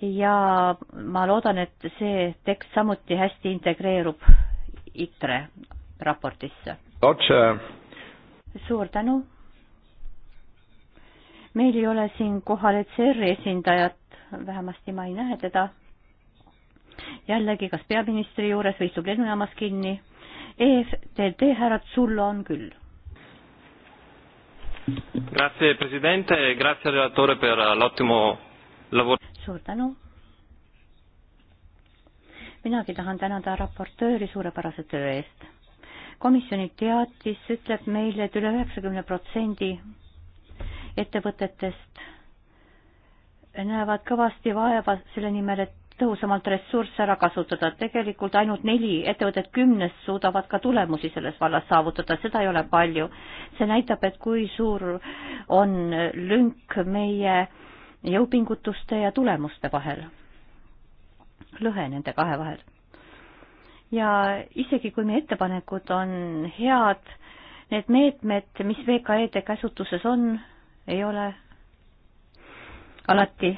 S2: ja ma loodan, et see tekst samuti hästi integreerub ITRE raportisse. suur tänu. meil ei ole siin kohal ECR-i esindajat, vähemasti ma ei näe teda. jällegi, kas peaministri juures või istub lennujaamas kinni. EFTD härrad, sul on küll.
S1: Grazie Presidente, grazie relatore per l'ottimo lavoro
S2: suur tänu. minagi tahan tänada raportööri suurepärase töö eest. komisjoni teatis ütleb meile, et üle üheksakümne protsendi ettevõtetest näevad kõvasti vaeva selle nimel, et tõhusamalt ressursse ära kasutada. tegelikult ainult neli ettevõtet kümnest suudavad ka tulemusi selles vallas saavutada, seda ei ole palju. see näitab, et kui suur on lünk meie äh, jõupingutuste ja tulemuste vahel, lõhe nende kahe vahel. ja isegi, kui meie ettepanekud on head, need meetmed, mis VKE-de käsutuses on, ei ole alati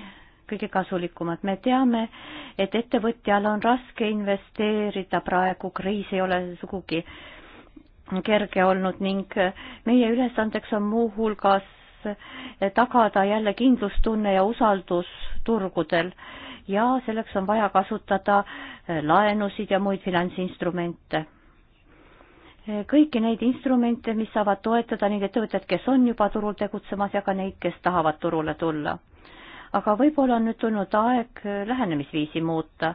S2: kõige kasulikumad. me teame, et ettevõtjal on raske investeerida praegu, kriis ei ole sugugi kerge olnud ning meie ülesandeks on muuhulgas Eh, tagada jälle kindlustunne ja usaldus turgudel ja selleks on vaja kasutada eh, laenusid ja muid finantsinstrumente. Eh, kõiki neid instrumente, mis saavad toetada neid ettevõtteid, kes on juba turul tegutsemas ja ka neid, kes tahavad turule tulla aga võib-olla on nüüd tulnud aeg äh, lähenemisviisi muuta.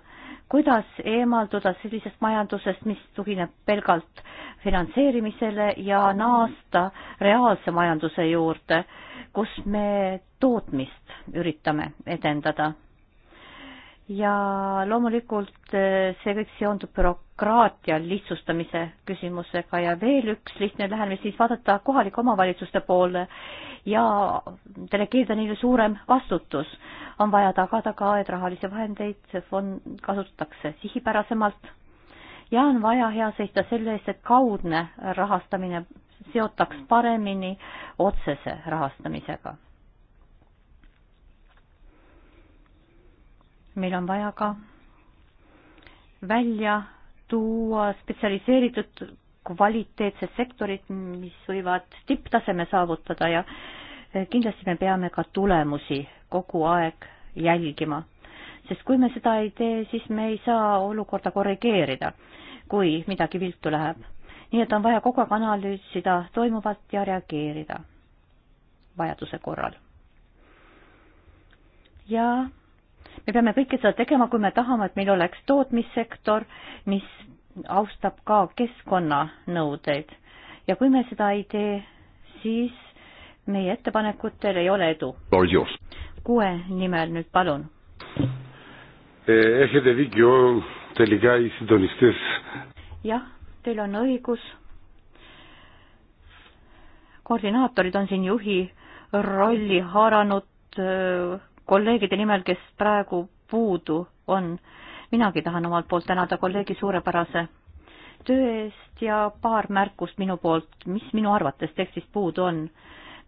S2: kuidas eemalduda sellisest majandusest, mis tugineb pelgalt finantseerimisele ja naasta reaalse majanduse juurde, kus me tootmist üritame edendada ja loomulikult eh, see kõik seondub bürokraatia lihtsustamise küsimusega ja veel üks lihtne lähenemine, siis vaadata kohalike omavalitsuste poole ja delegeerida neile suurem vastutus. on vaja tagada ka, et rahalisi vahendeid fond kasutatakse sihipärasemalt ja on vaja hea seista selle eest, et kaudne rahastamine seotaks paremini otsese rahastamisega meil on vaja ka välja tuua spetsialiseeritud kvaliteetsed sektorid, mis võivad tipptaseme saavutada ja eh, kindlasti me peame ka tulemusi kogu aeg jälgima, sest kui me seda ei tee, siis me ei saa olukorda korrigeerida, kui midagi viltu läheb. nii et on vaja kogu aeg analüüsida toimuvat ja reageerida vajaduse korral. ja me peame kõike seda tegema, kui me tahame, et meil oleks tootmissektor, mis austab ka keskkonnanõudeid ja kui me seda ei tee, siis meie ettepanekutel ei ole edu. kuue nimel nüüd palun. jah, teil on õigus. koordinaatorid on siin juhi rolli haaranud kolleegide nimel, kes praegu puudu on. minagi tahan omalt poolt tänada kolleegi suurepärase töö eest ja paar märkust minu poolt, mis minu arvates tekstist puudu on.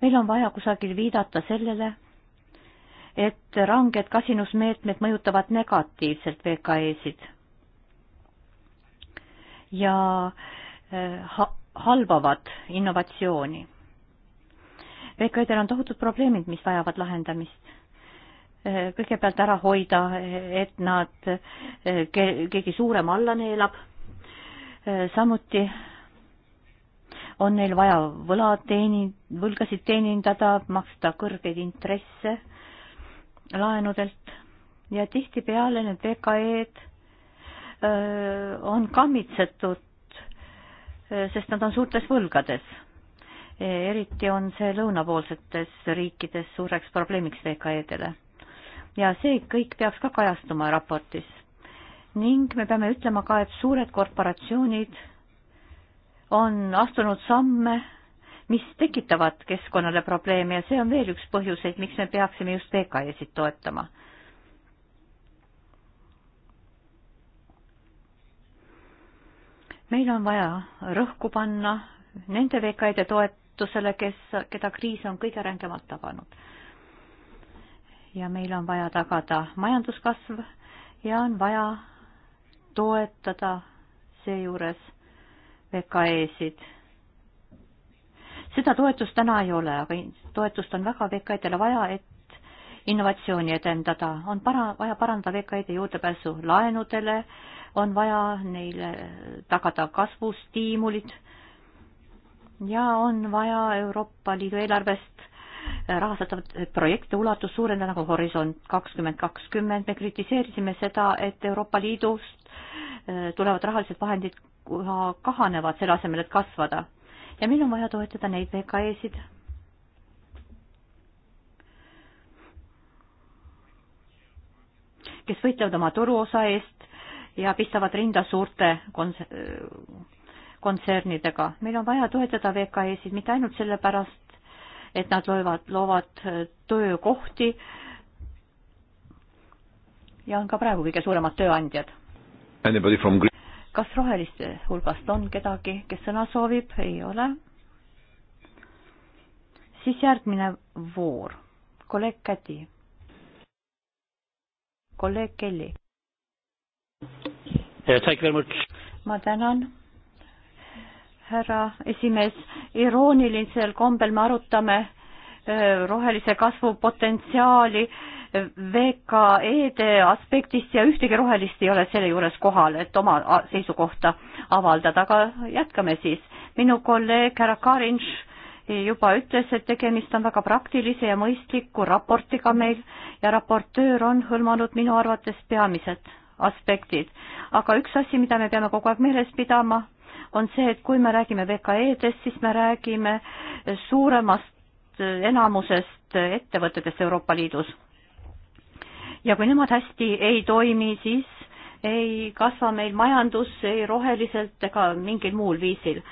S2: meil on vaja kusagil viidata sellele, et ranged kasinusmeetmed mõjutavad negatiivselt VKE-sid ja äh, ha-, halvavad innovatsiooni. VKE-del on tohutud probleemid, mis vajavad lahendamist kõigepealt ära hoida, et nad, keegi suurem alla neelab. samuti on neil vaja võla teeni-, võlgasid teenindada, maksta kõrgeid intresse laenudelt ja tihtipeale need VKE-d on kammitsetud, sest nad on suurtes võlgades. eriti on see lõunapoolsetes riikides suureks probleemiks VKE-dele ja see kõik peaks ka kajastuma raportis. ning me peame ütlema ka, et suured korporatsioonid on astunud samme, mis tekitavad keskkonnale probleeme ja see on veel üks põhjuseid, miks me peaksime just VKE-sid toetama. meil on vaja rõhku panna nende VKE-de toetusele, kes, keda kriis on kõige rängemalt tabanud ja meil on vaja tagada majanduskasv ja on vaja toetada seejuures VKE-sid. seda toetust täna ei ole, aga toetust on väga VKE-dele vaja, et innovatsiooni edendada. on para-, vaja parandada VKE-de juurdepääsu laenudele, on vaja neile tagada kasvustiimulid ja on vaja Euroopa Liidu eelarvest rahastatavate projekte ulatus suurendada nagu Horisont kakskümmend kakskümmend. me kritiseerisime seda, et Euroopa Liidust äh, tulevad rahalised vahendid kahanevad selle asemel, et kasvada. ja meil on vaja toetada neid VKE-sid. kes võitlevad oma turuosa eest ja pistavad rinda suurte konts-, äh, kontsernidega. meil on vaja toetada VKE-sid mitte ainult sellepärast, et nad loevad, loovad äh, töökohti ja on ka praegu kõige suuremad tööandjad. From... kas roheliste hulgast on kedagi, kes sõna soovib? ei ole. siis järgmine voor, kolleeg Käti. kolleeg Kelly. ma tänan härra esimees, iroonilisel kombel me arutame äh, rohelise kasvu potentsiaali äh, VKE-de aspektist ja ühtegi rohelist ei ole selle juures kohal, et oma seisukohta avaldada, aga jätkame siis. minu kolleeg härra Karinš juba ütles, et tegemist on väga praktilise ja mõistliku raportiga meil ja raportöör on hõlmanud minu arvates peamised aspektid. aga üks asi, mida me peame kogu aeg meeles pidama on see, et kui me räägime VKE-dest, siis me räägime suuremast enamusest ettevõtetest Euroopa Liidus. ja kui nemad hästi ei toimi, siis ei kasva meil majandus ei roheliselt ega mingil muul viisil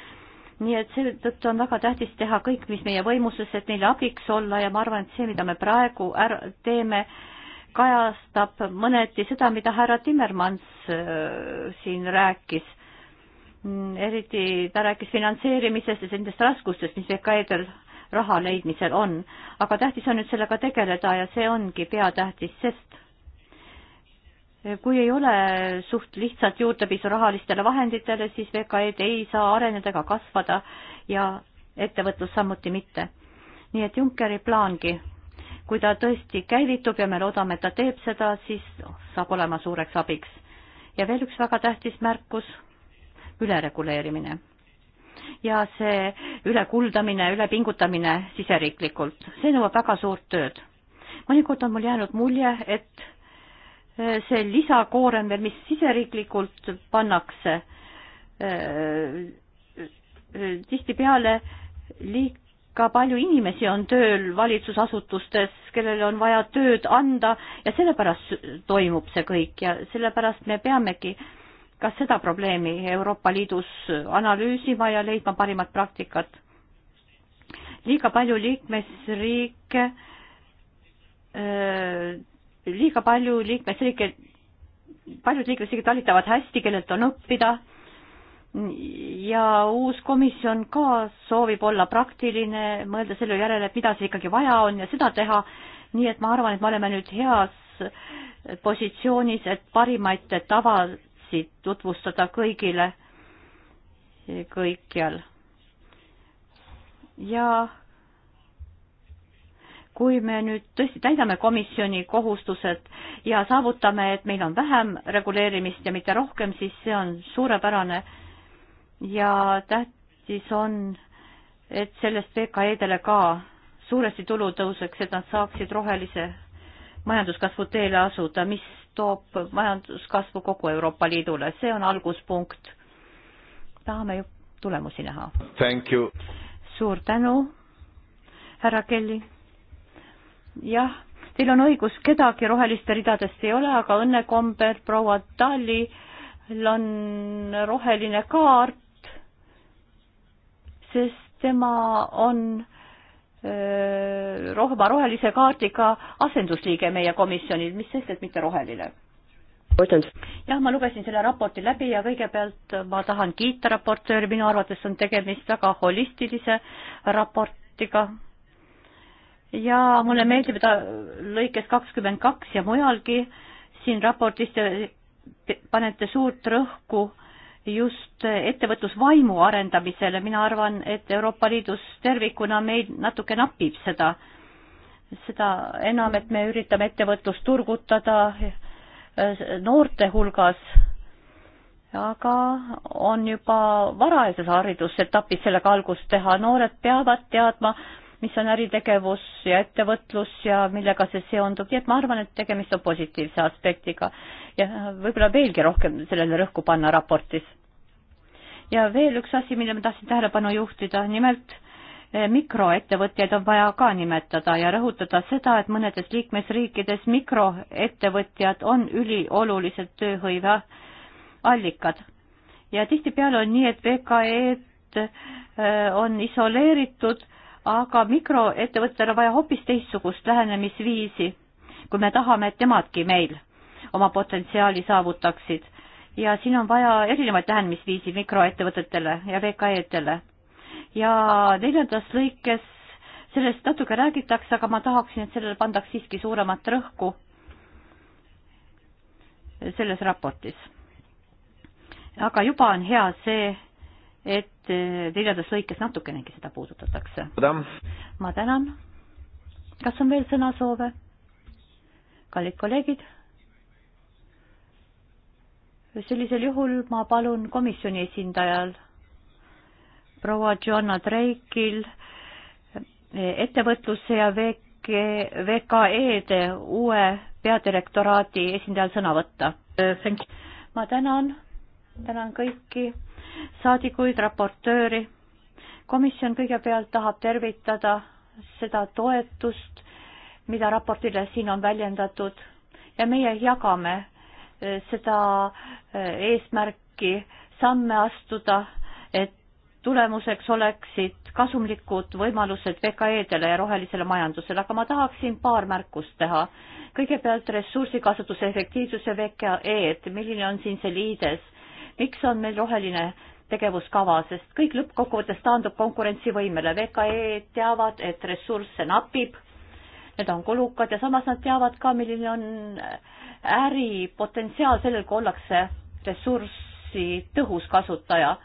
S2: nii et seetõttu on väga tähtis teha kõik, mis meie võimuses, et neile abiks olla ja ma arvan, et see, mida me praegu ära teeme, kajastab mõneti seda, mida härra Timmermans äh, siin rääkis Mm, eriti ta rääkis finantseerimisest ja nendest raskustest, mis VKE-del raha leidmisel on. aga tähtis on nüüd sellega tegeleda ja see ongi peatähtis, sest kui ei ole suht lihtsalt juurdepääsu rahalistele vahenditele, siis VKE-d ei saa areneda ega kasvada ja ettevõtlus samuti mitte. nii et Junckeri plaangi, kui ta tõesti käivitub ja me loodame, et ta teeb seda, siis saab olema suureks abiks. ja veel üks väga tähtis märkus ülereguleerimine ja see ülekuldamine, ülepingutamine siseriiklikult, see nõuab väga suurt tööd. mõnikord on mul jäänud mulje, et äh, see lisakoorem veel, mis siseriiklikult pannakse, äh, äh, tihtipeale liiga palju inimesi on tööl valitsusasutustes, kellele on vaja tööd anda ja sellepärast toimub see kõik ja sellepärast me peamegi äh, kas seda probleemi Euroopa Liidus analüüsima ja leidma parimat praktikat? liiga palju liikmesriike, liiga palju liikmesriike, paljud liikmesriigid talitavad hästi, kellelt on õppida ja uus komisjon ka soovib olla praktiline, mõelda selle järele, et mida siis ikkagi vaja on ja seda teha. nii et ma arvan, et me oleme nüüd heas positsioonis, et parimaid tava, protsessi tutvustada kõigile kõikjal. ja kui me nüüd tõesti täidame komisjoni kohustused ja saavutame, et meil on vähem reguleerimist ja mitte rohkem, siis see on suurepärane ja tähtis on, et sellest VKE-dele ka suuresti tulu tõuseks, et nad saaksid rohelise majanduskasvu teele asuda, mis toob majanduskasvu kogu Euroopa Liidule, see on alguspunkt. tahame ju tulemusi näha. suur tänu, härra Kelly. jah, teil on õigus, kedagi roheliste ridadest ei ole, aga õnnekombel proua Talil on roheline kaart, sest tema on äh, rohma rohelise kaardiga asendusliige meie komisjonil, mis sest, et mitte roheline. jah, ma lugesin selle raporti läbi ja kõigepealt ma tahan kiita raportööri, minu arvates on tegemist väga holistilise raportiga. ja mulle meeldib ta lõikes kakskümmend kaks ja mujalgi siin raportis te panete suurt rõhku äh, just ettevõtlusvaimu arendamisele, mina arvan, et Euroopa Liidus tervikuna meil natuke napib seda, seda enam, et me üritame ettevõtlust turgutada eh, noorte hulgas, aga on juba varajases haridusetapis sellega algust teha, noored peavad teadma, mis on äritegevus ja ettevõtlus ja millega see seondub, nii et ma arvan, et tegemist on positiivse aspektiga ja võib-olla veelgi rohkem sellele rõhku panna raportis. ja veel üks asi, millele ma tahtsin tähelepanu juhtida, nimelt eh, mikroettevõtjaid on vaja ka nimetada ja rõhutada seda, et mõnedes liikmesriikides mikroettevõtjad on üliolulised tööhõive allikad. ja tihtipeale on nii, et VKE-d eh, on isoleeritud, aga mikroettevõttel on vaja hoopis teistsugust lähenemisviisi, kui me tahame, et nemadki meil oma potentsiaali saavutaksid. ja siin on vaja erinevaid lähenemisviisi mikroettevõtetele ja VKE-dele. ja neljandas lõikes sellest natuke räägitakse, aga ma tahaksin, et sellele pandaks siiski suuremat rõhku selles raportis. aga juba on hea see, et neljandas lõikes natukenegi seda puudutatakse. ma tänan. kas on veel sõnasoove? kallid kolleegid sellisel juhul ma palun komisjoni esindajal proua Joanna Dreikil ettevõtluse ja VK, VKE-de uue peadirektoraadi esindajal sõna võtta. ma tänan, tänan kõiki saadikuid, raportööri. komisjon kõigepealt tahab tervitada seda toetust, mida raportile siin on väljendatud ja meie jagame Eh, seda eh, eesmärki samme astuda, et tulemuseks oleksid kasumlikud võimalused VKE-dele ja rohelisele majandusele, aga ma tahaksin paar märkust teha. kõigepealt ressursikasutuse efektiivsus ja VKE-d, milline on siin see liides, miks on meil roheline tegevuskava, sest kõik lõppkokkuvõttes taandub konkurentsivõimele, VKE-d teavad, et ressursse napib, need on kulukad ja samas nad teavad ka, milline on äripotentsiaal sellel, kui ollakse ressurssi tõhus kasutaja.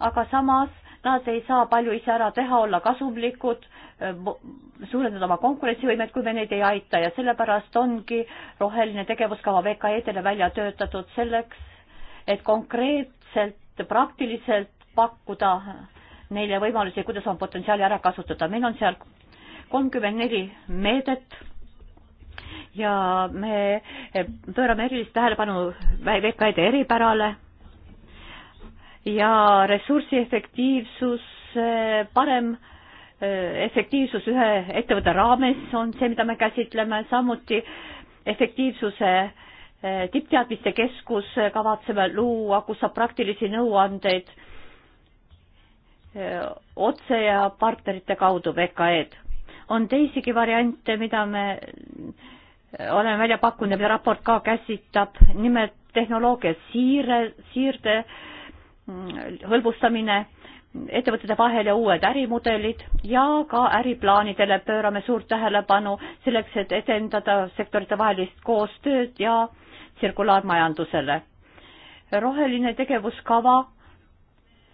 S2: aga samas nad ei saa palju ise ära teha, olla kasumlikud, eh, suurendada oma konkurentsivõimet, kui me neid ei aita ja sellepärast ongi roheline tegevuskava VKE-dele välja töötatud selleks, et konkreetselt, praktiliselt pakkuda neile võimalusi, kuidas oma potentsiaali ära kasutada. meil on seal kolmkümmend neli meedet ja me pöörame erilist tähelepanu VKD eripärale ja ressursi efektiivsus, eh, parem eh, efektiivsus ühe ettevõtte raames on see, mida me käsitleme, samuti efektiivsuse eh, tippteadmiste keskus kavatseme luua, kus saab praktilisi nõuandeid otse ja partnerite kaudu VKE-d. on teisigi variante, mida me olen välja pakkunud ja mida raport ka käsitab, nimelt tehnoloogia siire, siirde mm, hõlbustamine ettevõtete vahel ja uued ärimudelid ja ka äriplaanidele pöörame suurt tähelepanu selleks, et edendada sektoritevahelist koostööd ja tsirkulaarmajandusele. roheline tegevuskava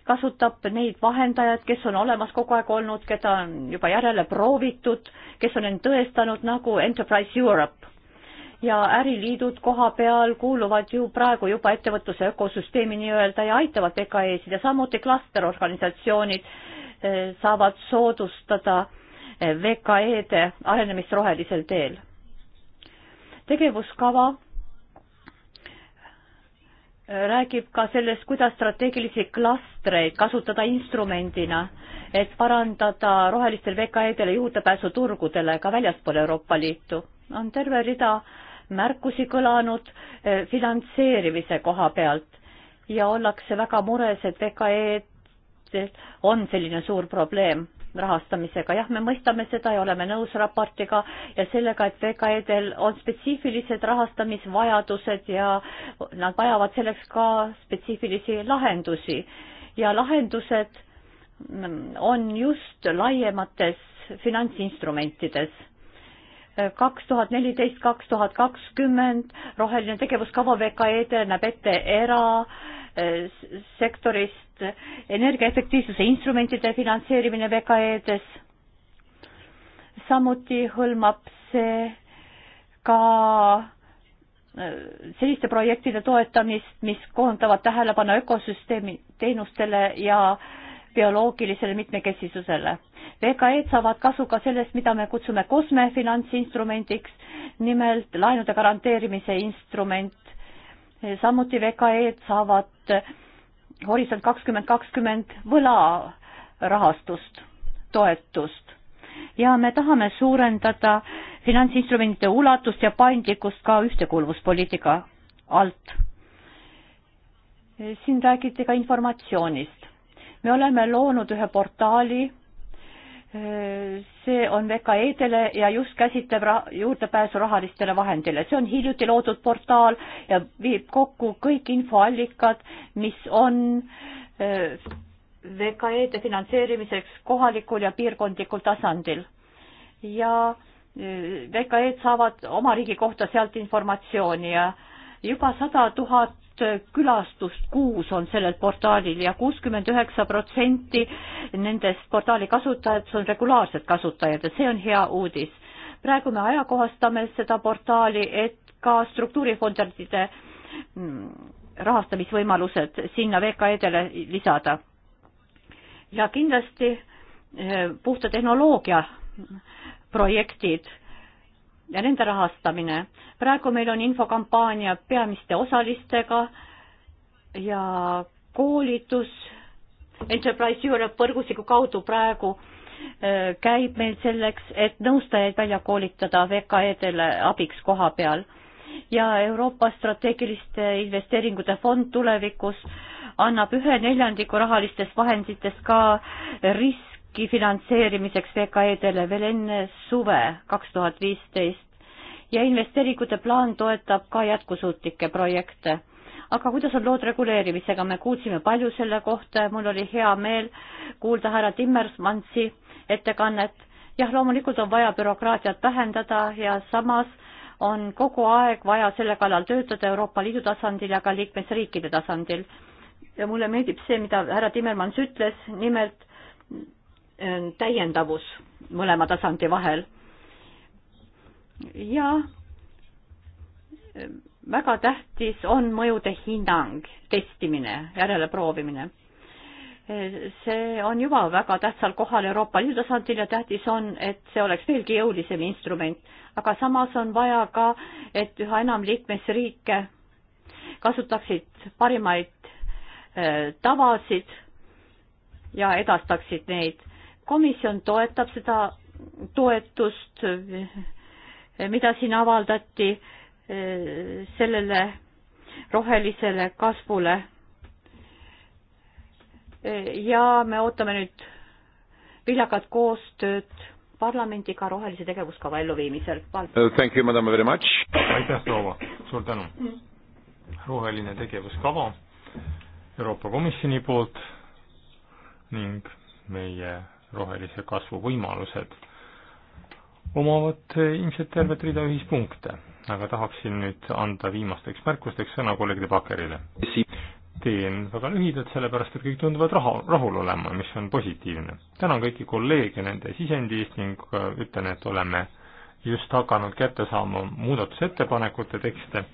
S2: kasutab neid vahendajaid, kes on olemas kogu aeg olnud, keda on juba järele proovitud, kes on end tõestanud nagu Enterprise Europe. ja äriliidud koha peal kuuluvad ju praegu juba ettevõtluse ökosüsteemi nii-öelda ja aitavad PKE-sid ja samuti klasterorganisatsioonid eh, saavad soodustada eh, VKE-de arenemist rohelisel teel. tegevuskava räägib ka sellest, kuidas strateegilisi klastreid kasutada instrumendina, et parandada rohelistel VKE-del juurdepääsu turgudele ka väljaspool Euroopa Liitu. on terve rida märkusi kõlanud eh, finantseerimise koha pealt ja ollakse väga mures, et VKE-d on selline suur probleem rahastamisega. jah, me mõistame seda ja oleme nõus raportiga ja sellega, et VKE-del on spetsiifilised rahastamisvajadused ja nad vajavad selleks ka spetsiifilisi lahendusi ja lahendused on just laiemates finantsinstrumentides kaks tuhat neliteist, kaks tuhat kakskümmend roheline tegevuskava VKE-de näeb ette erasektorist energiaefektiivsuse instrumentide finantseerimine VKE-des. samuti hõlmab see ka äh, selliste projektide toetamist, mis koondavad tähelepanu ökosüsteemi teenustele ja äh, bioloogilisele mitmekesisusele. VKE-d saavad kasu ka sellest, mida me kutsume kosme finantsinstrumendiks, nimelt laenude garanteerimise instrument. samuti VKE-d saavad Horisont kakskümmend kakskümmend võlarahastust, toetust ja me tahame suurendada finantsinstrumentide ulatust ja paindlikkust ka ühtekuuluvuspoliitika alt. siin räägiti ka informatsioonist me oleme loonud ühe portaali, see on VKE-dele ja just käsitleb ra juurdepääsu rahalistele vahendile. see on hiljuti loodud portaal ja viib kokku kõik infoallikad, mis on eh, VKE-de finantseerimiseks kohalikul ja piirkondlikul tasandil. ja eh, VKE-d saavad oma riigi kohta sealt informatsiooni ja juba sada tuhat külastust kuus on sellel portaalil ja kuuskümmend üheksa protsenti nendest portaali kasutajatest on regulaarsed kasutajad ja see on hea uudis. praegu me ajakohastame seda portaali, et ka struktuurifondide mm, rahastamisvõimalused sinna VKE-dele lisada. ja kindlasti eh, puhta tehnoloogia projektid ja nende rahastamine. praegu meil on infokampaania peamiste osalistega ja koolitus Enterprise Europe võrgustiku kaudu praegu äh, käib meil selleks, et nõustajaid välja koolitada VKE-dele abiks koha peal ja Euroopa strateegiliste investeeringute fond tulevikus annab ühe neljandiku rahalistest vahenditest ka risk EKI finantseerimiseks VKE-dele veel enne suve kaks tuhat viisteist ja investeeringute plaan toetab ka jätkusuutlikke projekte. aga kuidas on lood reguleerimisega, me kuulsime palju selle kohta ja mul oli hea meel kuulda härra Timmermansi ettekannet. jah, loomulikult on vaja bürokraatiat vähendada ja samas on kogu aeg vaja selle kallal töötada Euroopa Liidu tasandil ja ka liikmesriikide tasandil. ja mulle meeldib see, mida härra Timmermans ütles, nimelt Ähm, täiendavus mõlema tasandi vahel. ja ähm, väga tähtis on mõjude hinnang, testimine, järeleproovimine. Äh, see on juba väga tähtsal kohal Euroopa Liidu tasandil ja tähtis on, et see oleks veelgi jõulisem instrument, aga samas on vaja ka, et üha enam liikmesriike kasutaksid parimaid äh, tavasid ja edastaksid neid komisjon toetab seda toetust, mida siin avaldati eh, sellele rohelisele kasvule. Eh, ja me ootame nüüd viljakat koostööd parlamendiga rohelise tegevuskava elluviimisel.
S1: Uh, thank you, madam, very much. aitäh, proua, suur tänu. roheline tegevuskava Euroopa Komisjoni poolt ning meie rohelise kasvu võimalused omavad ilmselt tervet rida ühispunkte, aga tahaksin nüüd anda viimasteks märkusteks sõna kolleegide Pakerile. teen väga lühidalt, sellepärast et kõik tunduvad raha, rahul olema, mis on positiivne. tänan kõiki kolleege nende sisendi eest ning äh, ütlen, et oleme just hakanud kätte saama muudatusettepanekute tekste,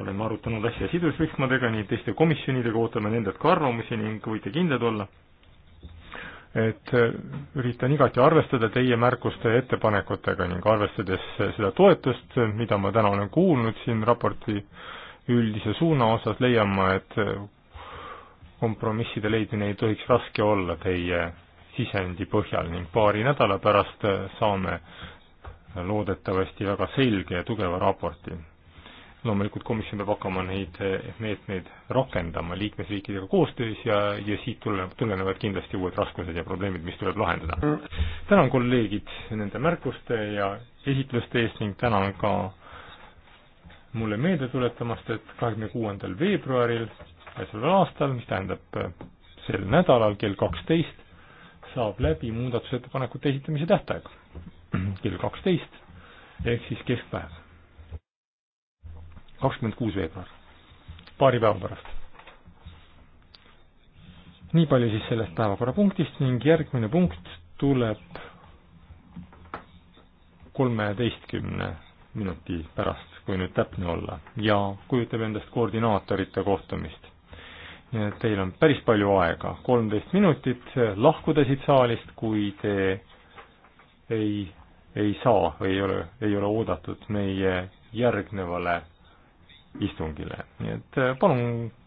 S1: oleme arutanud asja sidusrühmadega, nii teiste komisjonidega, ootame nendelt ka arvamusi ning võite kindlad olla et äh, üritan igati arvestada teie märkuste ja ettepanekutega ning arvestades seda toetust, mida ma täna olen kuulnud siin raporti üldise suuna osas, leian ma, et äh, kompromisside leidmine ei tohiks raske olla teie sisendi põhjal ning paari nädala pärast äh, saame loodetavasti väga selge ja tugeva raporti loomulikult komisjon peab hakkama neid eh, meetmeid rakendama liikmesriikidega koostöös ja, ja siit tulenevad, tulenevad kindlasti uued raskused ja probleemid, mis tuleb lahendada. tänan kolleegid nende märkuste ja esitluste eest ning tänan ka mulle meelde tuletamast, et kahekümne kuuendal veebruaril käesoleval aastal, mis tähendab eh, sel nädalal kell kaksteist, saab läbi muudatusettepanekute esitamise tähtaeg kell kaksteist ehk siis keskpäev kakskümmend kuus veebruar, paari päeva pärast. nii palju siis sellest päevakorrapunktist ning järgmine punkt tuleb kolmeteistkümne minuti pärast, kui nüüd täpne olla, ja kujutab endast koordinaatorite kohtumist. nii et teil on päris palju aega, kolmteist minutit lahkuda siit saalist, kui te ei, ei saa või ei ole, ei ole oodatud meie järgnevale istungile. nii et äh, palun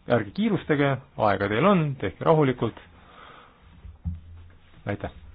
S1: ärge kiirustage, aega teil on, tehke rahulikult. aitäh!